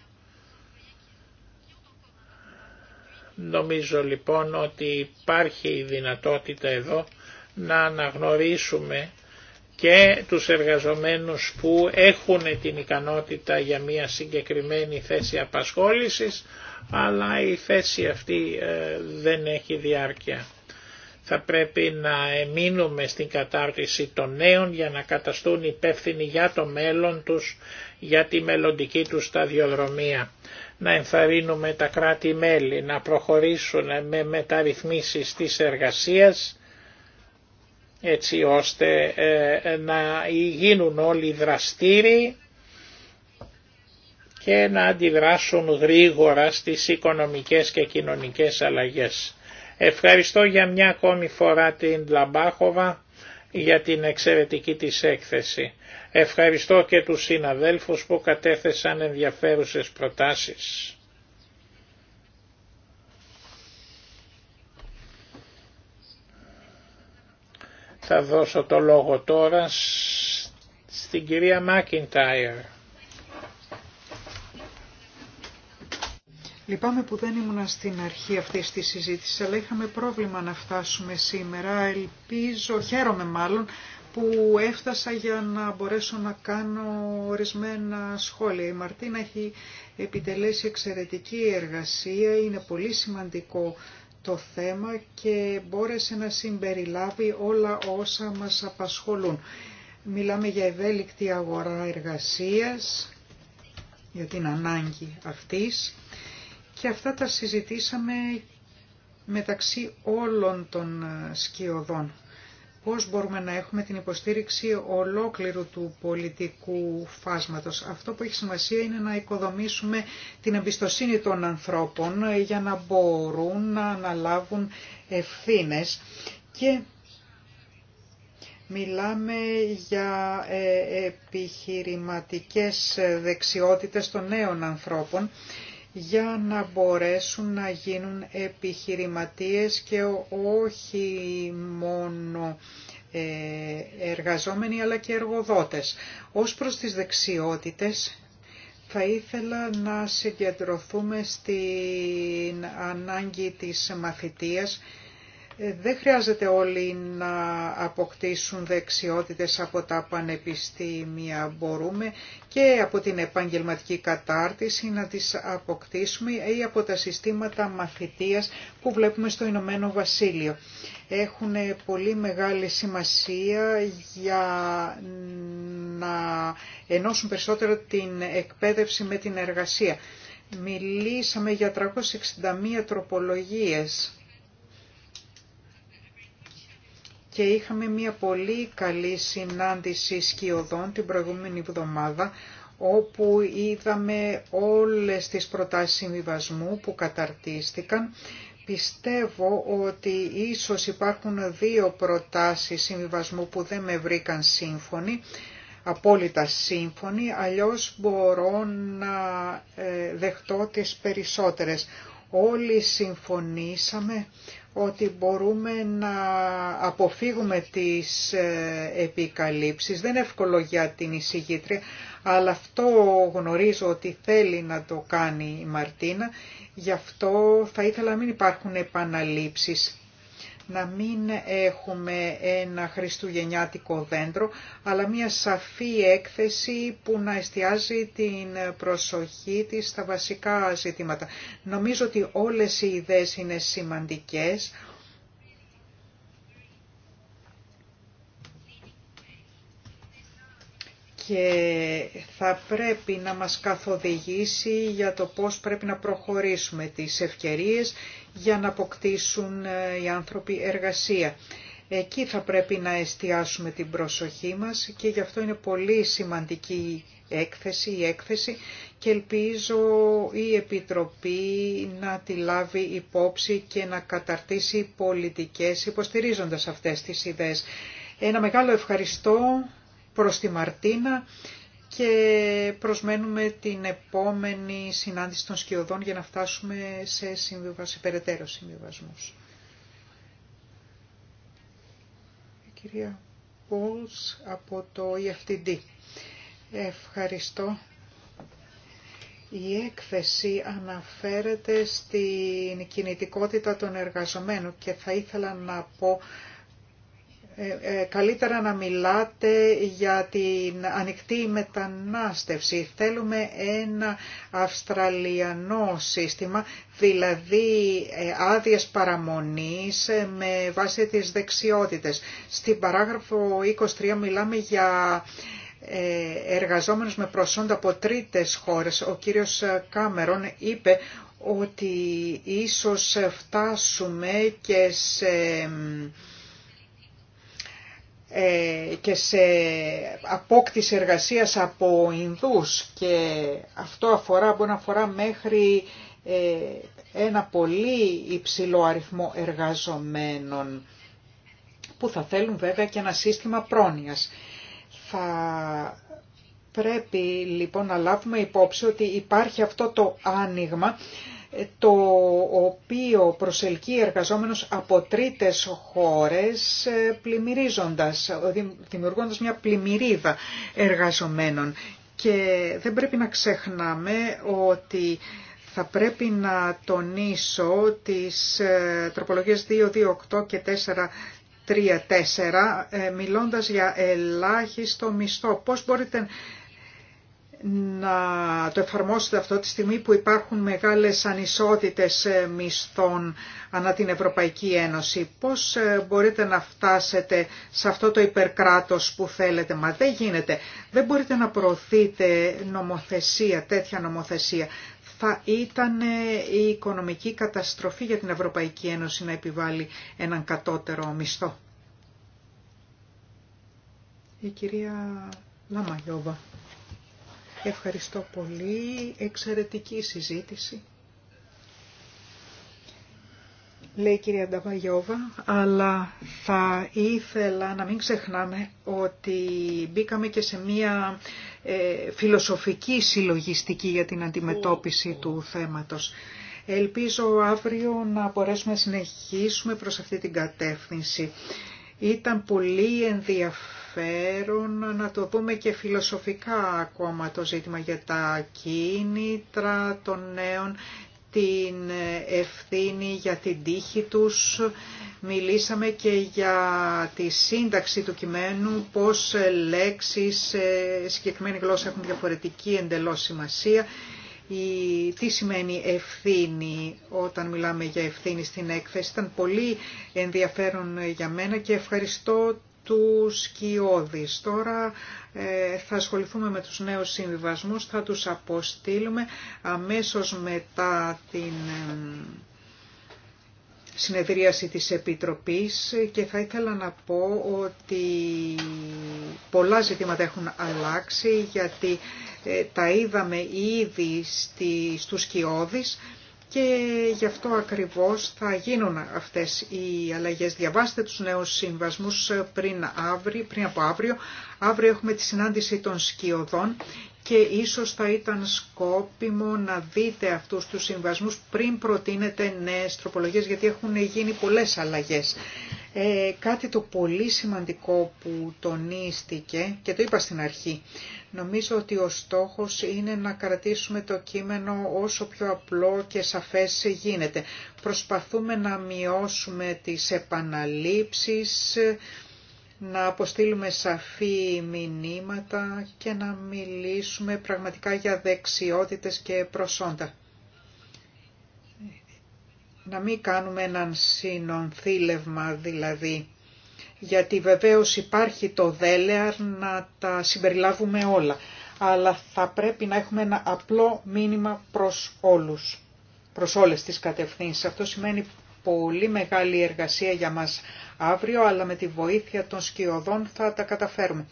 Νομίζω λοιπόν ότι υπάρχει η δυνατότητα εδώ να αναγνωρίσουμε και τους εργαζομένους που έχουν την ικανότητα για μια συγκεκριμένη θέση απασχόλησης, αλλά η θέση αυτή ε, δεν έχει διάρκεια. Θα πρέπει να εμείνουμε στην κατάρτιση των νέων για να καταστούν υπεύθυνοι για το μέλλον τους, για τη μελλοντική τους σταδιοδρομία. Να ενθαρρύνουμε τα κράτη-μέλη να προχωρήσουν με μεταρρυθμίσεις της εργασίας, έτσι ώστε ε, να γίνουν όλοι δραστήριοι και να αντιδράσουν γρήγορα στις οικονομικές και κοινωνικές αλλαγές. Ευχαριστώ για μια ακόμη φορά την Λαμπάχοβα για την εξαιρετική της έκθεση. Ευχαριστώ και τους συναδέλφους που κατέθεσαν ενδιαφέρουσες προτάσεις. Θα δώσω το λόγο τώρα στην κυρία Μάκιντάιρ. Λυπάμαι που δεν ήμουν στην αρχή αυτή της συζήτηση, αλλά είχαμε πρόβλημα να φτάσουμε σήμερα. Ελπίζω, χαίρομαι μάλλον, που έφτασα για να μπορέσω να κάνω ορισμένα σχόλια. Η Μαρτίνα έχει επιτελέσει εξαιρετική εργασία, είναι πολύ σημαντικό το θέμα και μπόρεσε να συμπεριλάβει όλα όσα μας απασχολούν. Μιλάμε για ευέλικτη αγορά εργασίας, για την ανάγκη αυτής και αυτά τα συζητήσαμε μεταξύ όλων των σκιωδών πώς μπορούμε να έχουμε την υποστήριξη ολόκληρου του πολιτικού φάσματος. Αυτό που έχει σημασία είναι να οικοδομήσουμε την εμπιστοσύνη των ανθρώπων για να μπορούν να αναλάβουν ευθύνες και Μιλάμε για ε, επιχειρηματικές δεξιότητες των νέων ανθρώπων για να μπορέσουν να γίνουν επιχειρηματίες και όχι μόνο ε, εργαζόμενοι αλλά και εργοδότες. Ως προς τις δεξιότητες θα ήθελα να συγκεντρωθούμε στην ανάγκη της μαθητείας ε, δεν χρειάζεται όλοι να αποκτήσουν δεξιότητες από τα πανεπιστήμια. Μπορούμε και από την επαγγελματική κατάρτιση να τις αποκτήσουμε ή από τα συστήματα μαθητείας που βλέπουμε στο Ηνωμένο Βασίλειο. Έχουν πολύ μεγάλη σημασία για να ενώσουν περισσότερο την εκπαίδευση με την εργασία. Μιλήσαμε για 361 τροπολογίες και είχαμε μια πολύ καλή συνάντηση σκιωδών την προηγούμενη εβδομάδα όπου είδαμε όλες τις προτάσεις συμβιβασμού που καταρτίστηκαν. Πιστεύω ότι ίσως υπάρχουν δύο προτάσεις συμβιβασμού που δεν με βρήκαν σύμφωνοι, απόλυτα σύμφωνοι, αλλιώς μπορώ να ε, δεχτώ τις περισσότερες. Όλοι συμφωνήσαμε ότι μπορούμε να αποφύγουμε τις ε, επικαλύψεις. Δεν είναι εύκολο για την εισηγήτρια, αλλά αυτό γνωρίζω ότι θέλει να το κάνει η Μαρτίνα. Γι' αυτό θα ήθελα να μην υπάρχουν επαναλήψεις να μην έχουμε ένα χριστουγεννιάτικο δέντρο, αλλά μια σαφή έκθεση που να εστιάζει την προσοχή της στα βασικά ζητήματα. Νομίζω ότι όλες οι ιδέες είναι σημαντικές, και θα πρέπει να μας καθοδηγήσει για το πώς πρέπει να προχωρήσουμε τις ευκαιρίες για να αποκτήσουν ε, οι άνθρωποι εργασία. Εκεί θα πρέπει να εστιάσουμε την προσοχή μας και γι' αυτό είναι πολύ σημαντική έκθεση, η έκθεση και ελπίζω η Επιτροπή να τη λάβει υπόψη και να καταρτήσει πολιτικές υποστηρίζοντας αυτές τις ιδέες. Ένα μεγάλο ευχαριστώ προς τη Μαρτίνα και προσμένουμε την επόμενη συνάντηση των σκιωδών για να φτάσουμε σε, περαιτέρω συμβιβασμούς. Η κυρία από το EFTD. Ευχαριστώ. Η έκθεση αναφέρεται στην κινητικότητα των εργαζομένων και θα ήθελα να πω ε, ε, καλύτερα να μιλάτε για την ανοιχτή μετανάστευση. Θέλουμε ένα αυστραλιανό σύστημα, δηλαδή ε, άδειες παραμονής με βάση τις δεξιότητες. Στην παράγραφο 23 μιλάμε για εργαζόμενους με προσόντα από τρίτες χώρες. Ο κύριος Κάμερον είπε ότι ίσως φτάσουμε και σε ε, και σε απόκτηση εργασίας από Ινδούς και αυτό αφορά, μπορεί να αφορά μέχρι ε, ένα πολύ υψηλό αριθμό εργαζομένων που θα θέλουν βέβαια και ένα σύστημα πρόνοιας. Θα πρέπει λοιπόν να λάβουμε υπόψη ότι υπάρχει αυτό το άνοιγμα το οποίο προσελκύει εργαζόμενους από τρίτες χώρες ε, πλημμυρίζοντας, δημιουργώντας μια πλημμυρίδα εργαζομένων. Και δεν πρέπει να ξεχνάμε ότι θα πρέπει να τονίσω τις ε, τροπολογίες 2, 2, και 4 3-4, ε, μιλώντας για ελάχιστο μισθό. Πώς μπορείτε να το εφαρμόσετε αυτό τη στιγμή που υπάρχουν μεγάλες ανισότητες ε, μισθών ανά την Ευρωπαϊκή Ένωση. Πώς ε, μπορείτε να φτάσετε σε αυτό το υπερκράτος που θέλετε. Μα δεν γίνεται. Δεν μπορείτε να προωθείτε νομοθεσία, τέτοια νομοθεσία. Θα ήταν ε, η οικονομική καταστροφή για την Ευρωπαϊκή Ένωση να επιβάλλει έναν κατώτερο μισθό. Η κυρία Λαμαγιώβα. Ευχαριστώ πολύ. Εξαιρετική συζήτηση. Λέει η κυρία Νταβαγιώβα, αλλά θα ήθελα να μην ξεχνάμε ότι μπήκαμε και σε μία ε, φιλοσοφική συλλογιστική για την αντιμετώπιση του θέματος. Ελπίζω αύριο να μπορέσουμε να συνεχίσουμε προς αυτή την κατεύθυνση. Ήταν πολύ ενδιαφέρον να το δούμε και φιλοσοφικά ακόμα το ζήτημα για τα κίνητρα των νέων, την ευθύνη για την τύχη τους. Μιλήσαμε και για τη σύνταξη του κειμένου, πώς λέξεις σε συγκεκριμένη γλώσσα έχουν διαφορετική εντελώς σημασία. Η, τι σημαίνει ευθύνη όταν μιλάμε για ευθύνη στην έκθεση. Ήταν πολύ ενδιαφέρον για μένα και ευχαριστώ του Σκιώδης. Τώρα ε, θα ασχοληθούμε με τους νέους συμβιβασμούς, θα τους αποστείλουμε αμέσως μετά την ε, συνεδρίαση της Επιτροπής και θα ήθελα να πω ότι πολλά ζητήματα έχουν αλλάξει γιατί ε, τα είδαμε ήδη στη, στους και γι' αυτό ακριβώς θα γίνουν αυτές οι αλλαγές. Διαβάστε τους νέους συμβασμούς πριν, πριν από αύριο. Αύριο έχουμε τη συνάντηση των σκιωδών και ίσως θα ήταν σκόπιμο να δείτε αυτούς τους συμβασμούς πριν προτείνετε νέες τροπολογίες γιατί έχουν γίνει πολλές αλλαγές. Ε, κάτι το πολύ σημαντικό που τονίστηκε και το είπα στην αρχή Νομίζω ότι ο στόχος είναι να κρατήσουμε το κείμενο όσο πιο απλό και σαφές γίνεται. Προσπαθούμε να μειώσουμε τις επαναλήψεις, να αποστείλουμε σαφή μηνύματα και να μιλήσουμε πραγματικά για δεξιότητες και προσόντα. Να μην κάνουμε έναν συνονθήλευμα δηλαδή γιατί βεβαίως υπάρχει το δέλεαρ να τα συμπεριλάβουμε όλα. Αλλά θα πρέπει να έχουμε ένα απλό μήνυμα προς όλους, προς όλες τις κατευθύνσεις. Αυτό σημαίνει πολύ μεγάλη εργασία για μας αύριο, αλλά με τη βοήθεια των σκιωδών θα τα καταφέρουμε.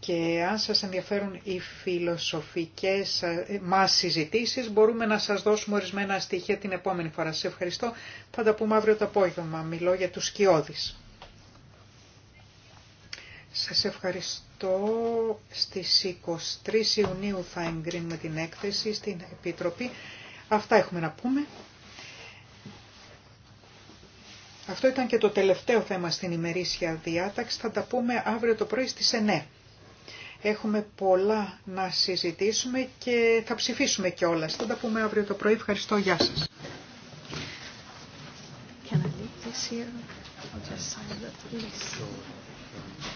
Και αν σας ενδιαφέρουν οι φιλοσοφικές ε, μας συζητήσεις, μπορούμε να σας δώσουμε ορισμένα στοιχεία την επόμενη φορά. Σε ευχαριστώ. Θα τα πούμε αύριο το απόγευμα. Μιλώ για τους σκιώδεις. Σας ευχαριστώ. Στις 23 Ιουνίου θα εγκρίνουμε την έκθεση στην Επίτροπη. Αυτά έχουμε να πούμε. Αυτό ήταν και το τελευταίο θέμα στην ημερήσια διάταξη. Θα τα πούμε αύριο το πρωί στις 9. Έχουμε πολλά να συζητήσουμε και θα ψηφίσουμε κιόλας. Θα τα πούμε αύριο το πρωί. Ευχαριστώ. Γεια σας.